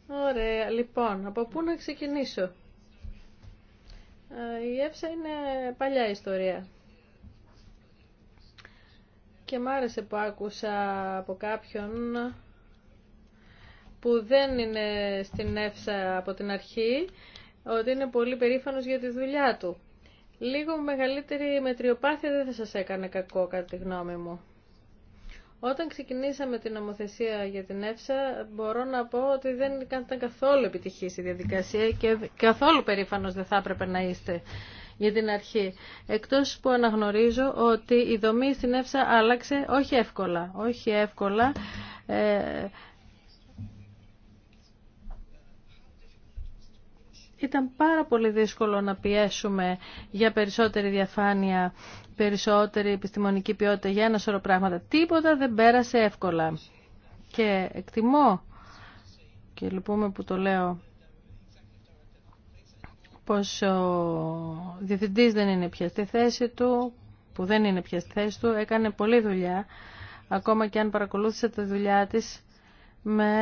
Ωραία, λοιπόν, από πού να ξεκινήσω. Ε, η Εύσα είναι παλιά ιστορία. Και μ' άρεσε που άκουσα από κάποιον που δεν είναι στην Εύσα από την αρχή ότι είναι πολύ περήφανος για τη δουλειά του. Λίγο μεγαλύτερη μετριοπάθεια δεν θα σας έκανε κακό, κατά τη γνώμη μου. Όταν ξεκινήσαμε την νομοθεσία για την ΕΦΣΑ, μπορώ να πω ότι δεν ήταν καθόλου επιτυχής η διαδικασία και καθόλου περήφανος δεν θα έπρεπε να είστε για την αρχή. Εκτός που αναγνωρίζω ότι η δομή στην ΕΦΣΑ άλλαξε όχι εύκολα, όχι εύκολα, ε, ήταν πάρα πολύ δύσκολο να πιέσουμε για περισσότερη διαφάνεια, περισσότερη επιστημονική ποιότητα, για ένα σωρό πράγματα. Τίποτα δεν πέρασε εύκολα. Και εκτιμώ, και λυπούμε που το λέω, πως ο διευθυντής δεν είναι πια στη θέση του, που δεν είναι πια στη θέση του, έκανε πολλή δουλειά, ακόμα και αν παρακολούθησε τη δουλειά της με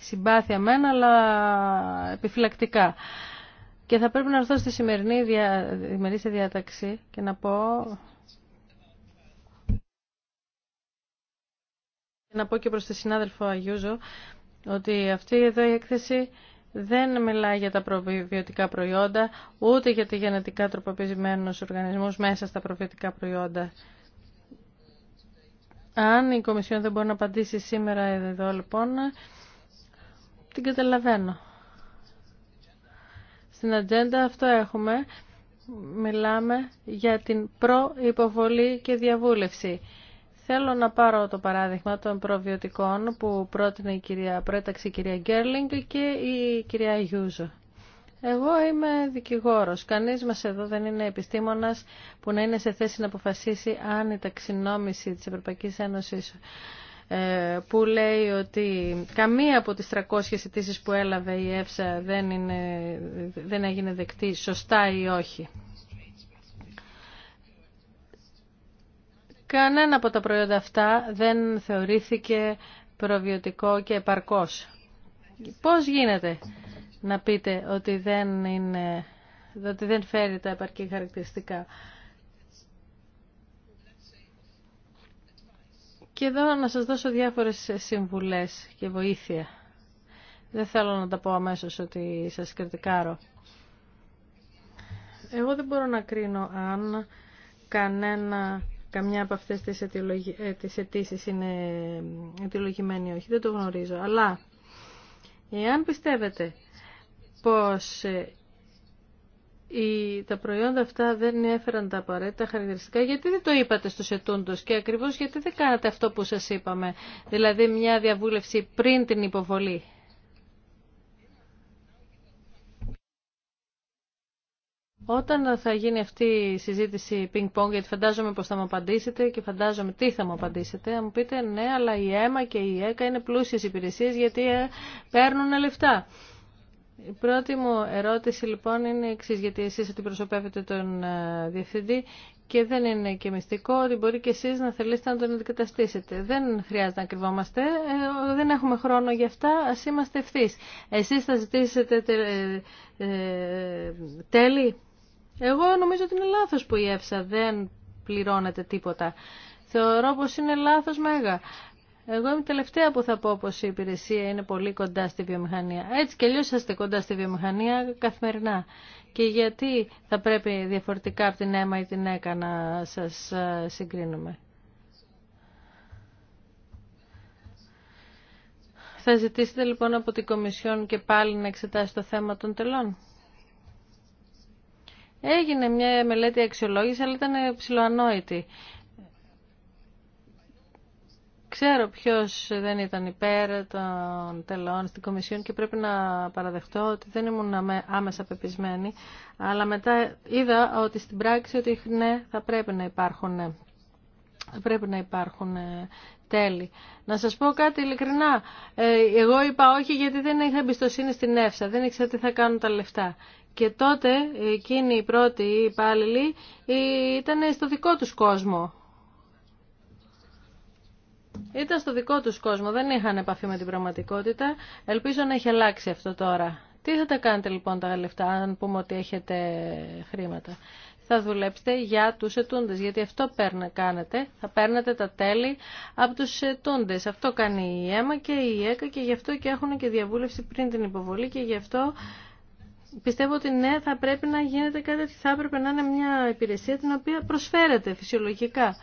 συμπάθεια μένα, αλλά επιφυλακτικά. Και θα πρέπει να έρθω στη σημερινή διάταξη και να πω... Να πω και προς τη συνάδελφο Αγιούζο ότι αυτή εδώ η έκθεση δεν μιλάει για τα προβιοτικά προϊόντα, ούτε για τη γενετικά τροποποιημένους οργανισμούς μέσα στα προβιωτικά προϊόντα. Αν η Κομισιόν δεν μπορεί να απαντήσει σήμερα εδώ λοιπόν, την καταλαβαίνω. Στην ατζέντα αυτό έχουμε. Μιλάμε για την προϋποβολή και διαβούλευση. Θέλω να πάρω το παράδειγμα των προβιωτικών που πρότεινε η κυρία, Πρέταξη, η κυρία Γκέρλινγκ και η κυρία Γιούζο. Εγώ είμαι δικηγόρος. Κανείς μας εδώ δεν είναι επιστήμονας που να είναι σε θέση να αποφασίσει αν η ταξινόμηση της Ευρωπαϊκής Ένωσης ε, που λέει ότι καμία από τις 300 αιτήσει που έλαβε η ΕΦΣΑ δεν, είναι, δεν έγινε δεκτή σωστά ή όχι. Κανένα από τα προϊόντα αυτά δεν θεωρήθηκε προβιωτικό και επαρκώς. Πώς γίνεται να πείτε ότι δεν, είναι, ότι δεν φέρει τα επαρκή χαρακτηριστικά. Και εδώ να σας δώσω διάφορες συμβουλές και βοήθεια. Δεν θέλω να τα πω αμέσως ότι σας κριτικάρω. Εγώ δεν μπορώ να κρίνω αν καμιά από αυτές τις, αιτιολογι... Ε, αιτήσει είναι αιτιολογημένη ή όχι. Δεν το γνωρίζω. Αλλά εάν πιστεύετε πως οι, τα προϊόντα αυτά δεν έφεραν τα απαραίτητα χαρακτηριστικά, γιατί δεν το είπατε στους ετούντους και ακριβώς γιατί δεν κάνατε αυτό που σας είπαμε, δηλαδή μια διαβούλευση πριν την υποβολή. Όταν θα γίνει αυτή η συζήτηση ping-pong, γιατί φαντάζομαι πως θα μου απαντήσετε και φαντάζομαι τι θα μου απαντήσετε, θα μου πείτε ναι, αλλά η ΕΜΑ και η ΕΚΑ είναι πλούσιες υπηρεσίες γιατί ε, παίρνουν λεφτά. Η πρώτη μου ερώτηση λοιπόν είναι εξή, γιατί εσείς αντιπροσωπεύετε τον ε, Διευθυντή και δεν είναι και μυστικό ότι μπορεί και εσείς να θελήσετε να τον αντικαταστήσετε. Δεν χρειάζεται να κρυβόμαστε, ε, δεν έχουμε χρόνο για αυτά, ας είμαστε ευθύ. Εσείς θα ζητήσετε ε, τέλη. Εγώ νομίζω ότι είναι λάθος που η ΕΦΣΑ δεν πληρώνεται τίποτα. Θεωρώ πως είναι λάθος μέγα. Εγώ είμαι η τελευταία που θα πω πως η υπηρεσία είναι πολύ κοντά στη βιομηχανία. Έτσι κι αλλιώ είστε κοντά στη βιομηχανία καθημερινά. Και γιατί θα πρέπει διαφορετικά από την αίμα ή την ΕΚΑ να σας ε, συγκρίνουμε. Θα ζητήσετε λοιπόν από την Κομισιόν και πάλι να εξετάσει το θέμα των τελών. Έγινε μια μελέτη αξιολόγηση, αλλά ήταν ψηλοανόητη. Ξέρω ποιος δεν ήταν υπέρ των τελών στην Κομισιόν και πρέπει να παραδεχτώ ότι δεν ήμουν άμεσα πεπισμένη, αλλά μετά είδα ότι στην πράξη ότι ναι, θα πρέπει να υπάρχουν, θα πρέπει να υπάρχουν ε, τέλη. Να σας πω κάτι ειλικρινά. Ε, εγώ είπα όχι γιατί δεν είχα εμπιστοσύνη στην ΕΦΣΑ, δεν ήξερα τι θα κάνουν τα λεφτά. Και τότε εκείνοι οι πρώτοι υπάλληλοι ήταν στο δικό τους κόσμο ήταν στο δικό τους κόσμο, δεν είχαν επαφή με την πραγματικότητα. Ελπίζω να έχει αλλάξει αυτό τώρα. Τι θα τα κάνετε λοιπόν τα λεφτά, αν πούμε ότι έχετε χρήματα. Θα δουλέψετε για τους ετούντες, γιατί αυτό παίρνε, κάνετε. Θα παίρνετε τα τέλη από τους ετούντες. Αυτό κάνει η ΕΜΑ και η ΕΚΑ και γι' αυτό και έχουν και διαβούλευση πριν την υποβολή και γι' αυτό πιστεύω ότι ναι, θα πρέπει να γίνεται κάτι, θα έπρεπε να είναι μια υπηρεσία την οποία προσφέρεται φυσιολογικά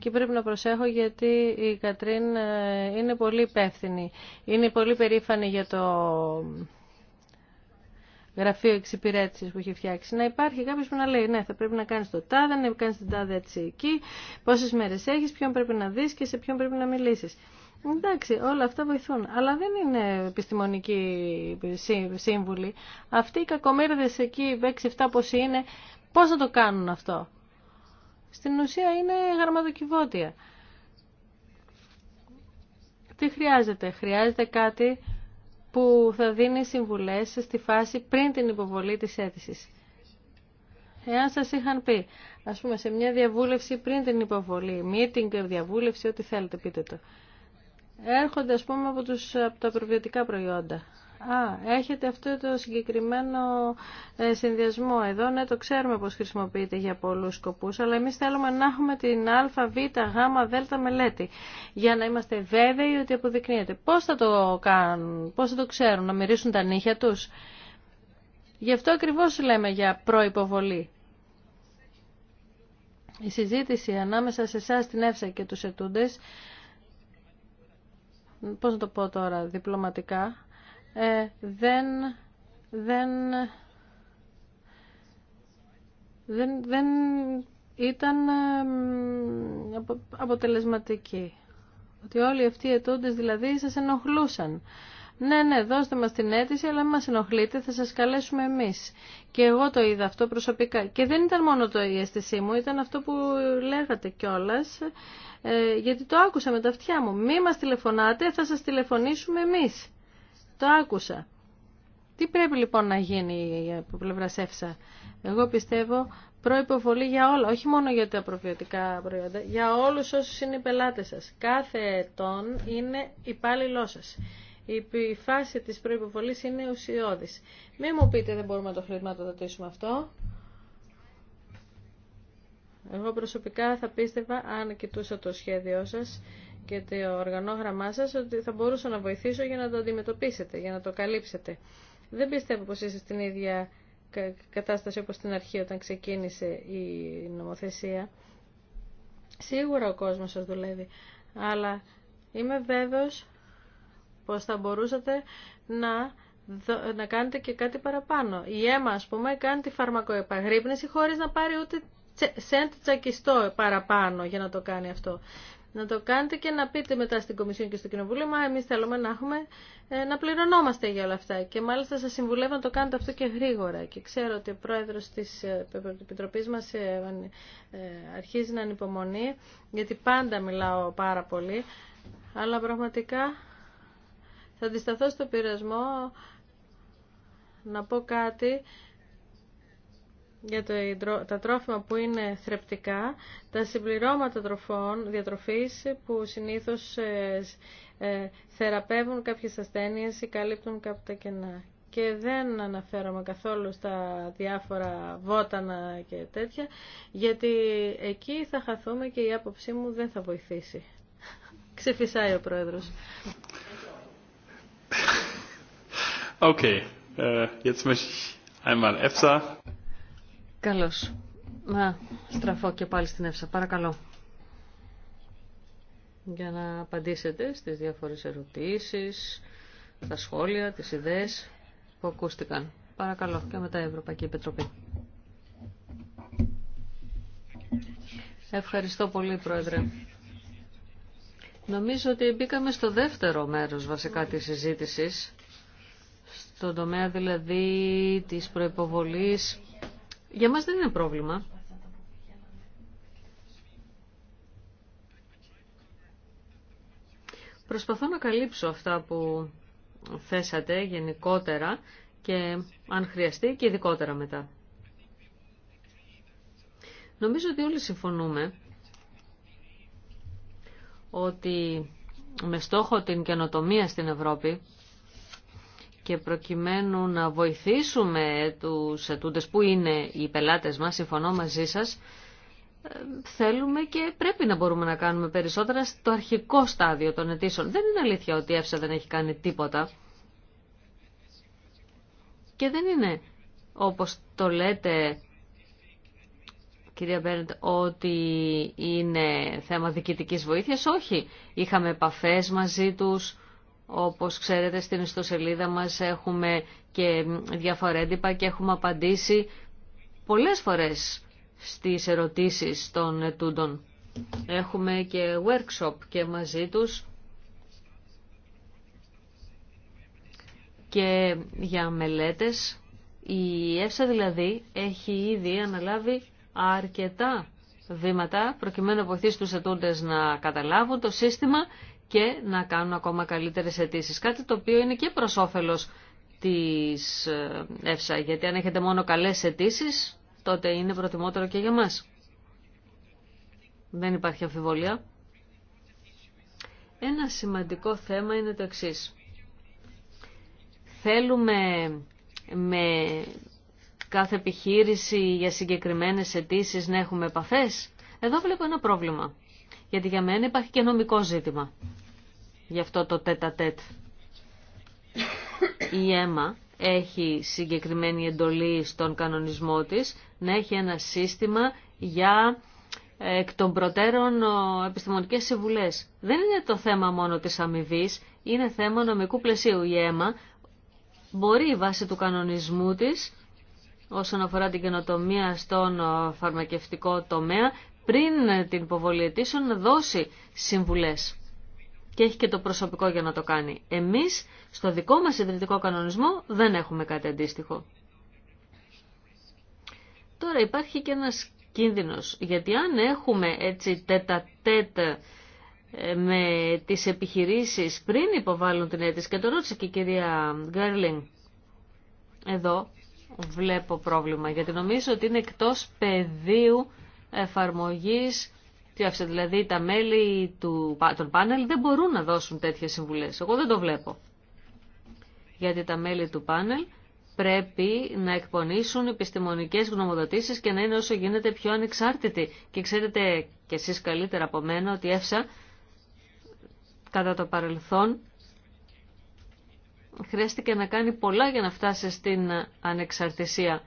και πρέπει να προσέχω γιατί η Κατρίν ε, είναι πολύ υπεύθυνη. Είναι πολύ περήφανη για το γραφείο εξυπηρέτηση που έχει φτιάξει. Να υπάρχει κάποιο που να λέει: Ναι, θα πρέπει να κάνει το τάδε, να κάνει την τάδε έτσι εκεί, πόσε μέρε έχει, ποιον πρέπει να δει και σε ποιον πρέπει να μιλήσει. Εντάξει, όλα αυτά βοηθούν. Αλλά δεν είναι επιστημονικοί σύμβουλη. Αυτοί οι κακομέρδε εκεί, 6-7 πόσοι είναι, πώ θα το κάνουν αυτό στην ουσία είναι γραμματοκιβώτια. Τι χρειάζεται. Χρειάζεται κάτι που θα δίνει συμβουλές στη φάση πριν την υποβολή της αίτησης. Εάν σας είχαν πει, ας πούμε, σε μια διαβούλευση πριν την υποβολή, meeting, διαβούλευση, ό,τι θέλετε, πείτε το. Έρχονται, ας πούμε, από, τους, από τα προβιωτικά προϊόντα. Α, έχετε αυτό το συγκεκριμένο ε, συνδυασμό εδώ. Ναι, το ξέρουμε πώς χρησιμοποιείται για πολλούς σκοπούς, αλλά εμείς θέλουμε να έχουμε την α, β, γ, δ μελέτη, για να είμαστε βέβαιοι ότι αποδεικνύεται. Πώς θα το κάνουν, πώς θα το ξέρουν, να μυρίσουν τα νύχια τους. Γι' αυτό ακριβώς λέμε για προϋποβολή. Η συζήτηση ανάμεσα σε εσά την ΕΦΣΑ και τους ετούντες, πώς να το πω τώρα διπλωματικά, ε, δεν, δεν, δεν, δεν ήταν αποτελεσματική. Ότι όλοι αυτοί οι ετούντες δηλαδή σας ενοχλούσαν. Ναι, ναι, δώστε μας την αίτηση, αλλά μην μας ενοχλείτε, θα σας καλέσουμε εμείς. Και εγώ το είδα αυτό προσωπικά. Και δεν ήταν μόνο το η αίσθησή μου, ήταν αυτό που λέγατε κιόλα, ε, γιατί το άκουσα με τα αυτιά μου. Μη μας τηλεφωνάτε, θα σας τηλεφωνήσουμε εμείς. Το άκουσα. Τι πρέπει λοιπόν να γίνει από πλευρά ΕΦΣΑ. Εγώ πιστεύω προϋποβολή για όλα, όχι μόνο για τα προβιωτικά προϊόντα, για όλους όσους είναι οι πελάτες σας. Κάθε ετών είναι υπάλληλό σα. Η φάση της προϋποβολής είναι ουσιώδης. Μη μου πείτε δεν μπορούμε να το χρηματοδοτήσουμε αυτό. Εγώ προσωπικά θα πίστευα, αν κοιτούσα το σχέδιό σας, και το οργανόγραμμά σας ότι θα μπορούσα να βοηθήσω για να το αντιμετωπίσετε, για να το καλύψετε. Δεν πιστεύω πως είστε στην ίδια κατάσταση όπως στην αρχή όταν ξεκίνησε η νομοθεσία. Σίγουρα ο κόσμος σας δουλεύει, αλλά είμαι βέβαιος πως θα μπορούσατε να, να κάνετε και κάτι παραπάνω. Η αίμα, ας πούμε, κάνει τη φαρμακοεπαγρύπνηση χωρίς να πάρει ούτε ένα τσακιστό παραπάνω για να το κάνει αυτό να το κάνετε και να πείτε μετά στην Κομισιόν και στο Κοινοβούλιο, μα εμείς θέλουμε να, έχουμε, ε, να πληρωνόμαστε για όλα αυτά. Και μάλιστα σας συμβουλεύω να το κάνετε αυτό και γρήγορα. Και ξέρω ότι ο πρόεδρος της ε, Επιτροπής μας ε, αρχίζει να ανυπομονεί, γιατί πάντα μιλάω πάρα πολύ, αλλά πραγματικά θα αντισταθώ στο πειρασμό να πω κάτι για τα τρόφιμα που είναι θρεπτικά, τα συμπληρώματα τροφών, διατροφής που συνήθως ε, ε, θεραπεύουν κάποιες ασθένειες ή καλύπτουν κάποια κενά. Και δεν αναφέρομαι καθόλου στα διάφορα βότανα και τέτοια, γιατί εκεί θα χαθούμε και η άποψή μου δεν θα βοηθήσει. [laughs] Ξεφυσάει ο Πρόεδρος. Okay, ε, jetzt möchte ich einmal EFSA. Καλώς. Να στραφώ και πάλι στην Εύσα. Παρακαλώ. Για να απαντήσετε στις διάφορες ερωτήσεις, τα σχόλια, τις ιδέες που ακούστηκαν. Παρακαλώ και μετά η Ευρωπαϊκή Επιτροπή. Ευχαριστώ πολύ, Πρόεδρε. Νομίζω ότι μπήκαμε στο δεύτερο μέρος βασικά της συζήτησης, στον τομέα δηλαδή της προϋποβολής για μας δεν είναι πρόβλημα. Προσπαθώ να καλύψω αυτά που θέσατε γενικότερα και αν χρειαστεί και ειδικότερα μετά. Νομίζω ότι όλοι συμφωνούμε ότι με στόχο την καινοτομία στην Ευρώπη και προκειμένου να βοηθήσουμε τους ετούντες που είναι οι πελάτες μας, συμφωνώ μαζί σας, ε, θέλουμε και πρέπει να μπορούμε να κάνουμε περισσότερα στο αρχικό στάδιο των αιτήσεων. Δεν είναι αλήθεια ότι η δεν έχει κάνει τίποτα. Και δεν είναι όπως το λέτε κυρία Μπέρντ, ότι είναι θέμα διοικητικής βοήθειας. Όχι, είχαμε επαφές μαζί τους, όπως ξέρετε στην ιστοσελίδα μας έχουμε και διάφορα και έχουμε απαντήσει πολλές φορές στις ερωτήσεις των ετούντων. Έχουμε και workshop και μαζί τους και για μελέτες. Η ΕΦΣΑ δηλαδή έχει ήδη αναλάβει αρκετά βήματα προκειμένου να βοηθήσει τους ετούντες να καταλάβουν το σύστημα και να κάνουν ακόμα καλύτερες αιτήσει. Κάτι το οποίο είναι και προς όφελος της ΕΦΣΑ, γιατί αν έχετε μόνο καλές αιτήσει, τότε είναι προτιμότερο και για μας. Δεν υπάρχει αμφιβολία. Ένα σημαντικό θέμα είναι το εξή. Θέλουμε με κάθε επιχείρηση για συγκεκριμένες αιτήσει να έχουμε επαφές. Εδώ βλέπω ένα πρόβλημα. Γιατί για μένα υπάρχει και νομικό ζήτημα γι' αυτό το τέτα τέτ. Η αίμα έχει συγκεκριμένη εντολή στον κανονισμό της να έχει ένα σύστημα για εκ των προτέρων επιστημονικές συμβουλές. Δεν είναι το θέμα μόνο της αμοιβή, είναι θέμα νομικού πλαισίου. Η αίμα μπορεί βάσει του κανονισμού της όσον αφορά την καινοτομία στον φαρμακευτικό τομέα πριν την υποβολή να δώσει συμβουλές και έχει και το προσωπικό για να το κάνει. Εμείς στο δικό μας ιδρυτικό κανονισμό δεν έχουμε κάτι αντίστοιχο. Τώρα υπάρχει και ένας κίνδυνος, γιατί αν έχουμε έτσι τέτα ε, με τις επιχειρήσεις πριν υποβάλουν την αίτηση και το ρώτησε και η κυρία Γκέρλινγκ εδώ βλέπω πρόβλημα γιατί νομίζω ότι είναι εκτός πεδίου εφαρμογής δηλαδή τα μέλη του, των πάνελ δεν μπορούν να δώσουν τέτοιες συμβουλές. Εγώ δεν το βλέπω. Γιατί τα μέλη του πάνελ πρέπει να εκπονήσουν επιστημονικές γνωμοδοτήσεις και να είναι όσο γίνεται πιο ανεξάρτητοι. Και ξέρετε κι εσείς καλύτερα από μένα ότι η ΕΦΣΑ κατά το παρελθόν χρειάστηκε να κάνει πολλά για να φτάσει στην ανεξαρτησία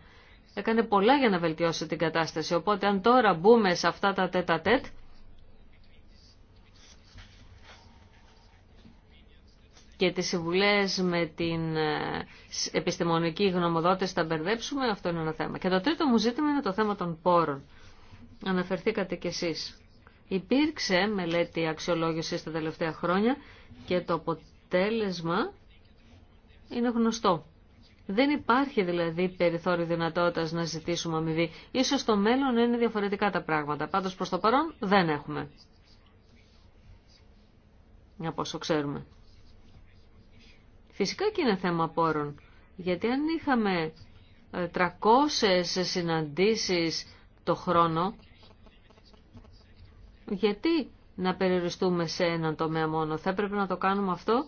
έκανε πολλά για να βελτιώσει την κατάσταση. Οπότε αν τώρα μπούμε σε αυτά τα τέτα τέτ, και τις συμβουλές με την ε, επιστημονική γνωμοδότηση τα μπερδέψουμε, αυτό είναι ένα θέμα. Και το τρίτο μου ζήτημα είναι το θέμα των πόρων. Αναφερθήκατε κι εσείς. Υπήρξε μελέτη αξιολόγησης τα τελευταία χρόνια και το αποτέλεσμα είναι γνωστό. Δεν υπάρχει δηλαδή περιθώριο δυνατότητας να ζητήσουμε αμοιβή. Ίσως στο μέλλον είναι διαφορετικά τα πράγματα. Πάντως προς το παρόν δεν έχουμε. για πόσο ξέρουμε. Φυσικά και είναι θέμα πόρων. Γιατί αν είχαμε 300 ε, συναντήσεις το χρόνο, γιατί να περιοριστούμε σε έναν τομέα μόνο. Θα έπρεπε να το κάνουμε αυτό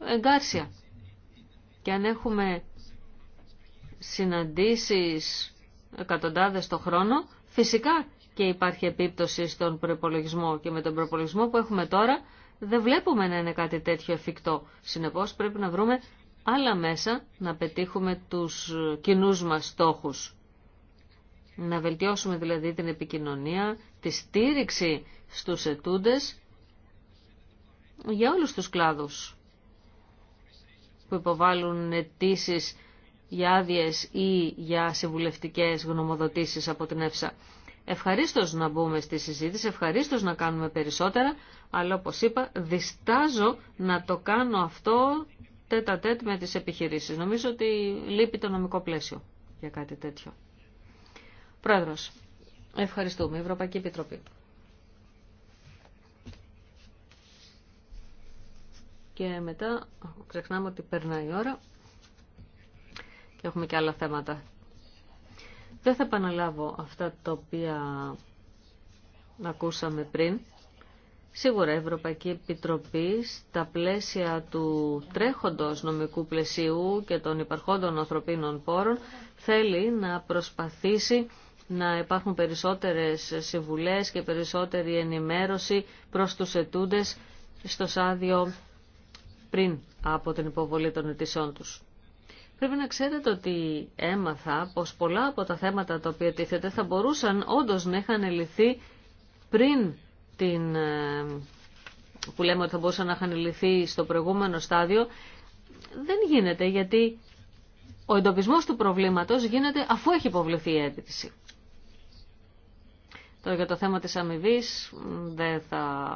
εγκάρσια. Και αν έχουμε συναντήσεις εκατοντάδες το χρόνο, φυσικά και υπάρχει επίπτωση στον προπολογισμό και με τον προπολογισμό που έχουμε τώρα δεν βλέπουμε να είναι κάτι τέτοιο εφικτό. Συνεπώς πρέπει να βρούμε άλλα μέσα να πετύχουμε τους κοινούς μας στόχους. Να βελτιώσουμε δηλαδή την επικοινωνία, τη στήριξη στους ετούντες για όλους τους κλάδους που υποβάλλουν αιτήσει για άδειε ή για συμβουλευτικέ γνωμοδοτήσεις από την ΕΦΣΑ. Ευχαριστώ να μπούμε στη συζήτηση, ευχαρίστως να κάνουμε περισσότερα, αλλά όπως είπα διστάζω να το κάνω αυτό τέτα τέτ με τι επιχειρήσει. Νομίζω ότι λείπει το νομικό πλαίσιο για κάτι τέτοιο. Πρόεδρος, ευχαριστούμε. Ευρωπαϊκή Επιτροπή. και μετά ξεχνάμε ότι περνάει η ώρα και έχουμε και άλλα θέματα. Δεν θα επαναλάβω αυτά τα οποία ακούσαμε πριν. Σίγουρα η Ευρωπαϊκή Επιτροπή στα πλαίσια του τρέχοντος νομικού πλαισίου και των υπαρχόντων ανθρωπίνων πόρων θέλει να προσπαθήσει να υπάρχουν περισσότερες συμβουλές και περισσότερη ενημέρωση προς τους ετούντες στο σάδιο πριν από την υποβολή των αιτήσεών τους. Πρέπει να ξέρετε ότι έμαθα πως πολλά από τα θέματα τα οποία τίθεται θα μπορούσαν όντως να είχαν λυθεί πριν την... Ε, που λέμε ότι θα μπορούσαν να είχαν λυθεί στο προηγούμενο στάδιο. Δεν γίνεται γιατί ο εντοπισμός του προβλήματος γίνεται αφού έχει υποβληθεί η αίτηση. Τώρα για το θέμα της αμοιβή δεν θα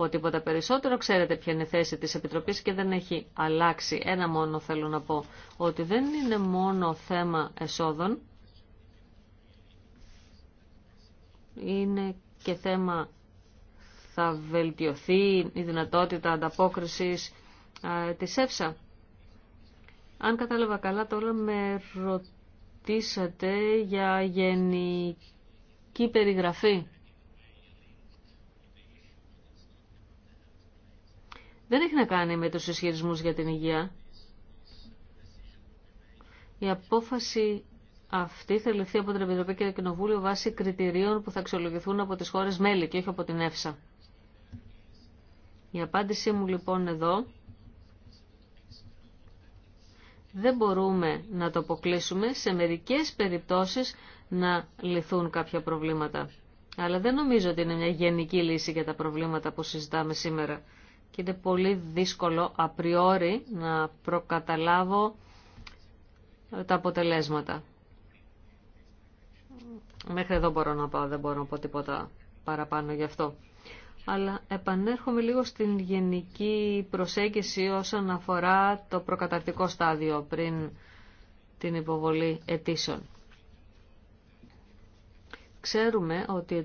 πω τίποτα περισσότερο. Ξέρετε ποια είναι η θέση της Επιτροπής και δεν έχει αλλάξει. Ένα μόνο θέλω να πω, ότι δεν είναι μόνο θέμα εσόδων, είναι και θέμα θα βελτιωθεί η δυνατότητα ανταπόκρισης της ΕΦΣΑ. Αν κατάλαβα καλά τώρα με ρωτήσατε για γενική περιγραφή δεν έχει να κάνει με τους ισχυρισμούς για την υγεία. Η απόφαση αυτή θα ληφθεί από την Επιτροπή και το Κοινοβούλιο βάσει κριτηρίων που θα αξιολογηθούν από τις χώρες μέλη και όχι από την ΕΦΣΑ. Η απάντησή μου λοιπόν εδώ δεν μπορούμε να το αποκλείσουμε σε μερικές περιπτώσεις να λυθούν κάποια προβλήματα. Αλλά δεν νομίζω ότι είναι μια γενική λύση για τα προβλήματα που συζητάμε σήμερα και είναι πολύ δύσκολο απριόρι να προκαταλάβω τα αποτελέσματα. Μέχρι εδώ μπορώ να πάω, δεν μπορώ να πω τίποτα παραπάνω γι' αυτό. Αλλά επανέρχομαι λίγο στην γενική προσέγγιση όσον αφορά το προκαταρτικό στάδιο πριν την υποβολή αιτήσεων. Ξέρουμε ότι οι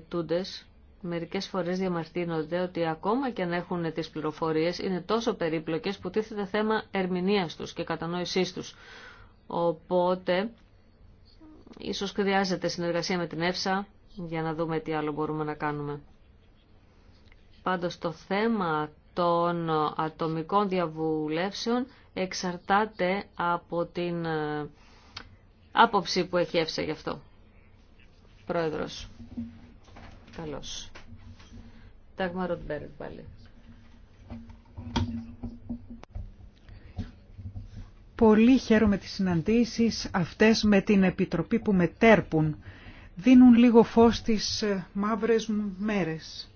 μερικές φορές διαμαρτύνονται ότι ακόμα και αν έχουν τις πληροφορίες είναι τόσο περίπλοκες που τίθεται θέμα ερμηνείας τους και κατανόησής τους. Οπότε, ίσως χρειάζεται συνεργασία με την ΕΦΣΑ για να δούμε τι άλλο μπορούμε να κάνουμε. Πάντως το θέμα των ατομικών διαβουλεύσεων εξαρτάται από την ε, άποψη που έχει ΕΦΣΑ γι' αυτό. Πρόεδρος. Καλώς. Τάγμα Ροντμπέργκ πάλι. Πολύ χαίρομαι τις συναντήσεις αυτές με την Επιτροπή που τέρπουν. Δίνουν λίγο φως στις μαύρες μου μέρες.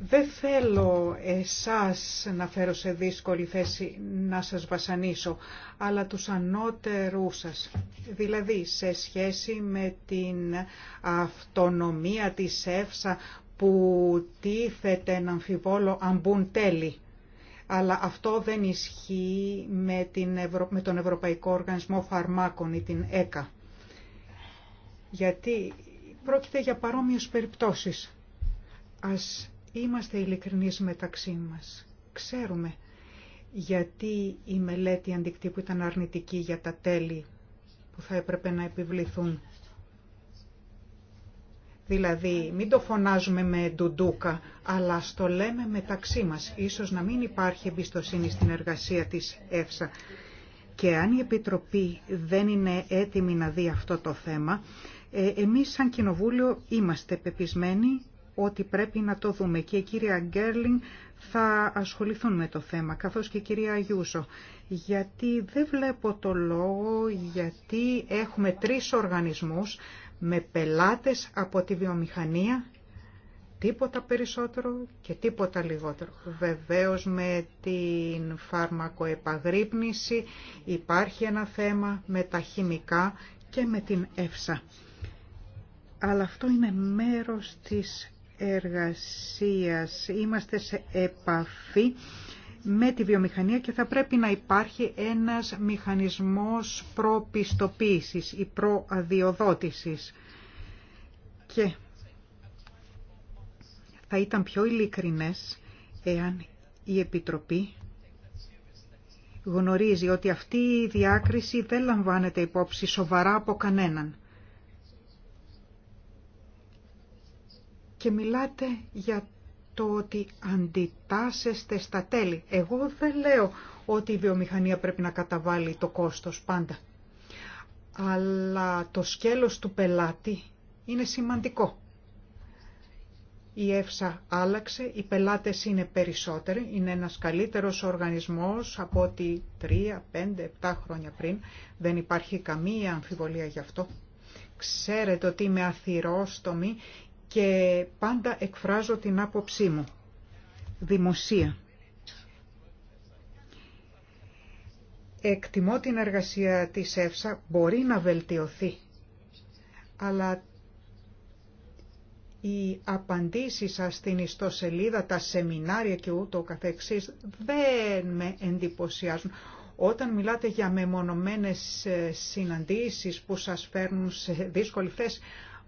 Δεν θέλω εσάς να φέρω σε δύσκολη θέση να σας βασανίσω, αλλά τους ανώτερούς σας. Δηλαδή, σε σχέση με την αυτονομία της ΕΦΣΑ που τίθεται να αμφιβόλω αν μπουν τέλη. Αλλά αυτό δεν ισχύει με, την με τον Ευρωπαϊκό Οργανισμό Φαρμάκων ή την ΕΚΑ. Γιατί πρόκειται για παρόμοιες περιπτώσεις. Ας είμαστε ειλικρινείς μεταξύ μας. Ξέρουμε γιατί η μελέτη αντικτύπου ήταν αρνητική για τα τέλη που θα έπρεπε να επιβληθούν. Δηλαδή, μην το φωνάζουμε με ντουντούκα, αλλά στο λέμε μεταξύ μας. Ίσως να μην υπάρχει εμπιστοσύνη στην εργασία της ΕΦΣΑ. Και αν η Επιτροπή δεν είναι έτοιμη να δει αυτό το θέμα, ε, εμείς σαν Κοινοβούλιο είμαστε πεπισμένοι ότι πρέπει να το δούμε και η κυρία Γκέρλινγκ θα ασχοληθούν με το θέμα, καθώς και η κυρία Αγιούσο. Γιατί δεν βλέπω το λόγο, γιατί έχουμε τρεις οργανισμούς με πελάτες από τη βιομηχανία, τίποτα περισσότερο και τίποτα λιγότερο. Βεβαίως με την φαρμακοεπαγρύπνηση υπάρχει ένα θέμα με τα χημικά και με την ΕΦΣΑ. Αλλά αυτό είναι μέρος της εργασίας. Είμαστε σε επαφή με τη βιομηχανία και θα πρέπει να υπάρχει ένας μηχανισμός προπιστοποίησης ή προαδειοδότησης. Και θα ήταν πιο ειλικρινές εάν η Επιτροπή γνωρίζει ότι αυτή η διάκριση δεν λαμβάνεται υπόψη σοβαρά από κανέναν. και μιλάτε για το ότι αντιτάσσεστε στα τέλη. Εγώ δεν λέω ότι η βιομηχανία πρέπει να καταβάλει το κόστος πάντα. Αλλά το σκέλος του πελάτη είναι σημαντικό. Η ΕΦΣΑ άλλαξε, οι πελάτες είναι περισσότεροι, είναι ένας καλύτερος οργανισμός από ότι 3, 5, 7 χρόνια πριν. Δεν υπάρχει καμία αμφιβολία γι' αυτό. Ξέρετε ότι είμαι αθυρόστομη και πάντα εκφράζω την άποψή μου. Δημοσία. Εκτιμώ την εργασία της ΕΦΣΑ, μπορεί να βελτιωθεί, αλλά οι απαντήσεις σας στην ιστοσελίδα, τα σεμινάρια και ούτω καθεξής δεν με εντυπωσιάζουν. Όταν μιλάτε για μεμονωμένες ε, συναντήσεις που σας φέρνουν σε δύσκολη θέση,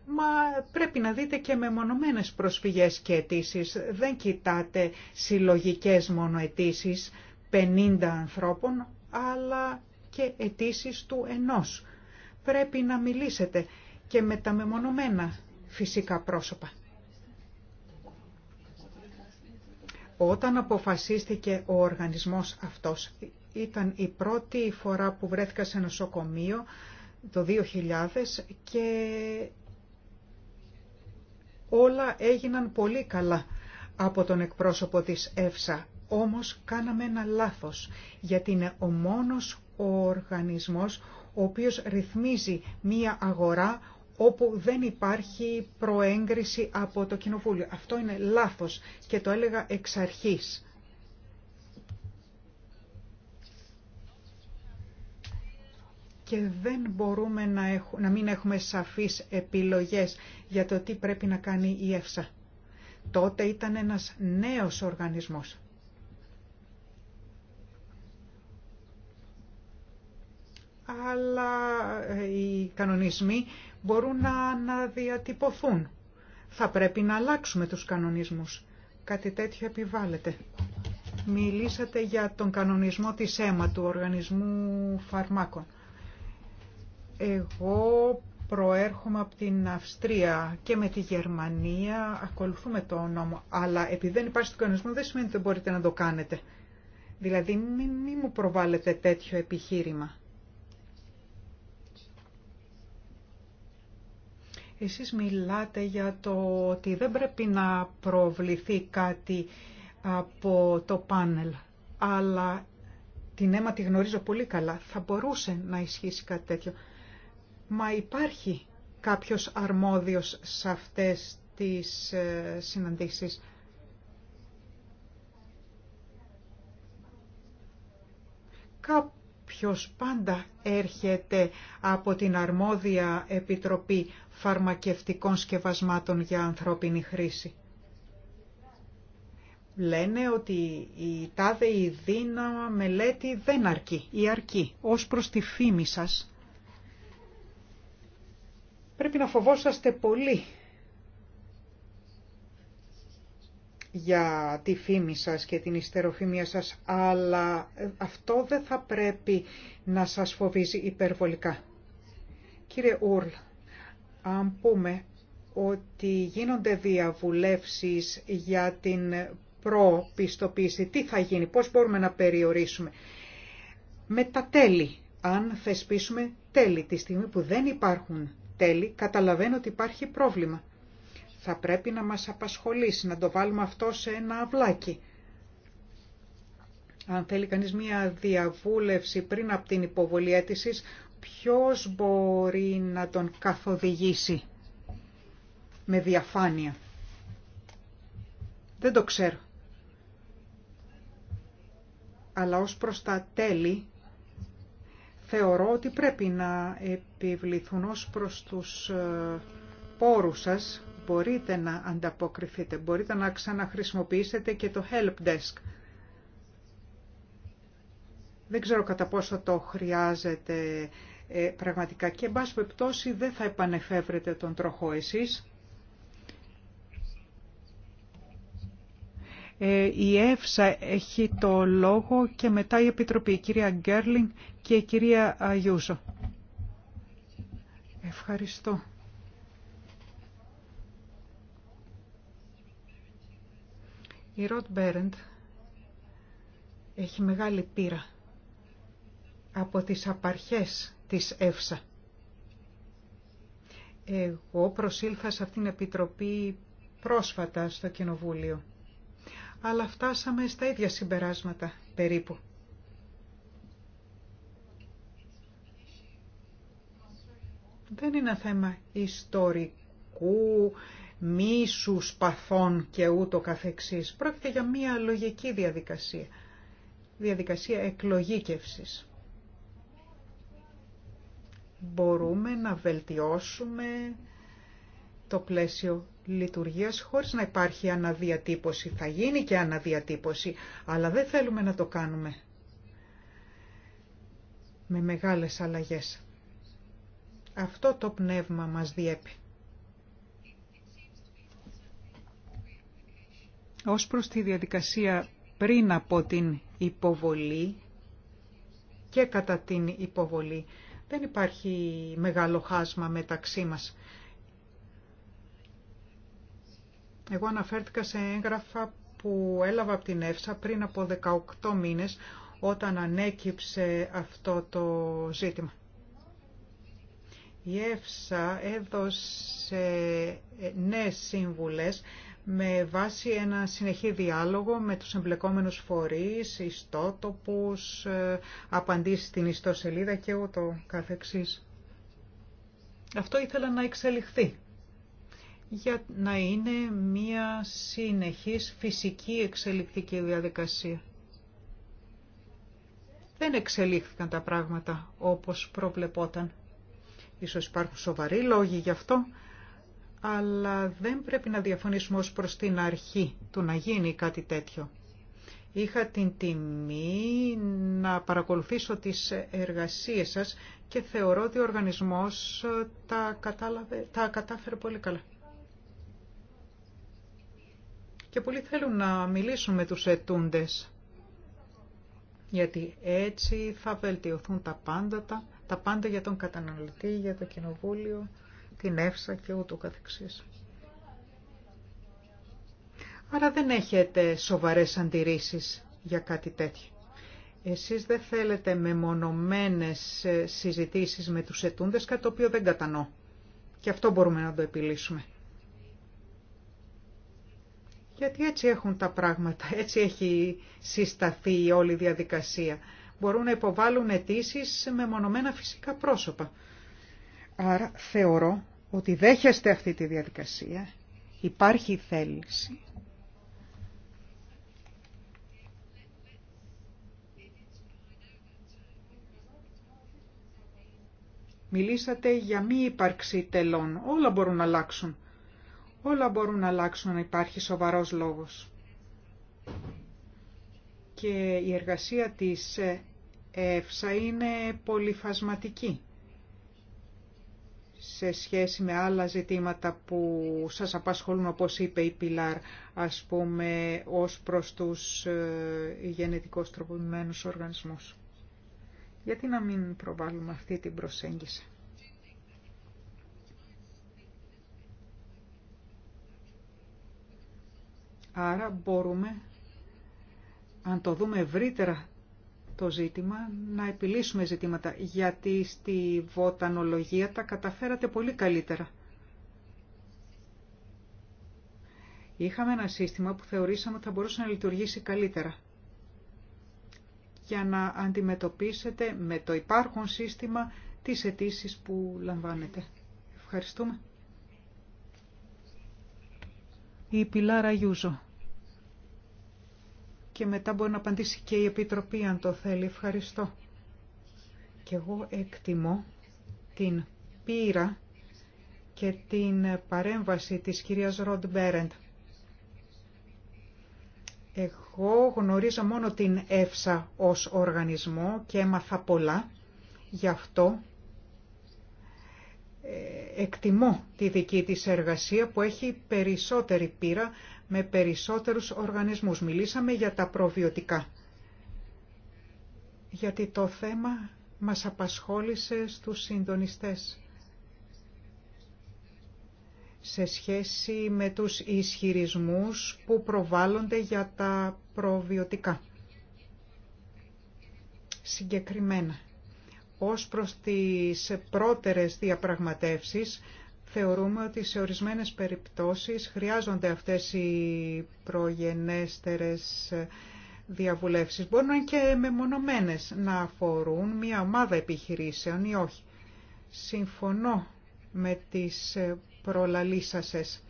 Μα πρέπει να δείτε και μεμονωμένες προσφυγές και αιτήσει. Δεν κοιτάτε συλλογικές μόνο αιτήσει 50 ανθρώπων, αλλά και αιτήσει του ενός. Πρέπει να μιλήσετε και με τα μεμονωμένα φυσικά πρόσωπα. Όταν αποφασίστηκε ο οργανισμός αυτός, ήταν η πρώτη φορά που βρέθηκα σε νοσοκομείο το 2000 και όλα έγιναν πολύ καλά από τον εκπρόσωπο της ΕΦΣΑ. Όμως κάναμε ένα λάθος, γιατί είναι ο μόνος ο οργανισμός ο οποίος ρυθμίζει μία αγορά όπου δεν υπάρχει προέγκριση από το Κοινοβούλιο. Αυτό είναι λάθος και το έλεγα εξ αρχής. και δεν μπορούμε να, μην έχουμε σαφείς επιλογές για το τι πρέπει να κάνει η ΕΦΣΑ. Τότε ήταν ένας νέος οργανισμός. Αλλά ε, οι κανονισμοί μπορούν να αναδιατυπωθούν. Θα πρέπει να αλλάξουμε τους κανονισμούς. Κάτι τέτοιο επιβάλλεται. Μιλήσατε για τον κανονισμό της αίμα του Οργανισμού Φαρμάκων. Εγώ προέρχομαι από την Αυστρία και με τη Γερμανία ακολουθούμε το νόμο. Αλλά επειδή δεν υπάρχει στον κανονισμό δεν σημαίνει ότι δεν μπορείτε να το κάνετε. Δηλαδή μην, μην μου προβάλλετε τέτοιο επιχείρημα. Εσείς μιλάτε για το ότι δεν πρέπει να προβληθεί κάτι από το πάνελ, αλλά την αίμα τη γνωρίζω πολύ καλά. Θα μπορούσε να ισχύσει κάτι τέτοιο. Μα υπάρχει κάποιος αρμόδιος σε αυτές τις ε, συναντήσεις. Κάποιος πάντα έρχεται από την αρμόδια Επιτροπή Φαρμακευτικών Σκευασμάτων για Ανθρώπινη Χρήση. Λένε ότι η τάδε η δύναμα μελέτη δεν αρκεί ή αρκεί ως προς τη φήμη σας πρέπει να φοβόσαστε πολύ για τη φήμη σας και την ιστεροφημία σας, αλλά ε, αυτό δεν θα πρέπει να σας φοβίζει υπερβολικά. Κύριε Ούρλ, αν πούμε ότι γίνονται διαβουλεύσεις για την προπιστοποίηση, τι θα γίνει, πώς μπορούμε να περιορίσουμε. Με τα τέλη, αν θεσπίσουμε τέλη τη στιγμή που δεν υπάρχουν τέλει καταλαβαίνω ότι υπάρχει πρόβλημα. Θα πρέπει να μας απασχολήσει, να το βάλουμε αυτό σε ένα αυλάκι. Αν θέλει κανείς μία διαβούλευση πριν από την υποβολή αίτησης, ποιος μπορεί να τον καθοδηγήσει με διαφάνεια. Δεν το ξέρω. Αλλά ως προς τα τέλη θεωρώ ότι πρέπει να επιβληθούν ως προς τους ε, πόρους σας, μπορείτε να ανταποκριθείτε, μπορείτε να ξαναχρησιμοποιήσετε και το help desk. Δεν ξέρω κατά πόσο το χρειάζεται ε, πραγματικά και εν πάση περιπτώσει δεν θα επανεφεύρετε τον τροχό εσείς. Ε, η ΕΦΣΑ έχει το λόγο και μετά η Επιτροπή, η κυρία Γκέρλινγκ και η κυρία Αγιούσο. Ευχαριστώ. Η Ροτ Μπέρεντ έχει μεγάλη πείρα από τις απαρχές της ΕΦΣΑ. Εγώ προσήλθα σε αυτήν την επιτροπή πρόσφατα στο Κοινοβούλιο, αλλά φτάσαμε στα ίδια συμπεράσματα περίπου. Δεν είναι θέμα ιστορικού, μίσου παθών και ούτω καθεξής. Πρόκειται για μία λογική διαδικασία. Διαδικασία εκλογήκευσης. Μπορούμε να βελτιώσουμε το πλαίσιο λειτουργίας χωρίς να υπάρχει αναδιατύπωση. Θα γίνει και αναδιατύπωση, αλλά δεν θέλουμε να το κάνουμε με μεγάλες αλλαγές. Αυτό το πνεύμα μας διέπει. Ως προς τη διαδικασία πριν από την υποβολή και κατά την υποβολή, δεν υπάρχει μεγάλο χάσμα μεταξύ μας. Εγώ αναφέρθηκα σε έγγραφα που έλαβα από την ΕΦΣΑ πριν από 18 μήνες όταν ανέκυψε αυτό το ζήτημα. Η ΕΦΣΑ έδωσε ε, νέες σύμβουλες με βάση ένα συνεχή διάλογο με τους εμπλεκόμενους φορείς, ιστότοπους, ε, απαντήσεις στην ιστοσελίδα και ούτω καθεξής. Αυτό ήθελα να εξελιχθεί για να είναι μία συνεχής φυσική εξελιχτική διαδικασία. Δεν εξελίχθηκαν τα πράγματα όπως προβλεπόταν. Ίσως υπάρχουν σοβαροί λόγοι γι' αυτό, αλλά δεν πρέπει να διαφωνήσουμε ως προς την αρχή του να γίνει κάτι τέτοιο. Είχα την τιμή να παρακολουθήσω τις εργασίες σας και θεωρώ ότι ο οργανισμός ε, τα, κατάλαβε, τα κατάφερε πολύ καλά. Και πολλοί θέλουν να μιλήσουν με τους ετούντες γιατί έτσι θα βελτιωθούν τα πάντα, τα, πάντα για τον καταναλωτή, για το κοινοβούλιο, την ΕΦΣΑ και ούτω καθεξής. Άρα δεν έχετε σοβαρές αντιρρήσεις για κάτι τέτοιο. Εσείς δεν θέλετε μεμονωμένες ε, συζητήσεις με τους ετούντες, κάτι το οποίο δεν κατανοώ. Και αυτό μπορούμε να το επιλύσουμε. Γιατί έτσι έχουν τα πράγματα, έτσι έχει συσταθεί η όλη διαδικασία. Μπορούν να υποβάλουν αιτήσει με μονομένα φυσικά πρόσωπα. Άρα θεωρώ ότι δέχεστε αυτή τη διαδικασία, υπάρχει θέληση. Μιλήσατε για μη ύπαρξη τελών. Όλα μπορούν να αλλάξουν. Όλα μπορούν να αλλάξουν να υπάρχει σοβαρός λόγος. Και η εργασία της ΕΦΣΑ είναι πολυφασματική σε σχέση με άλλα ζητήματα που σας απασχολούν, όπως είπε η Πιλάρ, ας πούμε, ως προς τους ε, γενετικώς τροποποιημένους οργανισμούς. Γιατί να μην προβάλλουμε αυτή την προσέγγιση. Άρα μπορούμε, αν το δούμε ευρύτερα το ζήτημα, να επιλύσουμε ζητήματα, γιατί στη βοτανολογία τα καταφέρατε πολύ καλύτερα. Είχαμε ένα σύστημα που θεωρήσαμε ότι θα μπορούσε να λειτουργήσει καλύτερα για να αντιμετωπίσετε με το υπάρχον σύστημα τις αιτήσει που λαμβάνετε. Ευχαριστούμε. Η Πιλάρα Γιούζο και μετά μπορεί να απαντήσει και η Επιτροπή αν το θέλει. Ευχαριστώ. Και εγώ εκτιμώ την πείρα και την παρέμβαση της κυρίας Ροντ Μπέρεντ. Εγώ γνωρίζω μόνο την ΕΦΣΑ ως οργανισμό και έμαθα πολλά, γι' αυτό ε, εκτιμώ τη δική της εργασία που έχει περισσότερη πείρα με περισσότερους οργανισμούς. Μιλήσαμε για τα προβιωτικά, γιατί το θέμα μας απασχόλησε στους συντονιστές σε σχέση με τους ισχυρισμούς που προβάλλονται για τα προβιωτικά. Συγκεκριμένα, ως προς τις πρώτερες διαπραγματεύσεις Θεωρούμε ότι σε ορισμένες περιπτώσεις χρειάζονται αυτές οι προγενέστερες διαβουλεύσεις. Μπορούν να είναι και μεμονωμένες να αφορούν μια ομάδα επιχειρήσεων ή όχι. Συμφωνώ με τις προλαλήσασες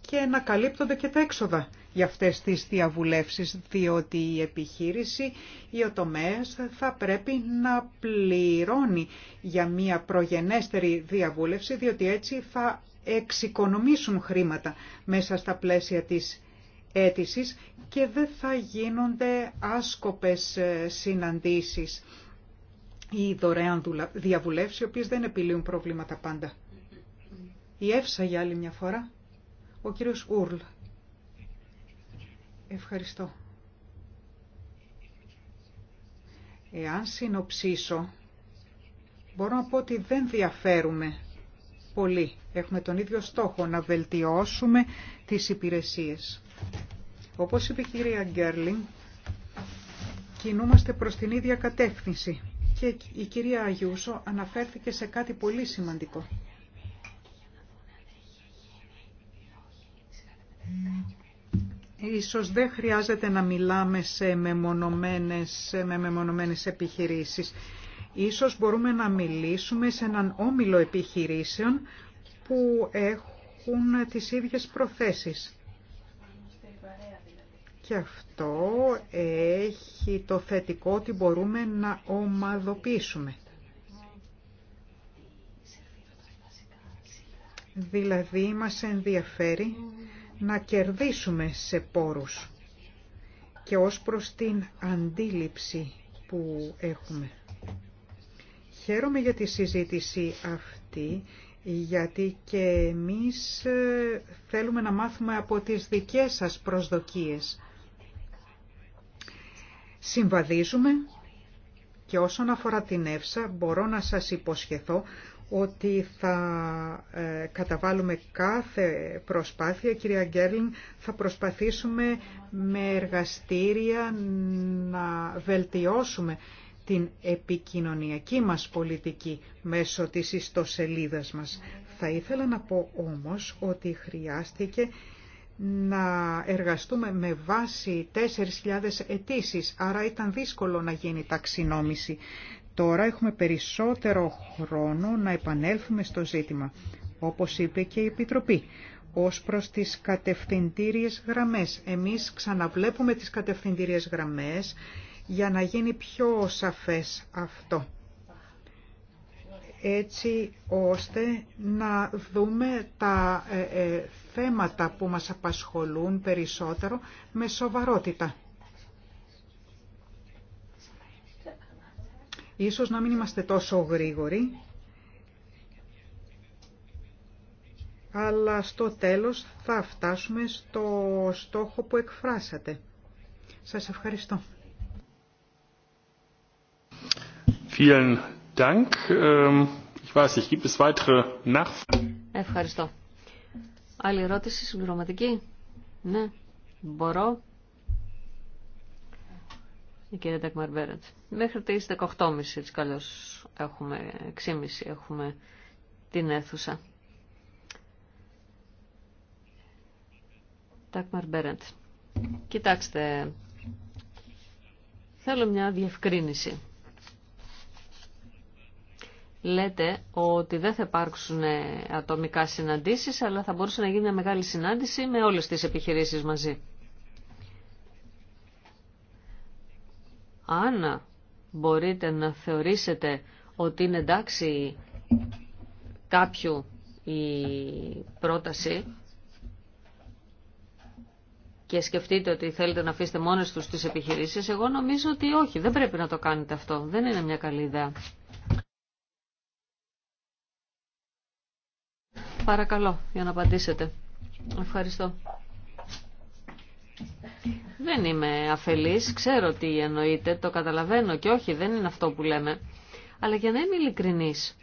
και να καλύπτονται και τα έξοδα για αυτές τις διαβουλεύσεις, διότι η επιχείρηση ή ο τομέας θα πρέπει να πληρώνει για μια προγενέστερη διαβούλευση, διότι έτσι θα εξοικονομήσουν χρήματα μέσα στα πλαίσια της αίτησης και δεν θα γίνονται άσκοπες ε, συναντήσεις ή δωρεάν διαβουλεύσεις, οι οποίες δεν επιλύουν προβλήματα πάντα. Η ΕΦΣΑ για άλλη μια φορά, ο κύριος Ούρλ Ευχαριστώ. Εάν συνοψίσω, μπορώ να πω ότι δεν διαφέρουμε πολύ. Έχουμε τον ίδιο στόχο, να βελτιώσουμε τις υπηρεσίες. Όπως είπε η κυρία Γκέρλινγκ, κινούμαστε προς την ίδια κατεύθυνση. Και η κυρία Αγιούσο αναφέρθηκε σε κάτι πολύ σημαντικό. Ίσως δεν χρειάζεται να μιλάμε σε μεμονωμένες, με μεμονωμένες επιχειρήσεις. Ίσως μπορούμε να μιλήσουμε σε έναν όμιλο επιχειρήσεων που έχουν τις ίδιες προθέσεις. Και αυτό έχει το θετικό ότι μπορούμε να ομαδοποιήσουμε. Δηλαδή μας ενδιαφέρει να κερδίσουμε σε πόρους και ως προς την αντίληψη που έχουμε. Χαίρομαι για τη συζήτηση αυτή, γιατί και εμείς ε, θέλουμε να μάθουμε από τις δικές σας προσδοκίες. Συμβαδίζουμε και όσον αφορά την Εύσα μπορώ να σας υποσχεθώ ότι θα ε, καταβάλουμε κάθε προσπάθεια. Κυρία Γκέρλιν, θα προσπαθήσουμε με εργαστήρια να βελτιώσουμε την επικοινωνιακή μας πολιτική μέσω της ιστοσελίδας μας. Θα ήθελα να πω όμως ότι χρειάστηκε να εργαστούμε με βάση 4.000 αιτήσει, άρα ήταν δύσκολο να γίνει ταξινόμηση Τώρα έχουμε περισσότερο χρόνο να επανέλθουμε στο ζήτημα, όπως είπε και η Επιτροπή. Ως προς τις κατευθυντήριες γραμμές. Εμείς ξαναβλέπουμε τις κατευθυντήριες γραμμές για να γίνει πιο σαφές αυτό. Έτσι ώστε να δούμε τα ε, ε, θέματα που μας απασχολούν περισσότερο με σοβαρότητα Ίσως να μην είμαστε τόσο γρήγοροι, αλλά στο τέλος θα φτάσουμε στο στόχο που εκφράσατε. Σας ευχαριστώ. Vielen Dank. Ähm, ich weiß es weitere Ευχαριστώ. Άλλη ερώτηση συμπληρωματική. Ναι, μπορώ η κυρία Ντακμαρ Μπέραντ. Μέχρι τι 18.30 έτσι καλώ έχουμε, 6.30 έχουμε την αίθουσα. Ντακμαρ Μπέραντ. Κοιτάξτε, θέλω μια διευκρίνηση. Λέτε ότι δεν θα υπάρξουν ατομικά συναντήσεις, αλλά θα μπορούσε να γίνει μια μεγάλη συνάντηση με όλες τις επιχειρήσεις μαζί. αν μπορείτε να θεωρήσετε ότι είναι εντάξει κάποιου η πρόταση και σκεφτείτε ότι θέλετε να αφήσετε μόνες τους τις επιχειρήσεις, εγώ νομίζω ότι όχι, δεν πρέπει να το κάνετε αυτό. Δεν είναι μια καλή ιδέα. Παρακαλώ για να απαντήσετε. Ευχαριστώ. Δεν είμαι αφελής, ξέρω τι εννοείται, το καταλαβαίνω και όχι, δεν είναι αυτό που λέμε. Αλλά για να είμαι ειλικρινής,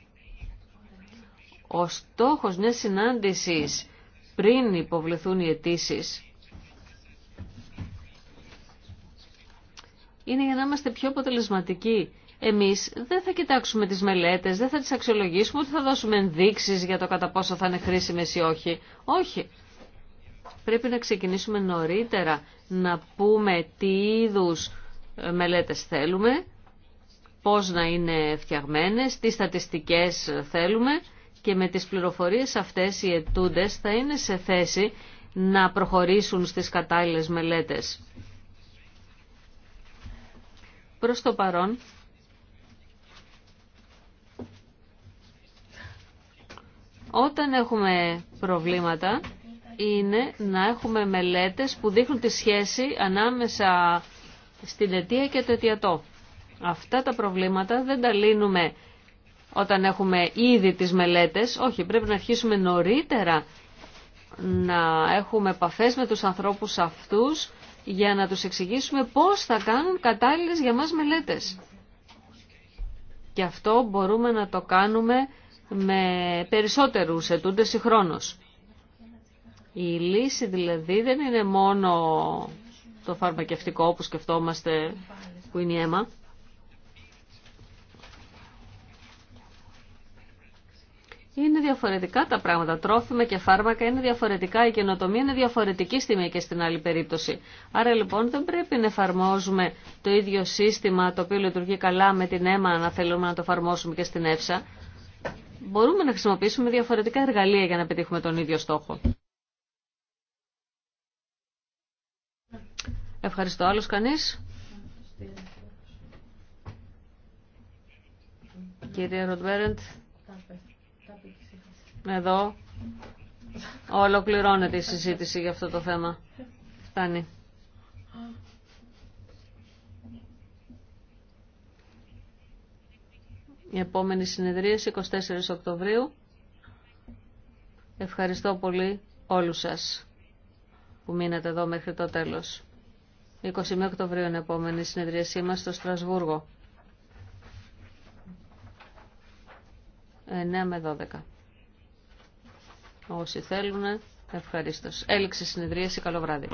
ο στόχος μιας συνάντησης πριν υποβληθούν οι αιτήσει. είναι για να είμαστε πιο αποτελεσματικοί. Εμείς δεν θα κοιτάξουμε τις μελέτες, δεν θα τις αξιολογήσουμε, δεν θα δώσουμε ενδείξεις για το κατά πόσο θα είναι χρήσιμες ή όχι. Όχι, πρέπει να ξεκινήσουμε νωρίτερα, να πούμε τι είδους ε, μελέτες θέλουμε, πώς να είναι φτιαγμένες, τι στατιστικές θέλουμε και με τις πληροφορίες αυτές οι ετούντες θα είναι σε θέση να προχωρήσουν στις κατάλληλες μελέτες. Προς το παρόν, όταν έχουμε προβλήματα, είναι να έχουμε μελέτες που δείχνουν τη σχέση ανάμεσα στην αιτία και το αιτιατό. Αυτά τα προβλήματα δεν τα λύνουμε όταν έχουμε ήδη τις μελέτες. Όχι, πρέπει να αρχίσουμε νωρίτερα να έχουμε επαφές με τους ανθρώπους αυτούς για να τους εξηγήσουμε πώς θα κάνουν κατάλληλες για μας μελέτες. Και αυτό μπορούμε να το κάνουμε με περισσότερους ετούντες χρόνος η λύση δηλαδή δεν είναι μόνο το φαρμακευτικό που σκεφτόμαστε που είναι η αίμα. Είναι διαφορετικά τα πράγματα. Τρόφιμα και φάρμακα είναι διαφορετικά. Η καινοτομία είναι διαφορετική στη μία και στην άλλη περίπτωση. Άρα λοιπόν δεν πρέπει να εφαρμόζουμε το ίδιο σύστημα το οποίο λειτουργεί καλά με την αίμα να θέλουμε να το εφαρμόσουμε και στην ΕΦΣΑ. Μπορούμε να χρησιμοποιήσουμε διαφορετικά εργαλεία για να πετύχουμε τον ίδιο στόχο. Ευχαριστώ. Άλλος κανείς? Κύριε Ροτβέρεντ. Εδώ ολοκληρώνεται η συζήτηση για αυτό το θέμα. Φτάνει. Η επόμενη συνεδρίαση 24 Οκτωβρίου. Ευχαριστώ πολύ όλους σας που μείνατε εδώ μέχρι το τέλος. 21 Οκτωβρίου είναι η επόμενη συνεδρίασή μας στο Στρασβούργο. 9 με 12. Όσοι θέλουν, ευχαρίστως. Έληξε συνεδρίαση, καλό βράδυ.